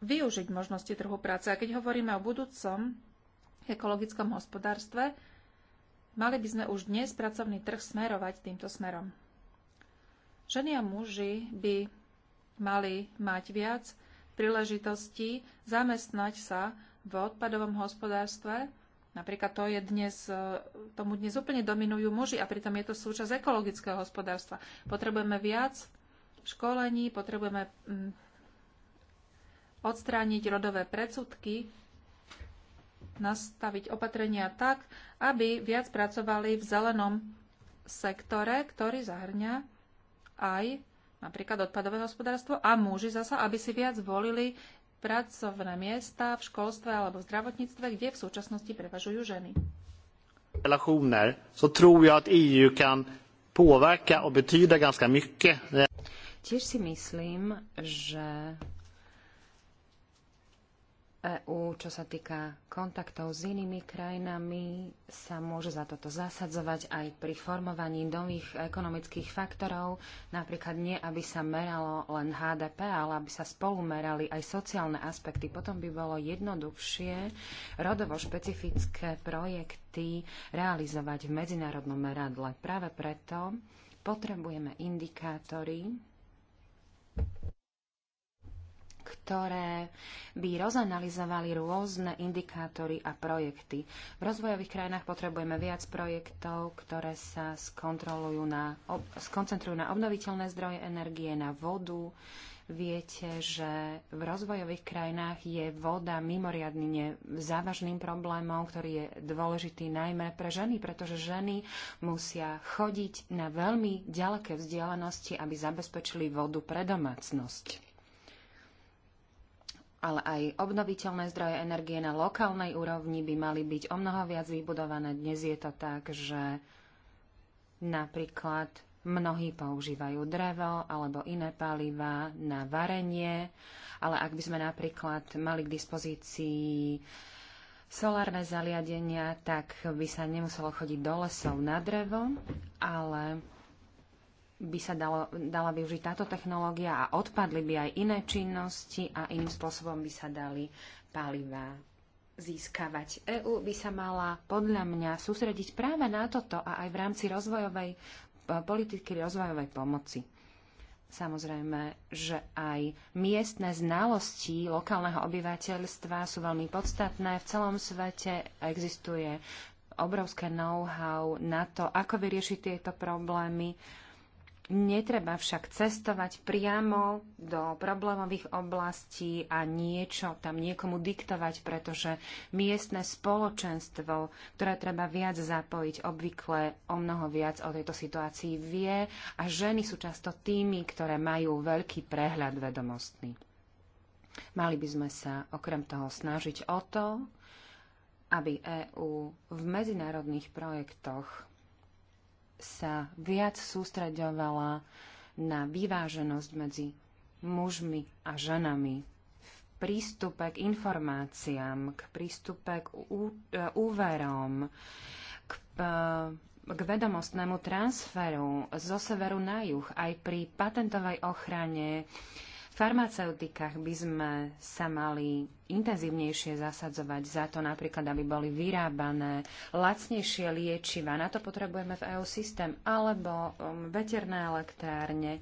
využiť možnosti trhu práce. A keď hovoríme o budúcom ekologickom hospodárstve, mali by sme už dnes pracovný trh smerovať týmto smerom. Ženy a muži by mali mať viac príležitostí zamestnať sa v odpadovom hospodárstve. Napríklad to je dnes, e, tomu dnes úplne dominujú muži a pritom je to súčasť ekologického hospodárstva. Potrebujeme viac školení, potrebujeme mm, odstrániť rodové predsudky, nastaviť opatrenia tak, aby viac pracovali v zelenom sektore, ktorý zahrňa aj napríklad odpadové hospodárstvo a muži zasa, aby si viac volili pracovné miesta v školstve alebo v zdravotníctve, kde v súčasnosti prevažujú ženy. tror jag att EU kan påverka och betyda ganska mycket. Tiež si myslím, že EÚ, čo sa týka kontaktov s inými krajinami, sa môže za toto zasadzovať aj pri formovaní nových ekonomických faktorov, napríklad nie, aby sa meralo len HDP, ale aby sa spolu merali aj sociálne aspekty. Potom by bolo jednoduchšie rodovo špecifické projekty realizovať v medzinárodnom meradle. Práve preto potrebujeme indikátory, ktoré by rozanalizovali rôzne indikátory a projekty. V rozvojových krajinách potrebujeme viac projektov, ktoré sa skontrolujú na, skoncentrujú na obnoviteľné zdroje energie, na vodu. Viete, že v rozvojových krajinách je voda mimoriadne závažným problémom, ktorý je dôležitý najmä pre ženy, pretože ženy musia chodiť na veľmi ďaleké vzdialenosti, aby zabezpečili vodu pre domácnosť ale aj obnoviteľné zdroje energie na lokálnej úrovni by mali byť o mnoho viac vybudované. Dnes je to tak, že napríklad mnohí používajú drevo alebo iné paliva na varenie, ale ak by sme napríklad mali k dispozícii solárne zaliadenia, tak by sa nemuselo chodiť do lesov na drevo, ale by sa dalo, dala využiť táto technológia a odpadli by aj iné činnosti a iným spôsobom by sa dali palivá získavať. EÚ by sa mala podľa mňa sústrediť práve na toto a aj v rámci rozvojovej politiky rozvojovej pomoci. Samozrejme, že aj miestne znalosti lokálneho obyvateľstva sú veľmi podstatné. V celom svete existuje obrovské know-how na to, ako vyriešiť tieto problémy Netreba však cestovať priamo do problémových oblastí a niečo tam niekomu diktovať, pretože miestne spoločenstvo, ktoré treba viac zapojiť, obvykle o mnoho viac o tejto situácii vie a ženy sú často tými, ktoré majú veľký prehľad vedomostný. Mali by sme sa okrem toho snažiť o to, aby EÚ v medzinárodných projektoch sa viac sústreďovala na vyváženosť medzi mužmi a ženami v prístupe k informáciám, k prístupe k e, úverom, k, e, k vedomostnému transferu zo severu na juh, aj pri patentovej ochrane, farmaceutikách by sme sa mali intenzívnejšie zasadzovať za to napríklad, aby boli vyrábané lacnejšie liečiva. Na to potrebujeme v EU systém alebo um, veterné elektrárne.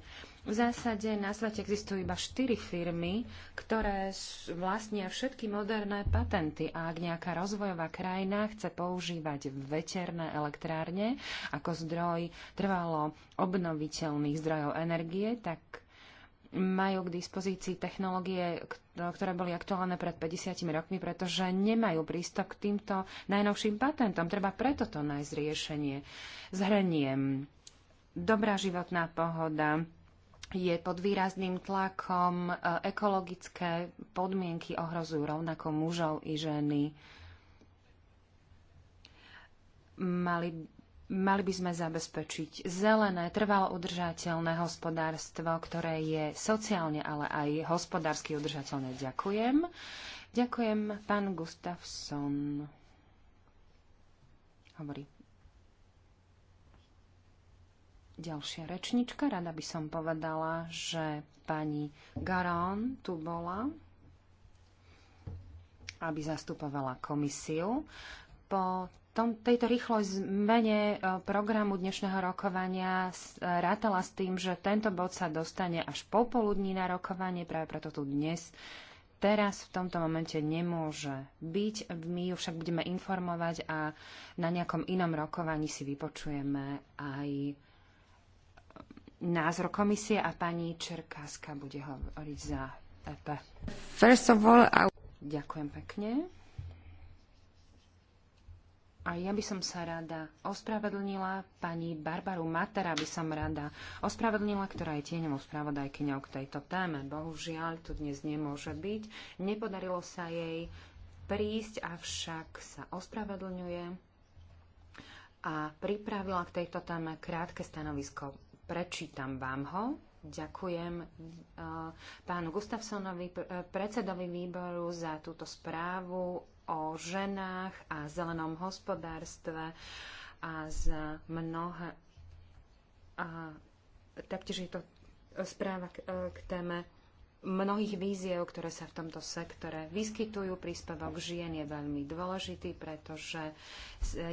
V zásade na svete existujú iba štyri firmy, ktoré vlastnia všetky moderné patenty a ak nejaká rozvojová krajina chce používať veterné elektrárne ako zdroj trvalo obnoviteľných zdrojov energie, tak majú k dispozícii technológie, ktoré boli aktuálne pred 50 rokmi, pretože nemajú prístup k týmto najnovším patentom. Treba preto to nájsť riešenie. Zhrniem. Dobrá životná pohoda je pod výrazným tlakom, e, ekologické podmienky ohrozujú rovnako mužov i ženy. Mali Mali by sme zabezpečiť zelené, trvalo udržateľné hospodárstvo, ktoré je sociálne, ale aj hospodársky udržateľné. Ďakujem. Ďakujem, pán Gustafsson. Hovorí. Ďalšia rečnička, rada by som povedala, že pani Garon tu bola, aby zastupovala komisiu. Po tom, tejto rýchloj zmene e, programu dnešného rokovania e, rátala s tým, že tento bod sa dostane až popoludní na rokovanie, práve preto tu dnes teraz v tomto momente nemôže byť. My ju však budeme informovať a na nejakom inom rokovaní si vypočujeme aj e, názor komisie a pani Čerkáska bude hovoriť za EP. All, I... Ďakujem pekne. A ja by som sa rada ospravedlnila pani Barbaru Matera, by som rada ospravedlnila, ktorá je tieňovou spravodajkyňou k tejto téme. Bohužiaľ, tu dnes nemôže byť. Nepodarilo sa jej prísť, avšak sa ospravedlňuje a pripravila k tejto téme krátke stanovisko. Prečítam vám ho. Ďakujem eh, pánu Gustafsonovi, eh, predsedovi výboru, za túto správu o ženách a zelenom hospodárstve a za mnohé. A taktiež je to správa k, e, k téme mnohých víziev, ktoré sa v tomto sektore vyskytujú. Príspevok žien je veľmi dôležitý, pretože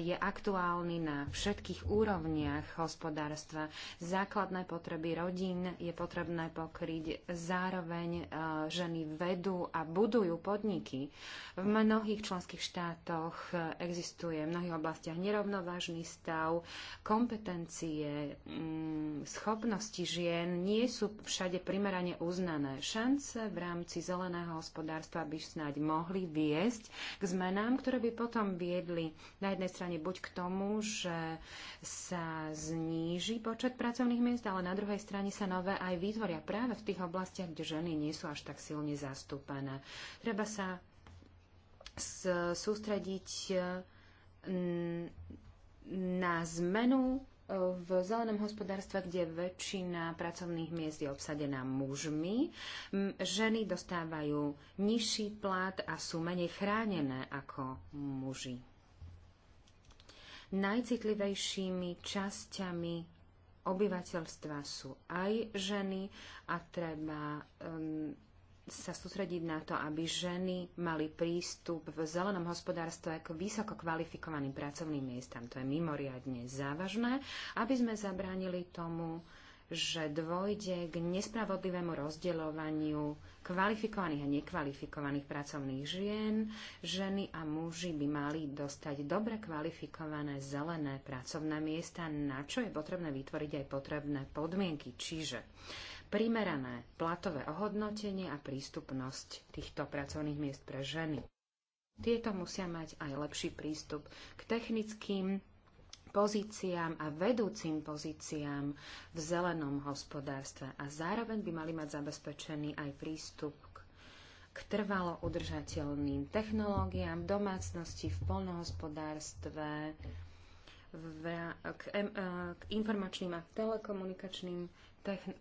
je aktuálny na všetkých úrovniach hospodárstva. Základné potreby rodín je potrebné pokryť. Zároveň e, ženy vedú a budujú podniky. V mnohých členských štátoch existuje v mnohých oblastiach nerovnovážny stav. Kompetencie, mm, schopnosti žien nie sú všade primerane uznané. Šan šance v rámci zeleného hospodárstva by snáď mohli viesť k zmenám, ktoré by potom viedli na jednej strane buď k tomu, že sa zníži počet pracovných miest, ale na druhej strane sa nové aj vytvoria práve v tých oblastiach, kde ženy nie sú až tak silne zastúpené. Treba sa sústrediť mm, na zmenu v zelenom hospodárstve, kde väčšina pracovných miest je obsadená mužmi, ženy dostávajú nižší plat a sú menej chránené ako muži. Najcitlivejšími časťami obyvateľstva sú aj ženy a treba um, sa sústrediť na to, aby ženy mali prístup v zelenom hospodárstve k vysoko kvalifikovaným pracovným miestam. To je mimoriadne závažné, aby sme zabránili tomu, že dôjde k nespravodlivému rozdeľovaniu kvalifikovaných a nekvalifikovaných pracovných žien. Ženy a muži by mali dostať dobre kvalifikované zelené pracovné miesta, na čo je potrebné vytvoriť aj potrebné podmienky. Čiže primerané platové ohodnotenie a prístupnosť týchto pracovných miest pre ženy. Tieto musia mať aj lepší prístup k technickým pozíciám a vedúcim pozíciám v zelenom hospodárstve a zároveň by mali mať zabezpečený aj prístup k trvalo udržateľným technológiám v domácnosti, v polnohospodárstve, v, k, em, eh, k informačným a telekomunikačným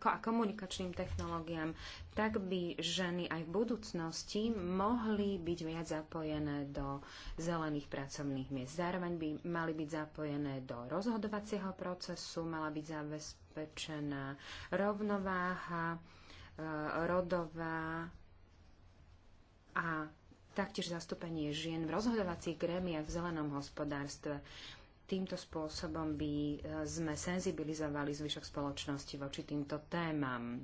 a komunikačným technológiám, tak by ženy aj v budúcnosti mohli byť viac zapojené do zelených pracovných miest. Zároveň by mali byť zapojené do rozhodovacieho procesu, mala byť zabezpečená rovnováha e, rodová a taktiež zastúpenie žien v rozhodovacích grémiach v zelenom hospodárstve. E, týmto spôsobom by e, sme senzibilizovali zvyšok spoločnosti voči týmto témam.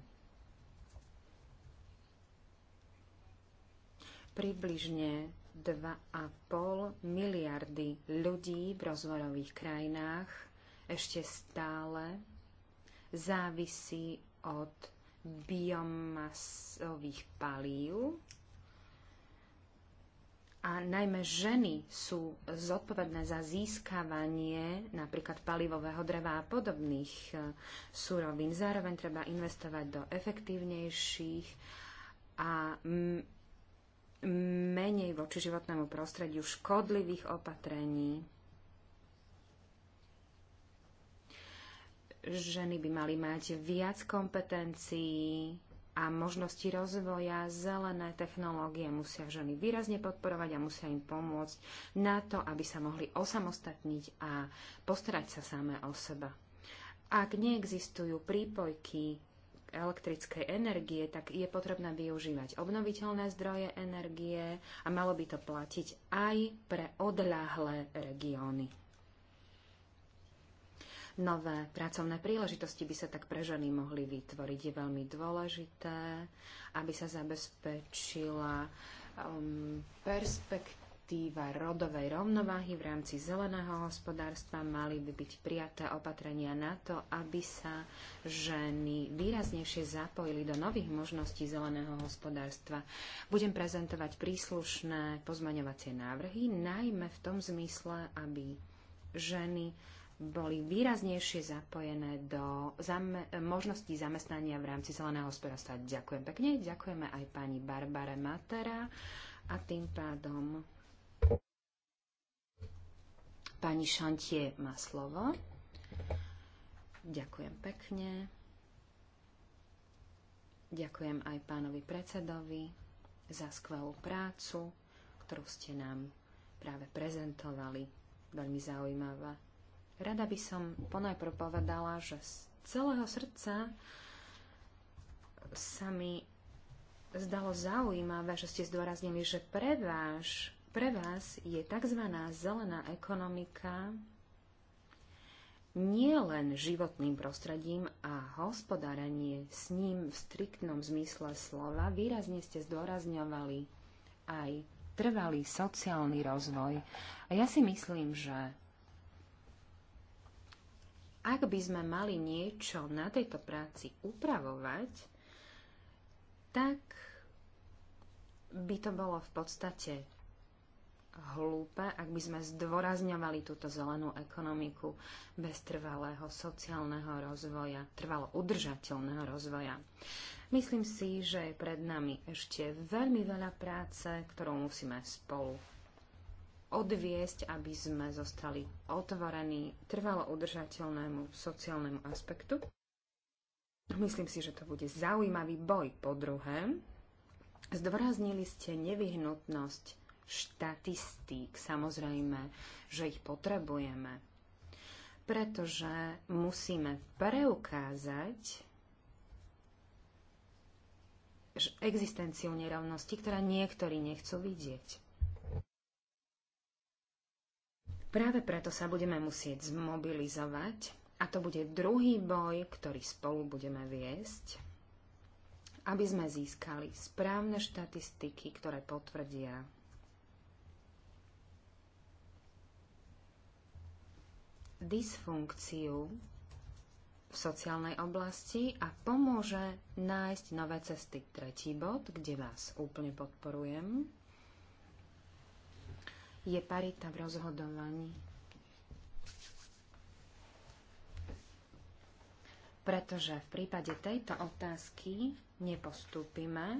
Približne 2,5 miliardy ľudí v rozvojových krajinách ešte stále závisí od biomasových palív a najmä ženy sú zodpovedné za získavanie napríklad palivového dreva a podobných e, surovín. Zároveň treba investovať do efektívnejších a menej voči životnému prostrediu škodlivých opatrení. Ženy by mali mať viac kompetencií, a možnosti rozvoja zelené technológie musia ženy výrazne podporovať a musia im pomôcť na to, aby sa mohli osamostatniť a postarať sa samé o seba. Ak neexistujú prípojky elektrickej energie, tak je potrebné využívať obnoviteľné zdroje energie a malo by to platiť aj pre odľahlé regióny nové pracovné príležitosti by sa tak pre ženy mohli vytvoriť. Je veľmi dôležité, aby sa zabezpečila um, perspektíva rodovej rovnováhy v rámci zeleného hospodárstva. Mali by byť prijaté opatrenia na to, aby sa ženy výraznejšie zapojili do nových možností zeleného hospodárstva. Budem prezentovať príslušné pozmaňovacie návrhy, najmä v tom zmysle, aby ženy boli výraznejšie zapojené do zame- možností zamestnania v rámci zeleného hospodárstva. Ďakujem pekne, ďakujeme aj pani Barbare Matera a tým pádom pani Šantie má slovo. Ďakujem pekne. Ďakujem aj pánovi predsedovi za skvelú prácu, ktorú ste nám práve prezentovali. Veľmi zaujímavá Rada by som ponajprv povedala, že z celého srdca sa mi zdalo zaujímavé, že ste zdôraznili, že pre, vás, pre vás je tzv. zelená ekonomika nie len životným prostredím a hospodárenie s ním v striktnom zmysle slova, výrazne ste zdôrazňovali aj trvalý sociálny rozvoj. A ja si myslím, že ak by sme mali niečo na tejto práci upravovať, tak by to bolo v podstate hlúpe, ak by sme zdôrazňovali túto zelenú ekonomiku bez trvalého sociálneho rozvoja, trvalo udržateľného rozvoja. Myslím si, že je pred nami ešte veľmi veľa práce, ktorú musíme spolu odviesť, aby sme zostali otvorení trvalo udržateľnému sociálnemu aspektu. Myslím si, že to bude zaujímavý boj. Po druhé, zdôraznili ste nevyhnutnosť štatistík. Samozrejme, že ich potrebujeme, pretože musíme preukázať existenciu nerovnosti, ktorá niektorí nechcú vidieť. Práve preto sa budeme musieť zmobilizovať a to bude druhý boj, ktorý spolu budeme viesť, aby sme získali správne štatistiky, ktoré potvrdia dysfunkciu v sociálnej oblasti a pomôže nájsť nové cesty. Tretí bod, kde vás úplne podporujem je parita v rozhodovaní. Pretože v prípade tejto otázky nepostúpime,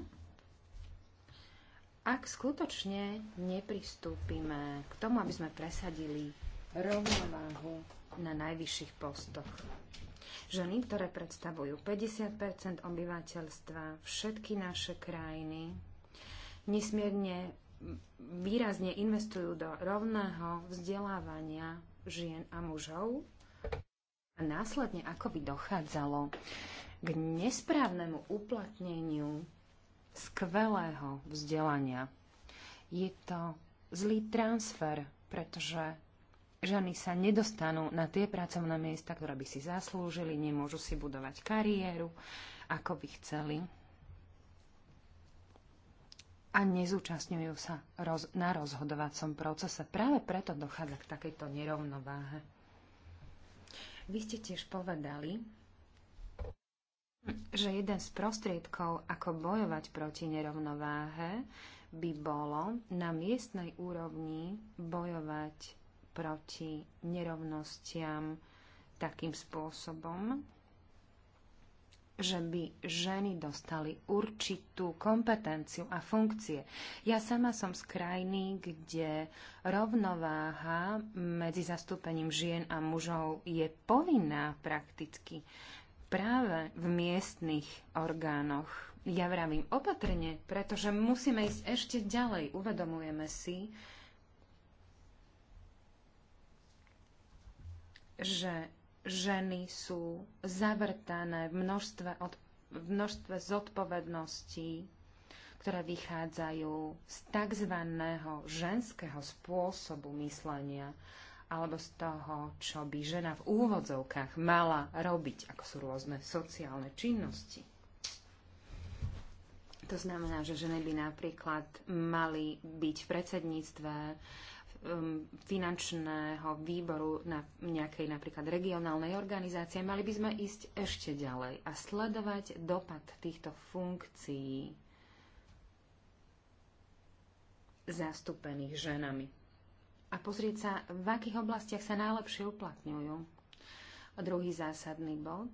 ak skutočne nepristúpime k tomu, aby sme presadili rovnováhu na najvyšších postoch. Ženy, ktoré predstavujú 50 obyvateľstva, všetky naše krajiny, nesmierne výrazne investujú do rovného vzdelávania žien a mužov a následne ako by dochádzalo k nesprávnemu uplatneniu skvelého vzdelania. Je to zlý transfer, pretože ženy sa nedostanú na tie pracovné miesta, ktoré by si zaslúžili, nemôžu si budovať kariéru, ako by chceli a nezúčastňujú sa roz- na rozhodovacom procese. Práve preto dochádza k takejto nerovnováhe. Vy ste tiež povedali, že jeden z prostriedkov, ako bojovať proti nerovnováhe, by bolo na miestnej úrovni bojovať proti nerovnostiam takým spôsobom, že by ženy dostali určitú kompetenciu a funkcie. Ja sama som z krajiny, kde rovnováha medzi zastúpením žien a mužov je povinná prakticky práve v miestnych orgánoch. Ja vravím opatrne, pretože musíme ísť ešte ďalej. Uvedomujeme si, že ženy sú zavrtané v množstve, od, v množstve zodpovedností, ktoré vychádzajú z tzv. ženského spôsobu myslenia alebo z toho, čo by žena v úvodzovkách mala robiť, ako sú rôzne sociálne činnosti. To znamená, že ženy by napríklad mali byť v predsedníctve Um, finančného výboru na nejakej napríklad regionálnej organizácie, mali by sme ísť ešte ďalej a sledovať dopad týchto funkcií zastúpených ženami. A pozrieť sa, v akých oblastiach sa najlepšie uplatňujú. A druhý zásadný bod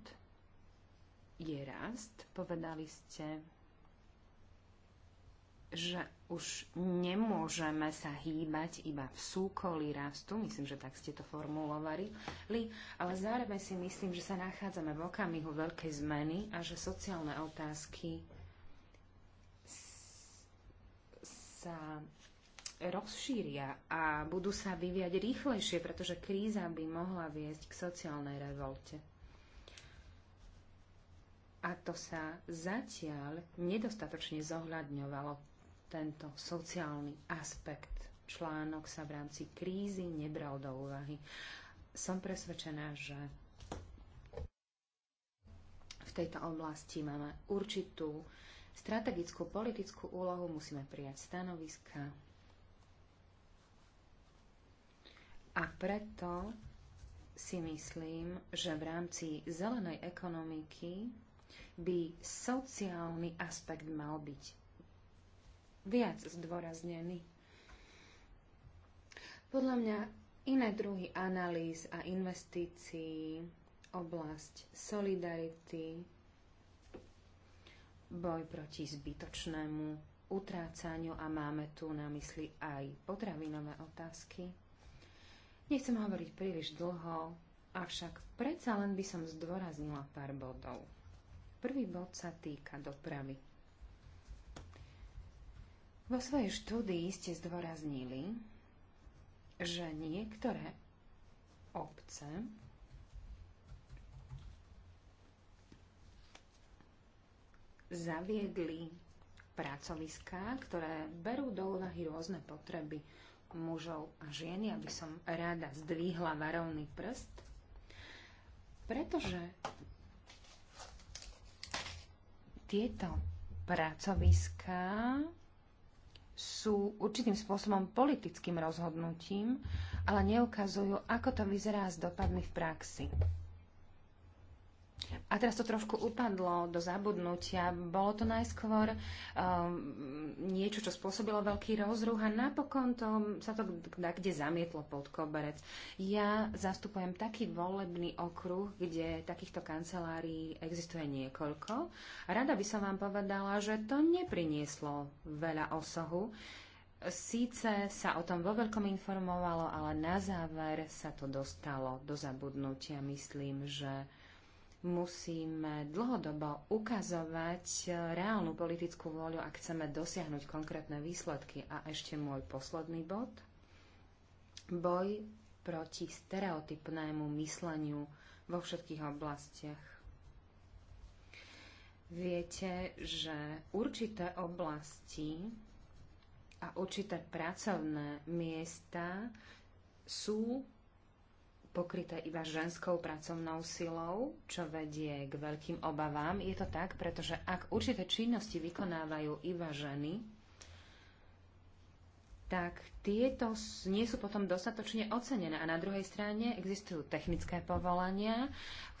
je rast. Povedali ste, že už nemôžeme sa hýbať iba v súkolí rastu, myslím, že tak ste to formulovali, ale zároveň si myslím, že sa nachádzame v okamihu veľkej zmeny a že sociálne otázky sa rozšíria a budú sa vyviať rýchlejšie, pretože kríza by mohla viesť k sociálnej revolte. A to sa zatiaľ nedostatočne zohľadňovalo tento sociálny aspekt článok sa v rámci krízy nebral do úvahy. Som presvedčená, že v tejto oblasti máme určitú strategickú politickú úlohu, musíme prijať stanoviska. A preto si myslím, že v rámci zelenej ekonomiky by sociálny aspekt mal byť viac zdôraznený. Podľa mňa iné druhy analýz a investícií, oblasť solidarity, boj proti zbytočnému utrácaniu a máme tu na mysli aj potravinové otázky. Nechcem hovoriť príliš dlho, avšak predsa len by som zdôraznila pár bodov. Prvý bod sa týka dopravy. Vo svojej štúdii ste zdôraznili, že niektoré obce zaviedli pracoviská, ktoré berú do úvahy rôzne potreby mužov a ženy, aby som rada zdvihla varovný prst, pretože tieto pracoviská sú určitým spôsobom politickým rozhodnutím, ale neukazujú, ako to vyzerá s dopadmi v praxi. A teraz to trošku upadlo do zabudnutia. Bolo to najskôr um, niečo, čo spôsobilo veľký rozruch a napokon to, sa to kde zamietlo pod koberec. Ja zastupujem taký volebný okruh, kde takýchto kancelárií existuje niekoľko. Rada by som vám povedala, že to neprinieslo veľa osohu. Síce sa o tom vo veľkom informovalo, ale na záver sa to dostalo do zabudnutia. Myslím, že musíme dlhodobo ukazovať eh, reálnu politickú vôľu, ak chceme dosiahnuť konkrétne výsledky. A ešte môj posledný bod. Boj proti stereotypnému mysleniu vo všetkých oblastiach. Viete, že určité oblasti a určité pracovné miesta sú pokryté iba ženskou pracovnou silou, čo vedie k veľkým obavám. Je to tak, pretože ak určité činnosti vykonávajú iba ženy, tak tieto nie sú potom dostatočne ocenené. A na druhej strane existujú technické povolania,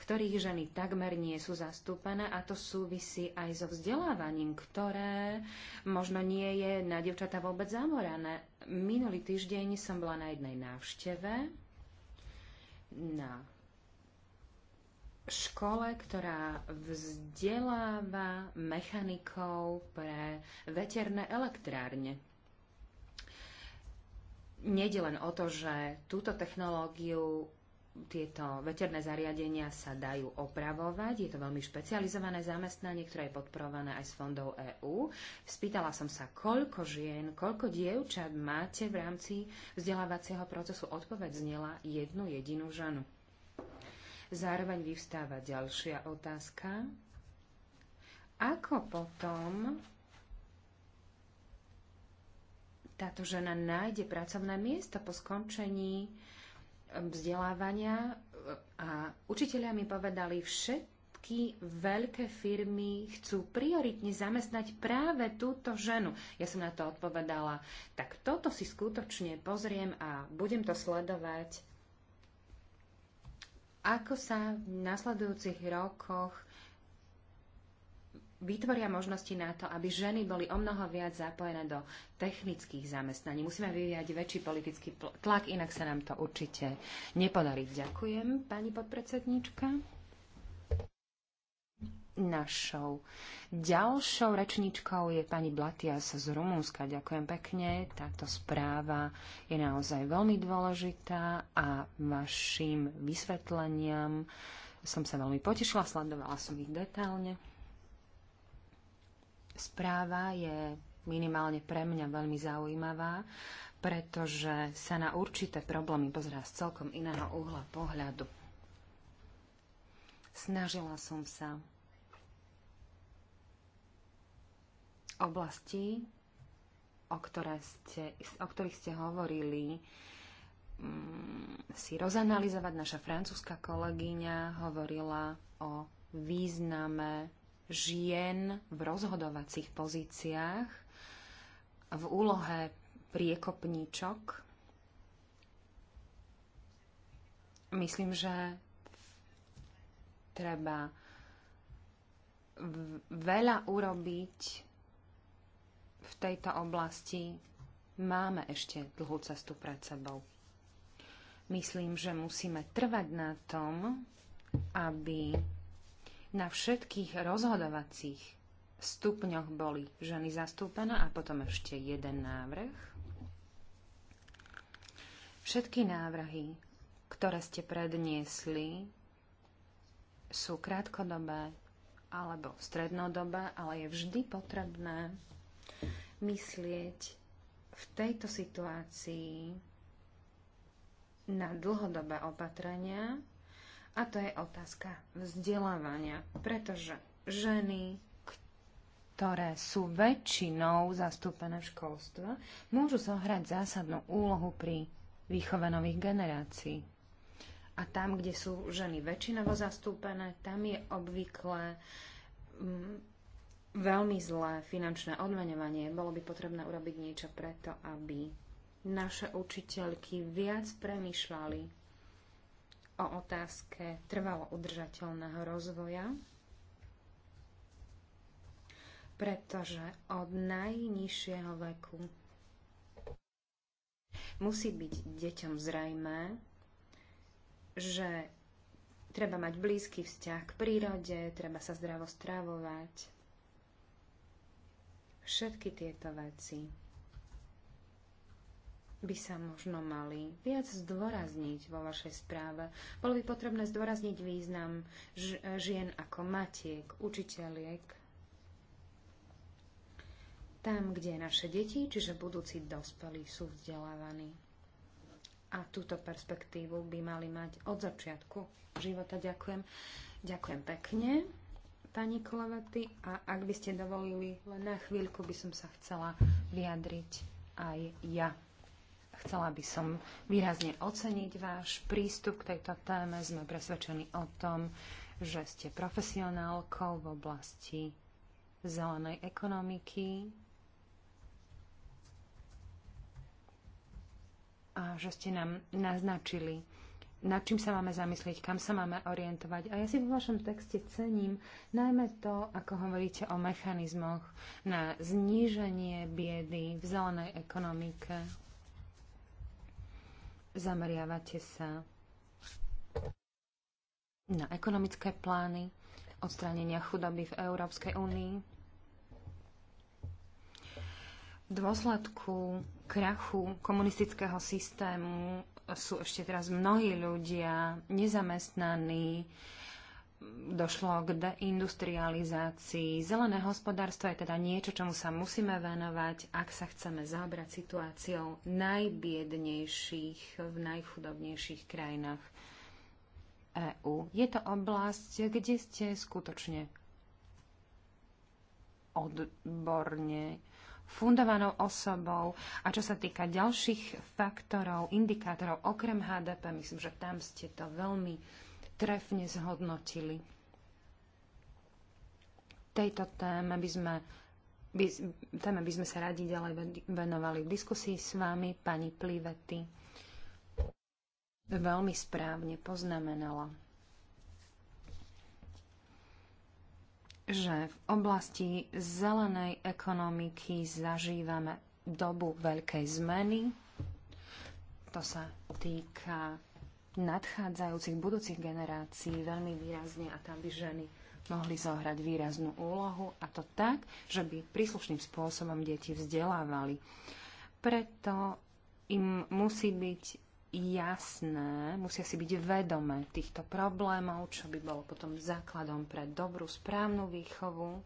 v ktorých ženy takmer nie sú zastúpené a to súvisí aj so vzdelávaním, ktoré možno nie je na devčata vôbec zamorané. Minulý týždeň som bola na jednej návšteve na škole, ktorá vzdeláva mechanikov pre veterné elektrárne. Nejde len o to, že túto technológiu tieto veterné zariadenia sa dajú opravovať. Je to veľmi špecializované zamestnanie, ktoré je podporované aj z fondov EÚ. Spýtala som sa, koľko žien, koľko dievčat máte v rámci vzdelávacieho procesu. Odpoveď znela jednu jedinú ženu. Zároveň vyvstáva ďalšia otázka. Ako potom táto žena nájde pracovné miesto po skončení vzdelávania a učiteľia mi povedali, všetky veľké firmy chcú prioritne zamestnať práve túto ženu. Ja som na to odpovedala, tak toto si skutočne pozriem a budem to sledovať, ako sa v nasledujúcich rokoch vytvoria možnosti na to, aby ženy boli o mnoho viac zapojené do technických zamestnaní. Musíme vyvíjať väčší politický tlak, inak sa nám to určite nepodarí. Ďakujem, pani podpredsedníčka. Našou ďalšou rečníčkou je pani Blatias z Rumúnska. Ďakujem pekne. Táto správa je naozaj veľmi dôležitá a vašim vysvetleniam som sa veľmi potešila, sledovala som ich detálne. Správa je minimálne pre mňa veľmi zaujímavá, pretože sa na určité problémy pozerá z celkom iného uhla pohľadu. Snažila som sa oblasti, o, ste, o ktorých ste hovorili, mm, si rozanalizovať. Naša francúzska kolegyňa hovorila o význame žien v rozhodovacích pozíciách v úlohe priekopníčok. Myslím, že treba veľa urobiť v tejto oblasti. Máme ešte dlhú cestu pred sebou. Myslím, že musíme trvať na tom, aby na všetkých rozhodovacích stupňoch boli ženy zastúpené a potom ešte jeden návrh. Všetky návrhy, ktoré ste predniesli, sú krátkodobé alebo strednodobé, ale je vždy potrebné myslieť v tejto situácii na dlhodobé opatrenia, a to je otázka vzdelávania, pretože ženy, ktoré sú väčšinou zastúpené v školstve, môžu zohrať zásadnú úlohu pri výchove nových generácií. A tam, kde sú ženy väčšinovo zastúpené, tam je obvykle mm, veľmi zlé finančné odmenovanie. Bolo by potrebné urobiť niečo preto, aby naše učiteľky viac premyšľali o otázke trvalo udržateľného rozvoja, pretože od najnižšieho veku musí byť deťom zrejmé, že treba mať blízky vzťah k prírode, treba sa zdravo stravovať. Všetky tieto veci by sa možno mali viac zdôrazniť vo vašej správe. Bolo by potrebné zdôrazniť význam žien ako matiek, učiteľiek, tam, kde naše deti, čiže budúci dospelí, sú vzdelávaní. A túto perspektívu by mali mať od začiatku života. Ďakujem. Ďakujem pekne, pani Kolevety. A ak by ste dovolili, len na chvíľku by som sa chcela vyjadriť aj ja. Chcela by som výrazne oceniť váš prístup k tejto téme. Sme presvedčení o tom, že ste profesionálkou v oblasti zelenej ekonomiky a že ste nám naznačili, nad čím sa máme zamyslieť, kam sa máme orientovať. A ja si v vašom texte cením najmä to, ako hovoríte o mechanizmoch na zníženie biedy v zelenej ekonomike. Zameriavate sa na ekonomické plány odstránenia chudoby v Európskej únii. V dôsledku krachu komunistického systému sú ešte teraz mnohí ľudia nezamestnaní, došlo k deindustrializácii. Zelené hospodárstvo je teda niečo, čomu sa musíme venovať, ak sa chceme zaobrať situáciou najbiednejších v najchudobnejších krajinách EÚ. Je to oblasť, kde ste skutočne odborne fundovanou osobou. A čo sa týka ďalších faktorov, indikátorov, okrem HDP, myslím, že tam ste to veľmi trefne zhodnotili. Tejto téme by sme, by, téme by sme sa radi ďalej venovali v diskusii s vami, pani Plivety. Veľmi správne poznamenala, že v oblasti zelenej ekonomiky zažívame dobu veľkej zmeny. To sa týka nadchádzajúcich budúcich generácií veľmi výrazne a tam by ženy mohli zohrať výraznú úlohu a to tak, že by príslušným spôsobom deti vzdelávali. Preto im musí byť jasné, musia si byť vedomé týchto problémov, čo by bolo potom základom pre dobrú, správnu výchovu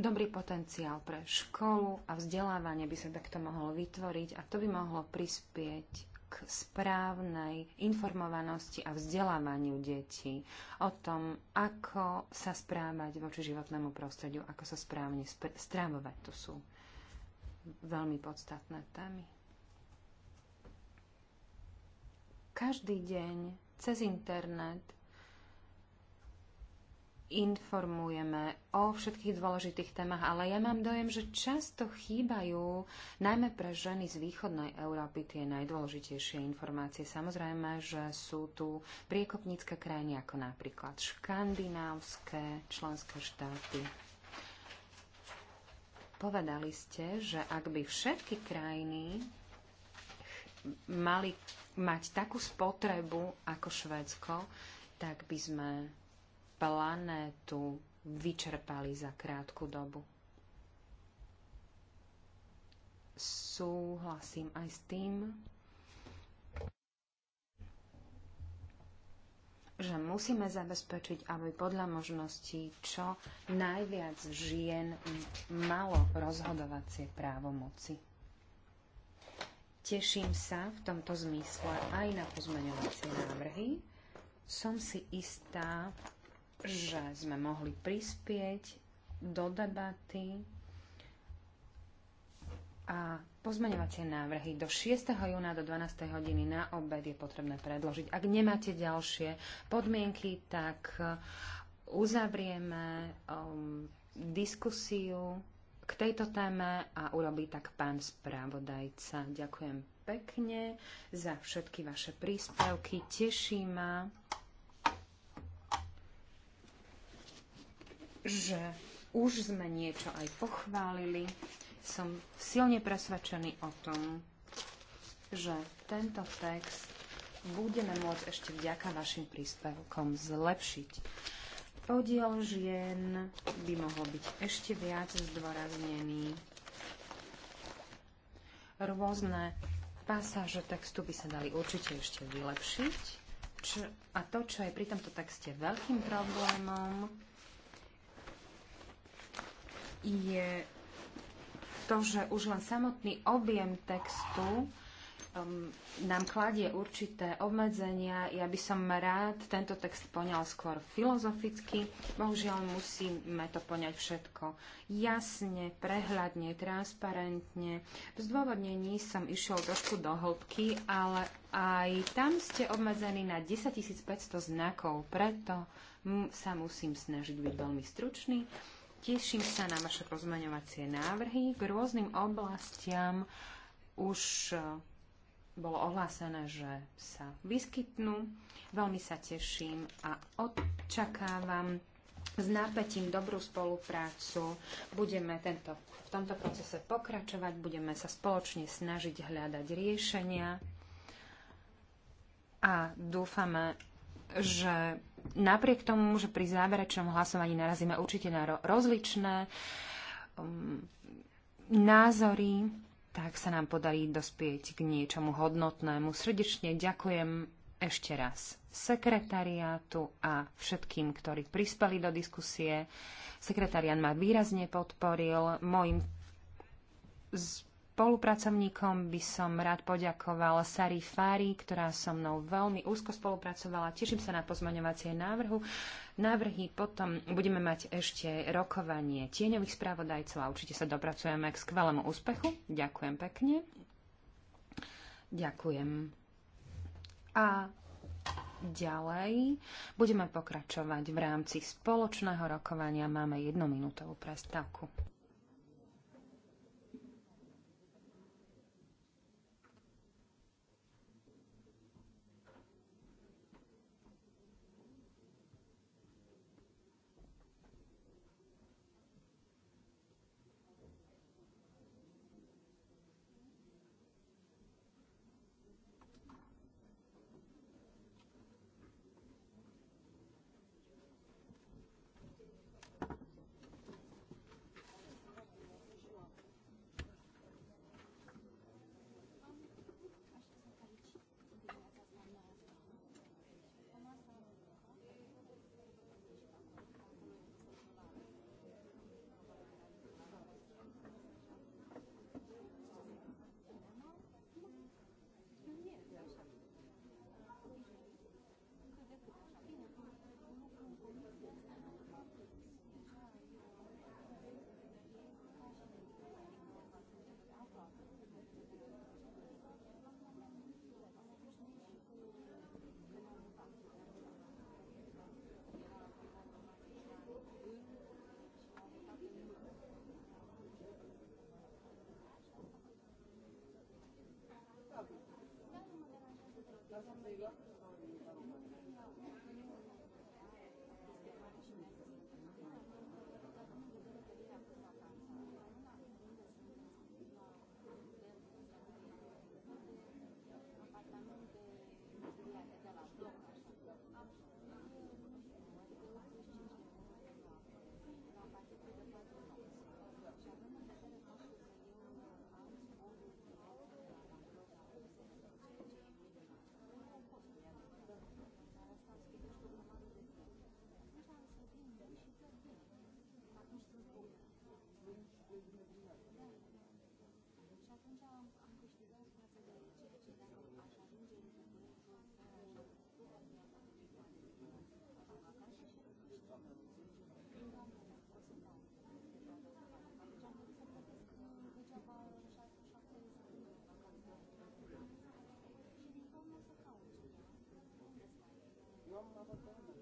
Dobrý potenciál pre školu a vzdelávanie by sa takto mohlo vytvoriť a to by mohlo prispieť k správnej informovanosti a vzdelávaniu detí o tom, ako sa správať voči životnému prostrediu, ako sa správne sp- strávovať. To sú veľmi podstatné témy. Každý deň cez internet informujeme o všetkých dôležitých témach, ale ja mám dojem, že často chýbajú najmä pre ženy z východnej Európy tie najdôležitejšie informácie. Samozrejme, že sú tu priekopnícke krajiny ako napríklad škandinávské členské štáty. Povedali ste, že ak by všetky krajiny mali mať takú spotrebu ako Švédsko, tak by sme planétu vyčerpali za krátku dobu. Súhlasím aj s tým, že musíme zabezpečiť, aby podľa možností čo najviac žien malo rozhodovacie právomoci. Teším sa v tomto zmysle aj na pozmeňovacie návrhy. Som si istá, že sme mohli prispieť do debaty a pozmeňovacie návrhy do 6. júna do 12. hodiny na obed je potrebné predložiť. Ak nemáte ďalšie podmienky, tak eh, uzavrieme um, diskusiu k tejto téme a urobí tak pán správodajca. Ďakujem pekne za všetky vaše príspevky. Teší ma, že už sme niečo aj pochválili. Som silne presvedčený o tom, že tento text budeme môcť ešte vďaka vašim príspevkom zlepšiť. Podiel žien by mohol byť ešte viac zdôraznený. Rôzne pasáže textu by sa dali určite ešte vylepšiť. Č- a to, čo je pri tomto texte veľkým problémom, je to, že už len samotný objem textu um, nám kladie určité obmedzenia. Ja by som rád tento text poňal skôr filozoficky. Bohužiaľ musíme to poňať všetko jasne, prehľadne, transparentne. V zdôvodnení som išiel trošku do hĺbky, ale aj tam ste obmedzení na 10 500 znakov, preto sa musím snažiť byť veľmi stručný Teším sa na vaše pozmeňovacie návrhy. K rôznym oblastiam už eh, bolo ohlásené, že sa vyskytnú. Veľmi sa teším a očakávam s nápetím dobrú spoluprácu. Budeme tento, v tomto procese pokračovať, budeme sa spoločne snažiť hľadať riešenia a dúfame, že napriek tomu, že pri záverečnom hlasovaní narazíme určite na rozličné um, názory, tak sa nám podarí dospieť k niečomu hodnotnému. Srdečne ďakujem ešte raz sekretariátu a všetkým, ktorí prispeli do diskusie. Sekretariát ma výrazne podporil. Mojim z spolupracovníkom by som rád poďakoval Sari Fári, ktorá so mnou veľmi úzko spolupracovala. Teším sa na pozmaňovacie návrhu. Návrhy potom budeme mať ešte rokovanie tieňových správodajcov a určite sa dopracujeme k skvelému úspechu. Ďakujem pekne. Ďakujem. A ďalej budeme pokračovať v rámci spoločného rokovania. Máme jednominútovú prestávku. Rome, Marocaine.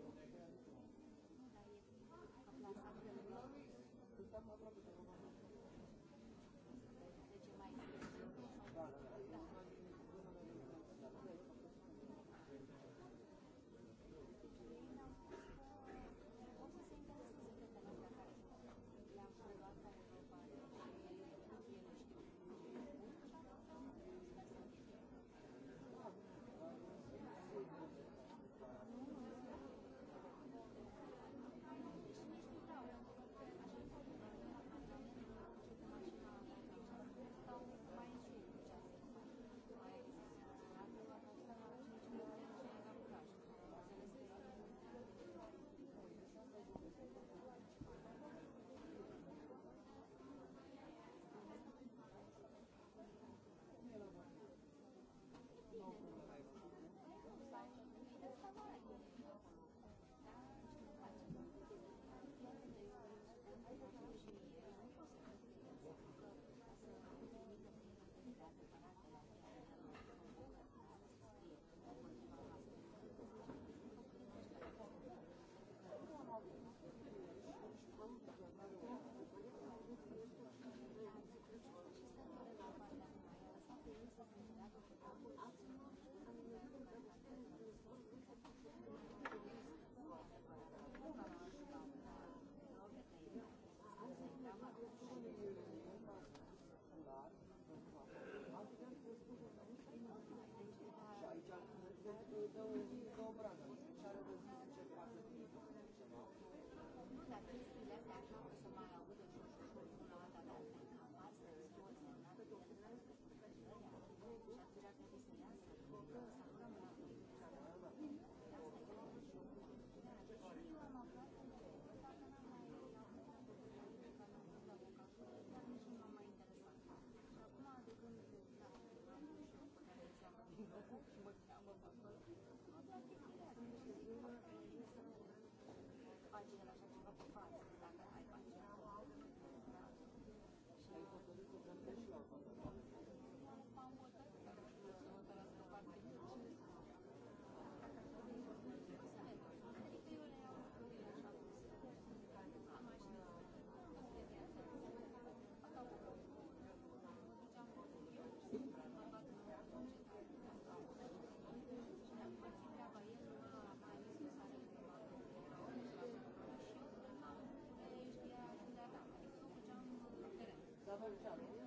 A Paul Talon.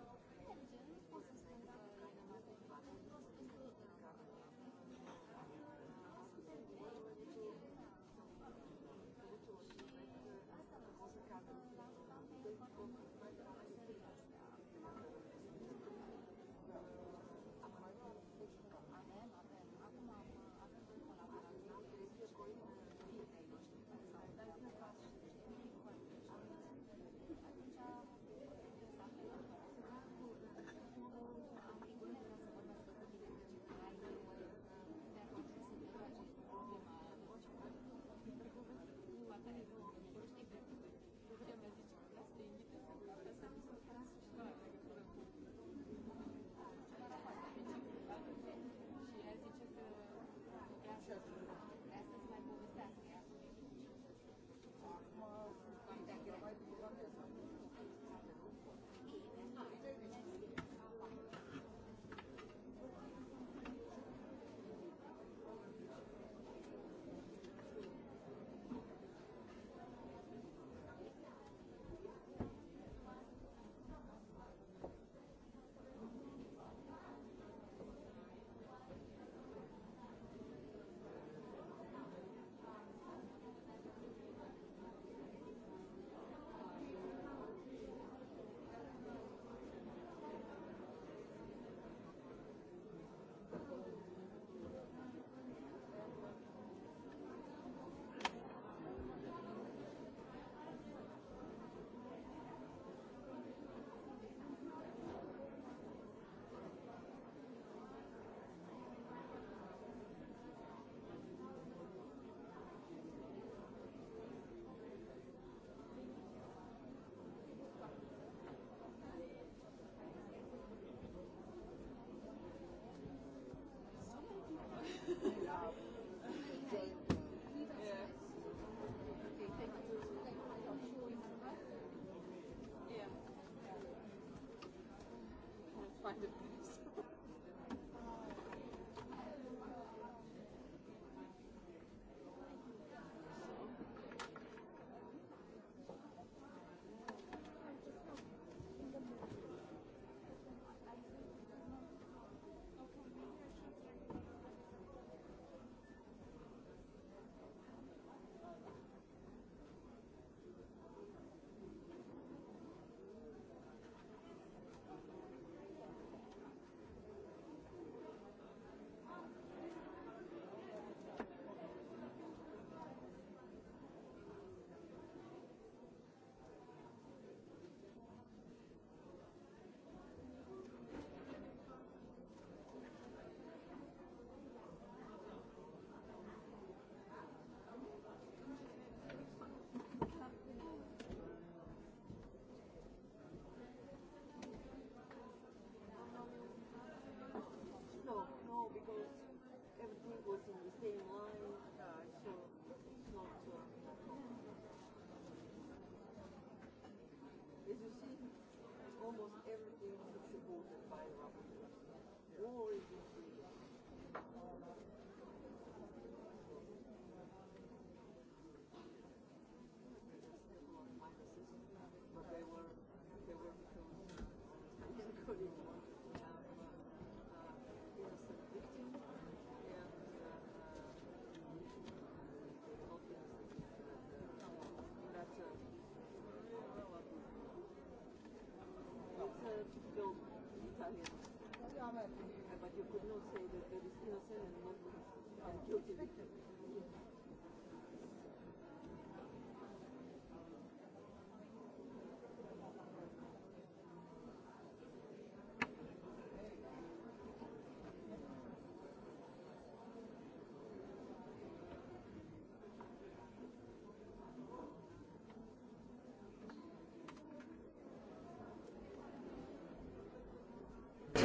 collègues.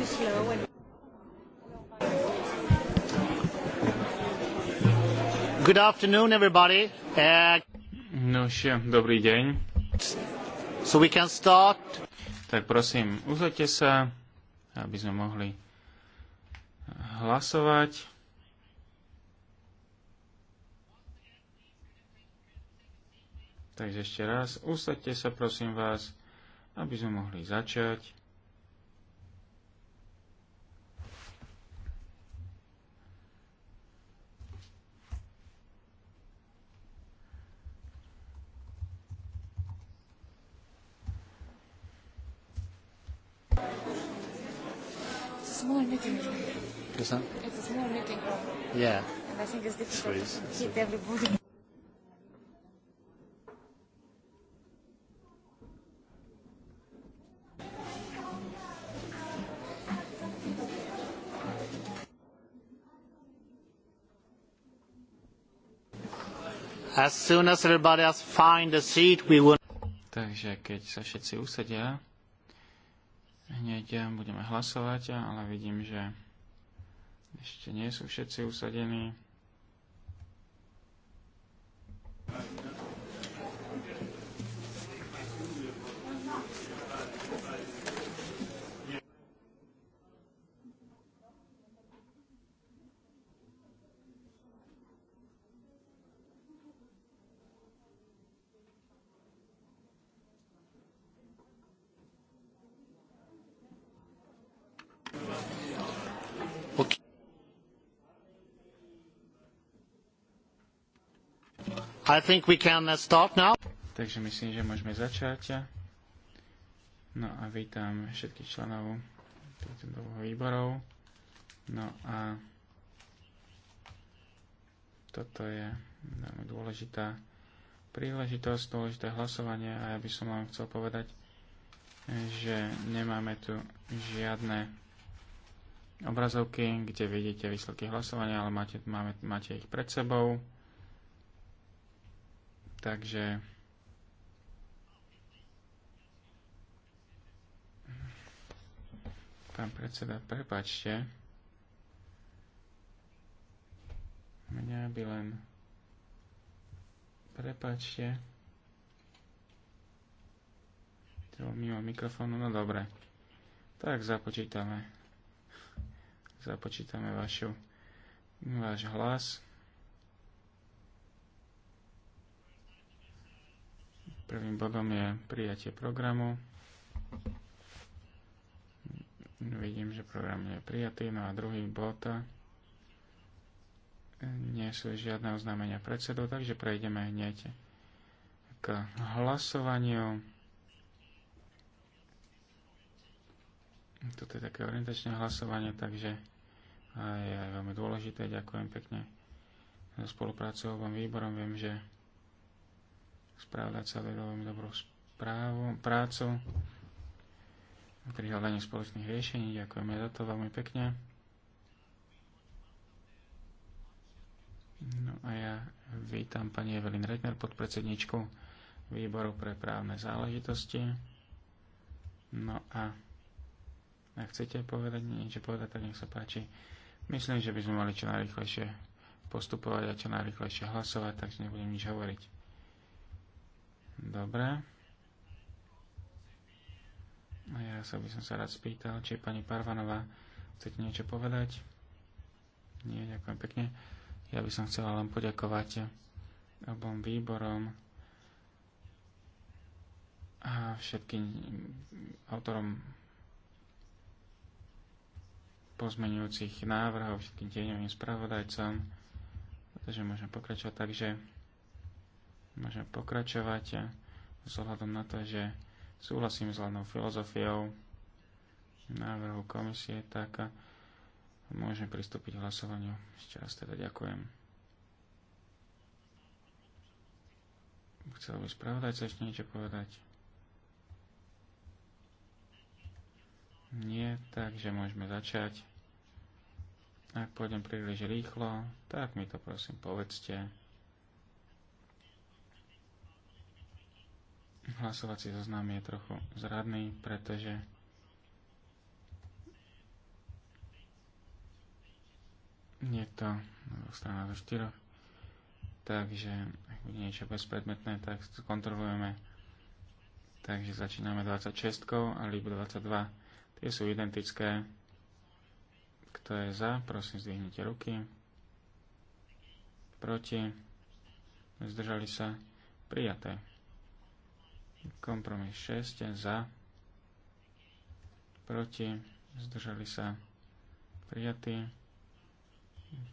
slow and Good afternoon everybody. Uh, dobrý deň. So we can start. Tak prosím, uzaďte sa, aby sme mohli hlasovať. Takže ešte raz, usaďte sa prosím vás, aby sme mohli začať. small meeting room. What's that? It's a small meeting room. Yeah. And I think it's difficult Sweet. to keep everybody. As soon as everybody has find a seat, we will... Takže keď sa všetci usedia, Hneď eh, budeme hlasovať, eh, ale vidím, že ešte nie sú všetci usadení. Okay. I think we can uh, start now. Takže myslím, že môžeme začať. No a vítam všetkých členov prezidentového výborov. No a toto je veľmi dôležitá príležitosť, dôležité hlasovanie a ja by som vám chcel povedať, že nemáme tu žiadne obrazovky, kde vidíte výsledky hlasovania, ale máte, máme, máte ich pred sebou. Takže pán predseda, prepačte. Mňa by len prepačte. Mimo mikrofónu, no dobre. Tak započítame započítame teda vašu, váš hlas. Prvým bodom je prijatie programu. Vidím, že program je prijatý. No a druhý bod eh, nie sú žiadne oznámenia predsedu, takže prejdeme hneď k hlasovaniu. Toto je také orientačné hlasovanie, takže a je aj veľmi dôležité. Ďakujem pekne za spoluprácu obom výborom. Viem, že správľať sa veľmi dobrú správu, prácu pri hľadaní spoločných riešení. Ďakujeme za to veľmi pekne. No a ja vítam pani Evelyn Regner, podpredsedničku výboru pre právne záležitosti. No a ak chcete povedať niečo povedať, tak nech sa páči. Myslím, že by sme mali čo najrychlejšie postupovať a čo najrychlejšie hlasovať, takže nebudem nič hovoriť. Dobre. A ja sa by som sa rád spýtal, či pani Parvanová chcete niečo povedať? Nie, ďakujem pekne. Ja by som chcela len poďakovať obom výborom a všetkým autorom pozmeňujúcich návrhov všetkým tieňovým spravodajcom, pretože môžem pokračovať tak, že môžem pokračovať s ohľadom na to, že súhlasím s hľadnou filozofiou návrhu komisie, tak môžem pristúpiť k hlasovaniu. Ešte raz teda ďakujem. Chcel by spravodajca ešte niečo povedať? Nie, takže môžeme začať. Ak pôjdem príliš rýchlo, tak mi to prosím povedzte. Hlasovací zoznam je trochu zradný, pretože je to strana zo štyroch. Takže ak bude niečo bezpredmetné, tak kontrolujeme. Takže začíname 26 a 22. Tie sú identické. Kto je za, prosím, zdvihnite ruky. Proti. Zdržali sa. Prijaté. Kompromis 6. Za. Proti. Zdržali sa. Prijatý.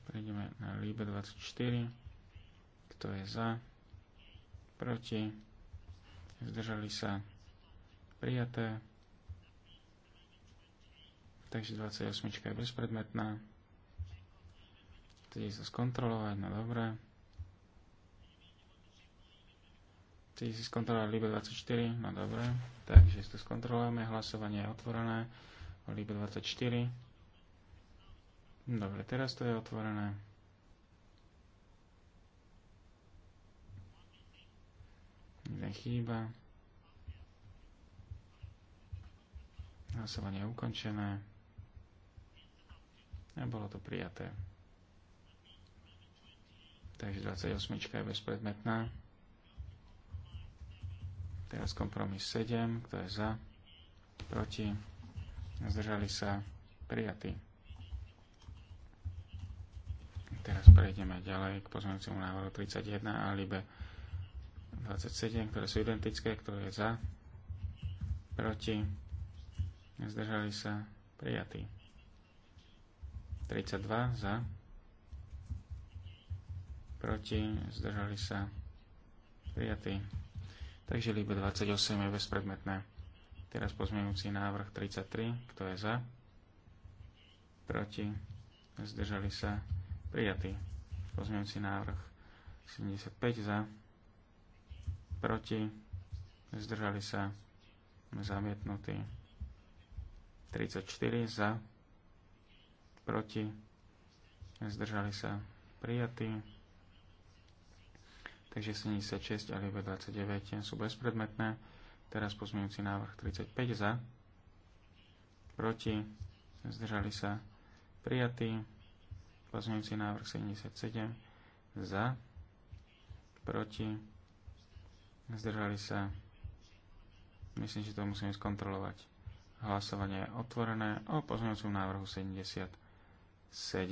Prejdeme na líbe 24. Kto je za? Proti. Zdržali sa. Prijaté takže 28 je bezpredmetná. Tedy sa skontrolovať, no dobré. Ty si skontrolovať Libe 24, no dobré. Takže si to skontrolujeme, hlasovanie je otvorené o Libe 24. Dobre, teraz to je otvorené. Nikde chýba. Hlasovanie je ukončené. Nebolo to prijaté. Takže 28 je bezpredmetná. Teraz kompromis 7, kto je za, proti, zdržali sa, prijatí. Teraz prejdeme ďalej k pozmeňujúcemu návrhu 31 a libe 27, ktoré sú identické, kto je za, proti, zdržali sa, prijatí. 32 za, proti, zdržali sa, prijatí. Takže líbe 28 je bezpredmetné. Teraz pozmeňujúci návrh 33, kto je za, proti, zdržali sa, prijatí. Pozmeňujúci návrh 75 za, proti, zdržali sa, zamietnutí. 34 za, proti, zdržali sa prijatí. Takže 76 a 29 sú bezpredmetné. Teraz pozmeňujúci návrh 35 za, proti, zdržali sa prijatí. Pozmeňujúci návrh 77 za, proti, zdržali sa. Myslím, že to musíme skontrolovať. Hlasovanie je otvorené o pozmeňujúcom návrhu 70. 7.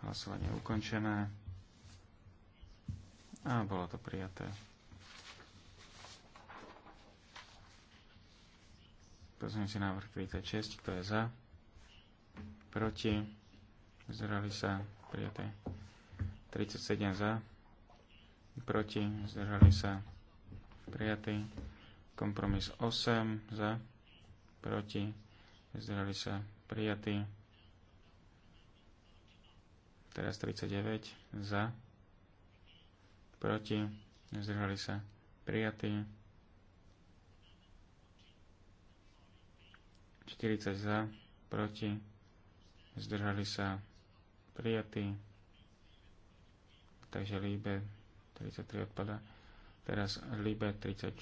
Hlasovanie ukončené. A bolo to prijaté. Pozrieme si návrh 36, kto je za. Proti. Zdržali sa. Prijaté. 37 za. Proti. Zdržali sa. Prijatý. Kompromis 8 za proti, zdržali sa prijatí. Teraz 39 za, proti, zdržali sa prijatí. 40 za, proti, zdržali sa prijatí. Takže líbe 33 odpada. Teraz líbe 34,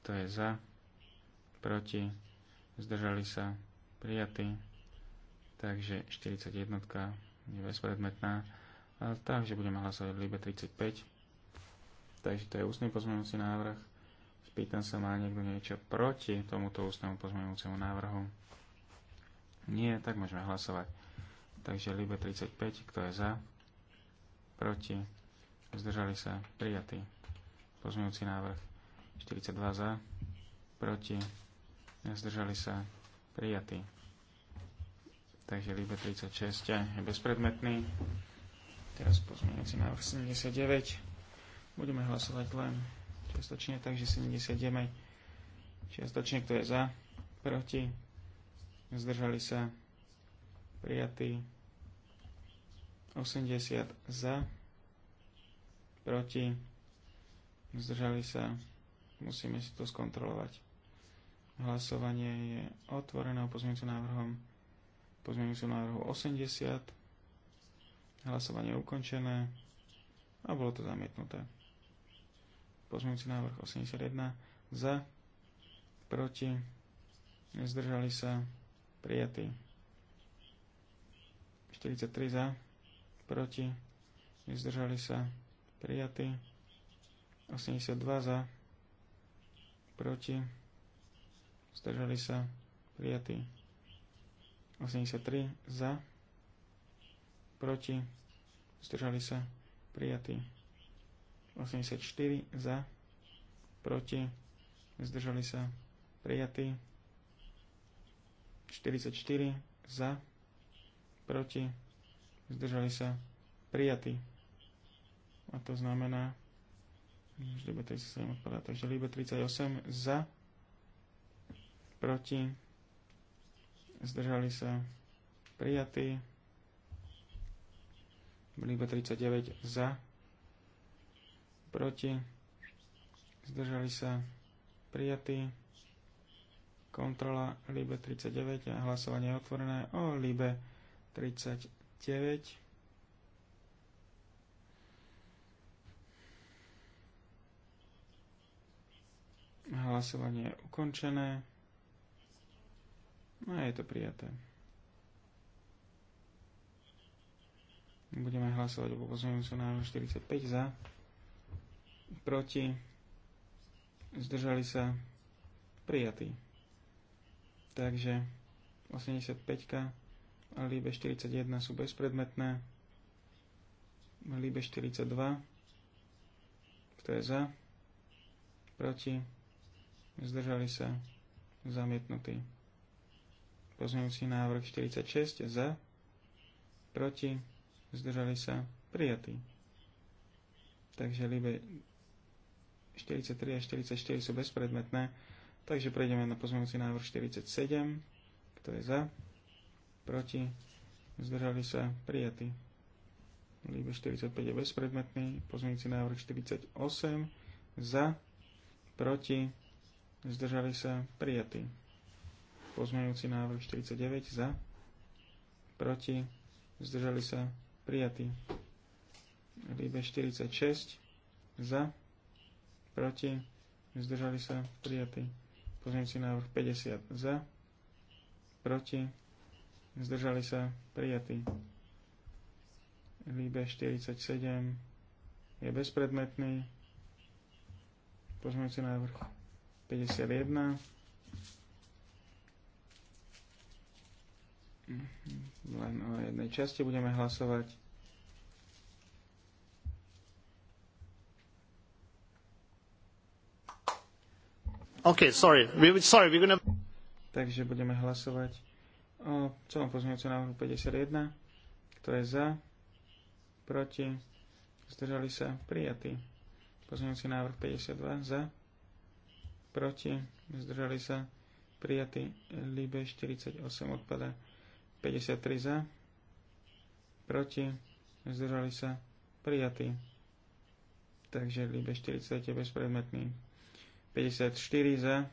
kto je za, proti, zdržali sa, prijatí. Takže 41 je bezpredmetná. Takže budeme hlasovať Libe 35. Takže to je ústny pozmeňujúci návrh. Spýtam sa, má niekto niečo proti tomuto ústnemu pozmeňujúcemu návrhu? Nie, tak môžeme hlasovať. Takže Libe 35, kto je za? Proti? Zdržali sa? Prijatý. Pozmeňujúci návrh 42 za, proti zdržali sa prijatí. Takže Libe 36 je bezpredmetný. Teraz pozmeňujúci návrh 79. Budeme hlasovať len čiastočne, takže 79. Čiastočne, kto je za, proti, zdržali sa prijatí. 80 za, proti, zdržali sa, musíme si to skontrolovať. Hlasovanie je otvorené o pozmeňujúcom návrhom pozmeňujúcom návrhu 80. Hlasovanie je ukončené a bolo to zamietnuté. Pozmeňujúci návrh 81 za, proti, nezdržali sa, prijatý. 43 za, proti, zdržali sa, prijatý. 82 za, proti, zdržali sa, prijatí. 83 za, proti, zdržali sa, prijatí. 84 za, proti, zdržali sa, prijatí. 44 za, proti, zdržali sa, prijatí. A to znamená, že 37 odpadá, takže Libe 38 za, proti, zdržali sa prijatí, iba 39 za, proti, zdržali sa prijatí, kontrola Libe 39 a hlasovanie je otvorené o Libe 39. Hlasovanie je ukončené. No je to prijaté. Budeme hlasovať o pozmeňujúcom návrhu 45 za, proti, zdržali sa, prijatý. Takže 85 a líbe 41 sú bezpredmetné. Líbe 42, kto je za, proti, zdržali sa, zamietnutý. Pozmeňujúci návrh 46 za, proti, zdržali sa, prijatý. Takže líbe 43 a 44 sú bezpredmetné, takže prejdeme na pozmeňujúci návrh 47, kto je za, proti, zdržali sa, prijatý. Líbe 45 je bezpredmetný, pozmeňujúci návrh 48, za, proti, zdržali sa, prijatý. Pozmeňujúci návrh 49 za. Proti. Zdržali sa. Prijatý. Líbe 46 za. Proti. Zdržali sa. Prijatý. Pozmeňujúci návrh 50 za. Proti. Zdržali sa. Prijatý. Líbe 47 je bezpredmetný. Pozmeňujúci návrh 51 Len o jednej časti budeme hlasovať. OK, sorry. We, sorry, we're gonna... Takže budeme hlasovať o celom pozmeňujúcom návrhu 51. Kto je za? Proti? Zdržali sa? Prijatý. Pozmeňujúci návrh 52. Za? Proti? Zdržali sa? Prijatý. Líbe 48 odpada. 53 za, proti, zdržali sa, prijatí. Takže Libe 40 je bezpredmetný. 54 za,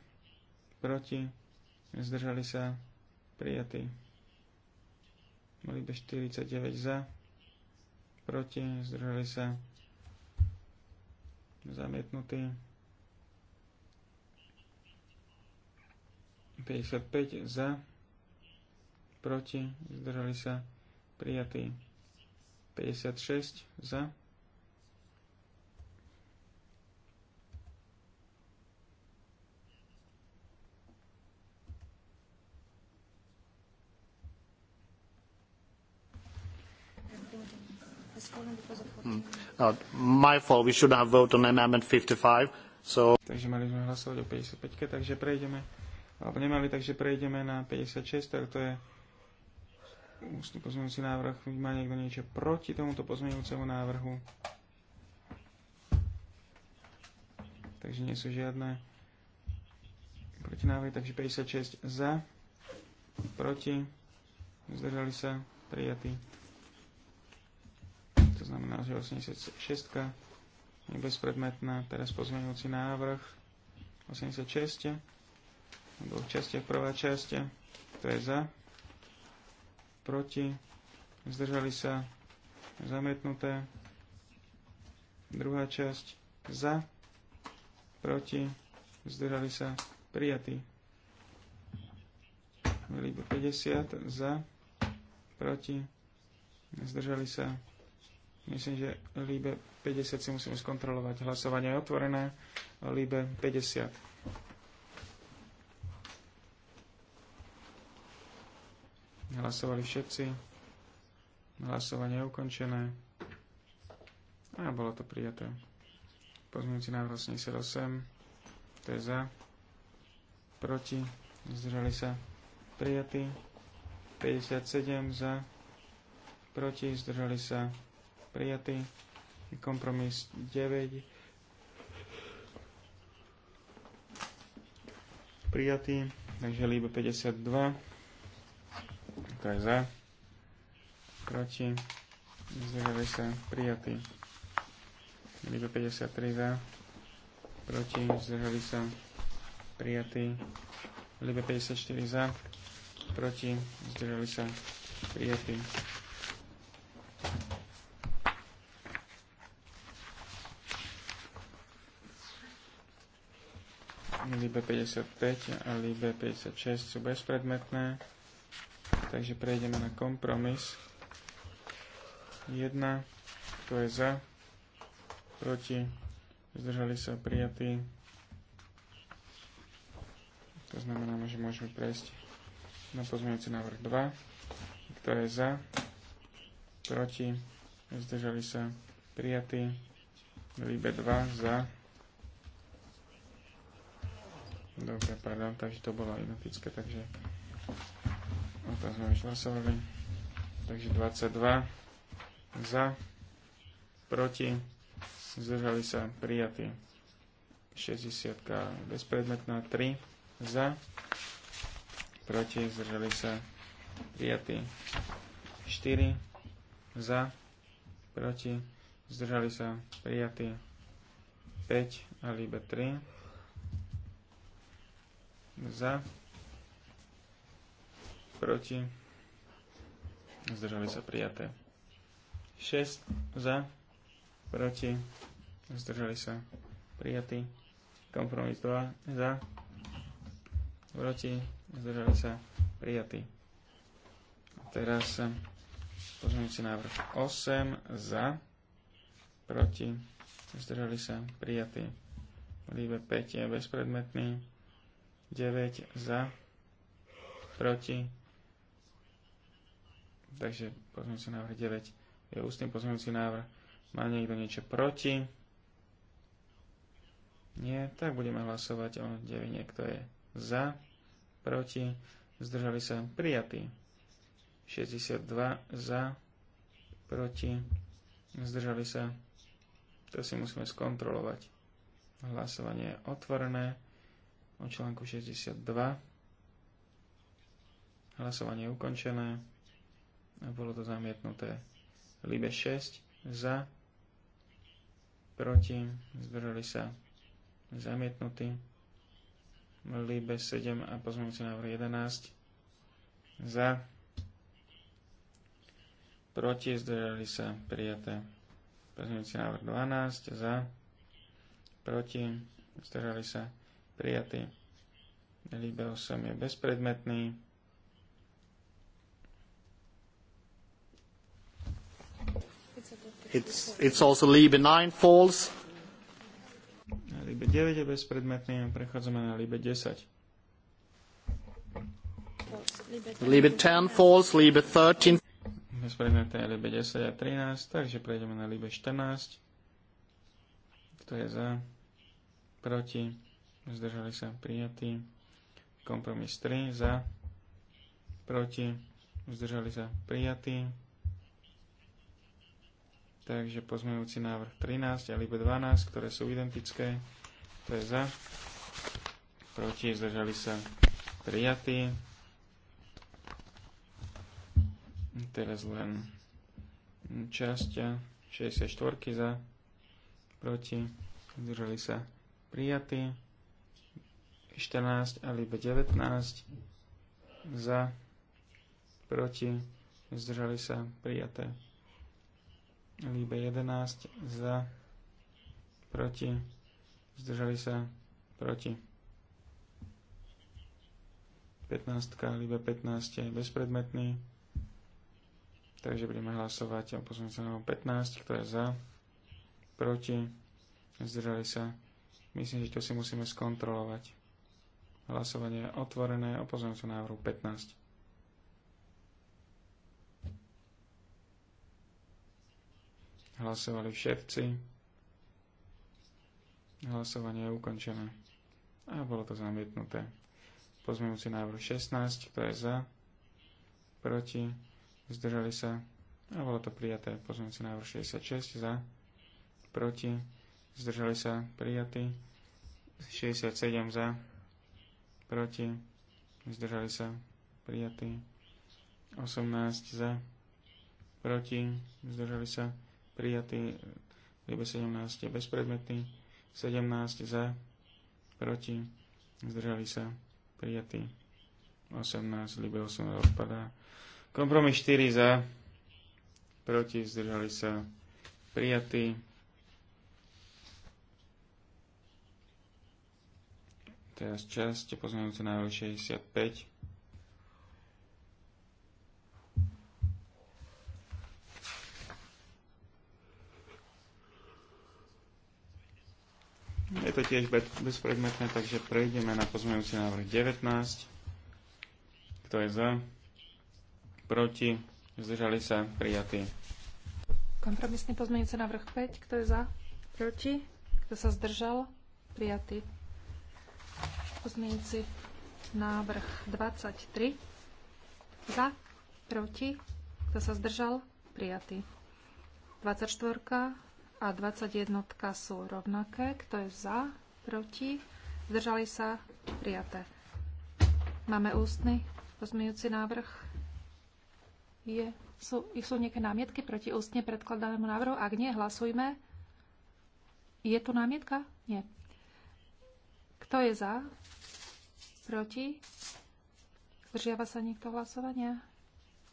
proti, zdržali sa, prijatí. Libe 49 za, proti, zdržali sa, zamietnutí. 55 za, proti, zdržali sa prijatí 56 za. Mm. Uh, my fault, we should have voted on amendment 55, so... Takže mali sme hlasovať o 55, takže prejdeme, alebo nemali, takže prejdeme na 56, tak to je ústny pozmeňujúci návrh. Má niekto niečo proti tomuto pozmeňujúcemu návrhu? Takže nie sú žiadne protinávry, takže 56 za, proti, zdržali sa, prijatí. To znamená, že 86 je bezpredmetná. Teraz pozmeňujúci návrh 86 v dvoch častiach. Prvá časť, to je za, proti, zdržali sa, zamietnuté. Druhá časť za, proti, zdržali sa, prijatí Libo 50 za, proti, zdržali sa. Myslím, že Líbe 50 si musíme skontrolovať. Hlasovanie je otvorené. Líbe 50. Hlasovali všetci. Hlasovanie je ukončené. A bolo to prijaté. Pozmienujúci návrh 88. To je za. Proti. Zdržali sa. Prijatý. 57 za. Proti. Zdržali sa. Prijatý. Kompromis 9. prijatý, takže líbe 52 kto je za, proti, zdržali sa, prijatý. 53 za, proti, zdržali sa, prijatý. Libe 54 za, proti, zdržali sa, prijatý. Libe 55 a Libe 56 sú bezpredmetné. Takže prejdeme na kompromis. 1. Kto je za? Proti? Zdržali sa prijatí. To znamená, že môžeme prejsť na pozmeňujúci návrh 2. Kto je za? Proti? Zdržali sa prijatí. Líbe 2 za. Dobre, pardon, takže to bolo identické, takže No sme už hlasovali. Takže 22 za, proti, zdržali sa prijatí. 60 bezpredmetná, 3 za, proti, zdržali sa prijatí. 4 za, proti, zdržali sa prijatí. 5 a líbe 3 za, proti, zdržali sa prijaté. 6 za, proti, zdržali sa prijatí. Kompromis 2 za, proti, zdržali sa prijatí. Teraz pozmeňujúci návrh 8 za, proti, zdržali sa prijatí. Líbe 5 je bezpredmetný, 9 za, proti, Takže pozmeňujúci návrh 9 je ústny pozmeňujúci návrh. Má niekto niečo proti? Nie, tak budeme hlasovať o 9, kto je za, proti, zdržali sa prijatí. 62 za, proti, zdržali sa. To si musíme skontrolovať. Hlasovanie je otvorené o článku 62. Hlasovanie je ukončené. Bolo to zamietnuté. Libe 6 za, proti, zdržali sa zamietnutí. Libe 7 a pozmeňujúci návrh 11 za, proti, zdržali sa prijaté. Pozmeňujúci návrh 12 za, proti, zdržali sa prijatý. Libe 8 je bezpredmetný. It's, it's also Liebe 9 falls. Liebe 9 je bezpredmetný a prechádzame na Liebe 10. Liebe 10 falls, Liebe 13. Bezpredmetné je 10 a 13, takže prejdeme na Liebe 14. Kto je za? Proti? Zdržali sa prijatí. Kompromis 3 za. Proti? Zdržali sa prijatí Takže pozmeňujúci návrh 13 alebo 12, ktoré sú identické. To je za. Proti zdržali sa prijatí. Teraz len časť 64 za. Proti zdržali sa prijatí. 14 a 19 za. Proti zdržali sa prijaté. Líbe 11 za, proti, zdržali sa, proti. 15, Líbe 15 je bezpredmetný. Takže budeme hlasovať o pozmeňovacom 15, kto je za, proti, zdržali sa. Myslím, že to si musíme skontrolovať. Hlasovanie je otvorené o sa návrhu 15. Hlasovali všetci. Hlasovanie je ukončené. A bolo to zamietnuté. si návrh 16, kto je za, proti, zdržali sa. A bolo to prijaté. Pozmeňujúci návrh 66, za, proti, zdržali sa, prijatý. 67 za, proti, zdržali sa, prijatý. 18 za, proti, zdržali sa, prijatý prijatý, Libe 17 je bezpredmetný, 17 za, proti, zdržali sa, prijatý, 18, Libe 8 odpadá, kompromis 4 za, proti, zdržali sa, prijatý, teraz časť pozmeňujúce návrh 65, to tiež bezpredmetné, takže prejdeme na pozmeňujúci návrh 19. Kto je za? Proti? Zdržali sa? Prijatý. Kompromisný pozmeňujúci návrh 5. Kto je za? Proti? Kto sa zdržal? Prijatý. Pozmeňujúci návrh 23. Za? Proti? Kto sa zdržal? Prijatý. 24 a 21 sú rovnaké. Kto je za? Proti? Zdržali sa? Prijaté. Máme ústny pozmeňujúci návrh. Je, sú, sú nejaké námietky proti ústne predkladanému návrhu? Ak nie, hlasujme. Je tu námietka? Nie. Kto je za? Proti? Zdržiava sa niekto hlasovania?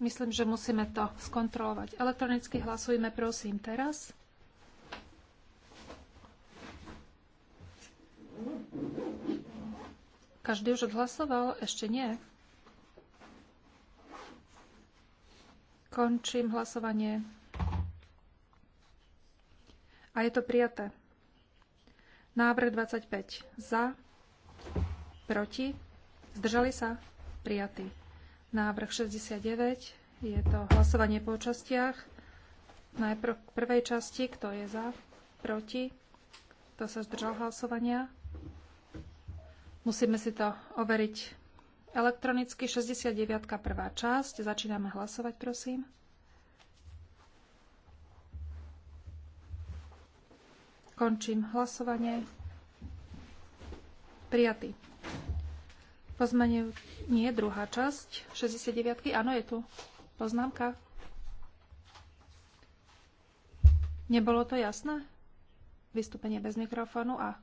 Myslím, že musíme to skontrolovať. Elektronicky hlasujme, prosím, teraz. Každý už odhlasoval? Ešte nie. Končím hlasovanie. A je to prijaté. Návrh 25. Za. Proti. Zdržali sa. Prijatý. Návrh 69. Je to hlasovanie po častiach. Najprv k prvej časti. Kto je za? Proti. Kto sa zdržal hlasovania? Musíme si to overiť elektronicky. 69. prvá časť. Začíname hlasovať, prosím. Končím hlasovanie. Prijatý. Pozmenie Nie, druhá časť. 69. Áno, je tu poznámka. Nebolo to jasné? Vystúpenie bez mikrofónu a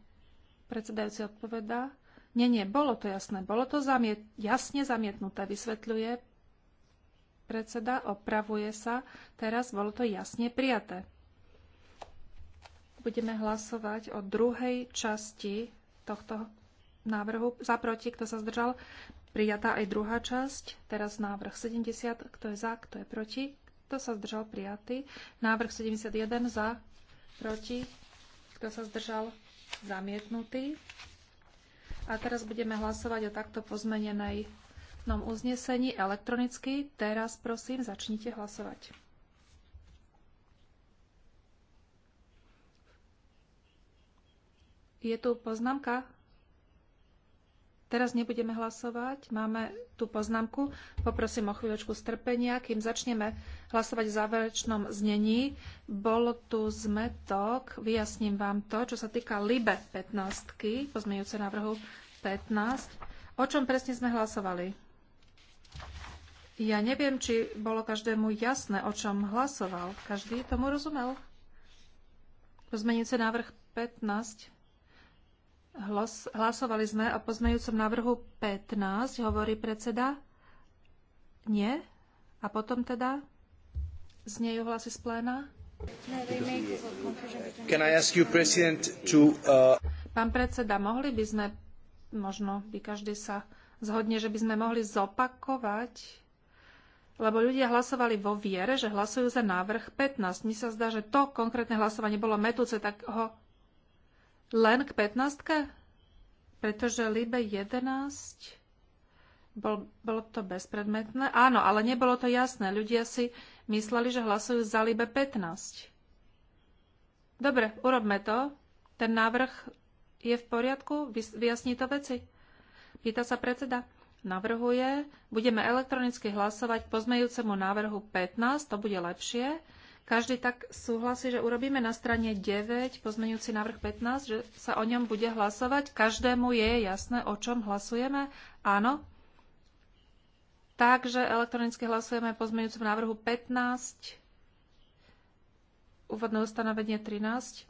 predsedajúci odpovedá. Nie, nie, bolo to jasné. Bolo to zamiet- jasne zamietnuté, vysvetľuje predseda, opravuje sa. Teraz bolo to jasne prijaté. Budeme hlasovať o druhej časti tohto návrhu. Za proti, kto sa zdržal, prijatá aj druhá časť. Teraz návrh 70, kto je za, kto je proti, kto sa zdržal, prijatý. Návrh 71 za, proti, kto sa zdržal, zamietnutý. A teraz budeme hlasovať o takto pozmenenej nom uznesení elektronicky. Teraz prosím, začnite hlasovať. Je tu poznámka Teraz nebudeme hlasovať. Máme tú poznámku. Poprosím o chvíľočku strpenia. Kým začneme hlasovať v záverečnom znení, bol tu zmetok. Vyjasním vám to, čo sa týka LIBE 15, pozmeňujúce návrhu 15. O čom presne sme hlasovali? Ja neviem, či bolo každému jasné, o čom hlasoval. Každý tomu rozumel? Pozmeňujúce návrh 15. Hlas, hlasovali sme o poznajúcom návrhu 15, hovorí predseda. Nie? A potom teda znejú hlasy z pléna? Can I ask you, President, to, uh... Pán predseda, mohli by sme, možno by každý sa zhodne, že by sme mohli zopakovať, lebo ľudia hlasovali vo viere, že hlasujú za návrh 15. Mi sa zdá, že to konkrétne hlasovanie bolo metúce, tak ho len k 15? Pretože Libe 11 bol, bolo to bezpredmetné. Áno, ale nebolo to jasné. Ľudia si mysleli, že hlasujú za Libe 15. Dobre, urobme to. Ten návrh je v poriadku? Vyjasní to veci? Pýta sa predseda. Navrhuje, budeme elektronicky hlasovať k pozmejúcemu návrhu 15, to bude lepšie. Každý tak súhlasí, že urobíme na strane 9 pozmenujúci návrh 15, že sa o ňom bude hlasovať. Každému je jasné, o čom hlasujeme? Áno? Takže elektronicky hlasujeme pozmenujúcom návrhu 15, úvodné ustanovenie 13.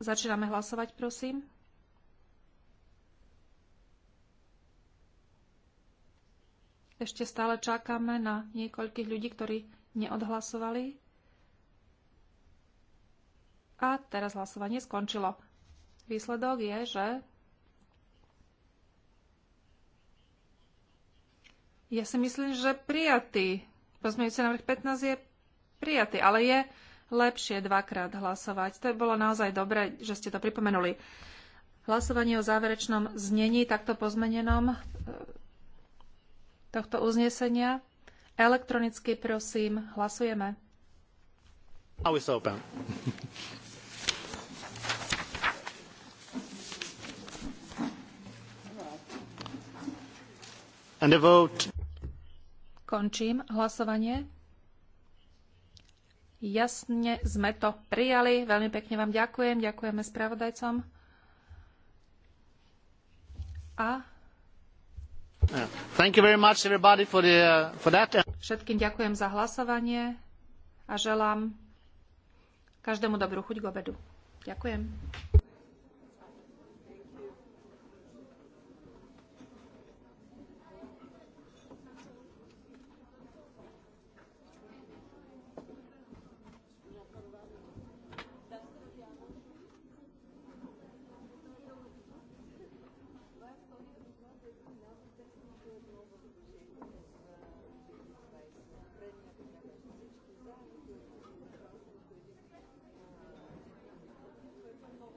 Začíname hlasovať, prosím. Ešte stále čakáme na niekoľkých ľudí, ktorí neodhlasovali. A teraz hlasovanie skončilo. Výsledok je, že ja si myslím, že prijatý. Pozmejúci návrh 15 je prijatý, ale je lepšie dvakrát hlasovať. To je bolo naozaj dobre, že ste to pripomenuli. Hlasovanie o záverečnom znení takto pozmenenom e, tohto uznesenia. Elektronicky prosím, hlasujeme. Always open. <laughs> Končím hlasovanie. Jasne sme to prijali. Veľmi pekne vám ďakujem. Ďakujeme spravodajcom. A Thank you very much everybody for, the, uh, for that. Všetkým ďakujem za hlasovanie a želám každému dobrú chuť k obedu. Ďakujem.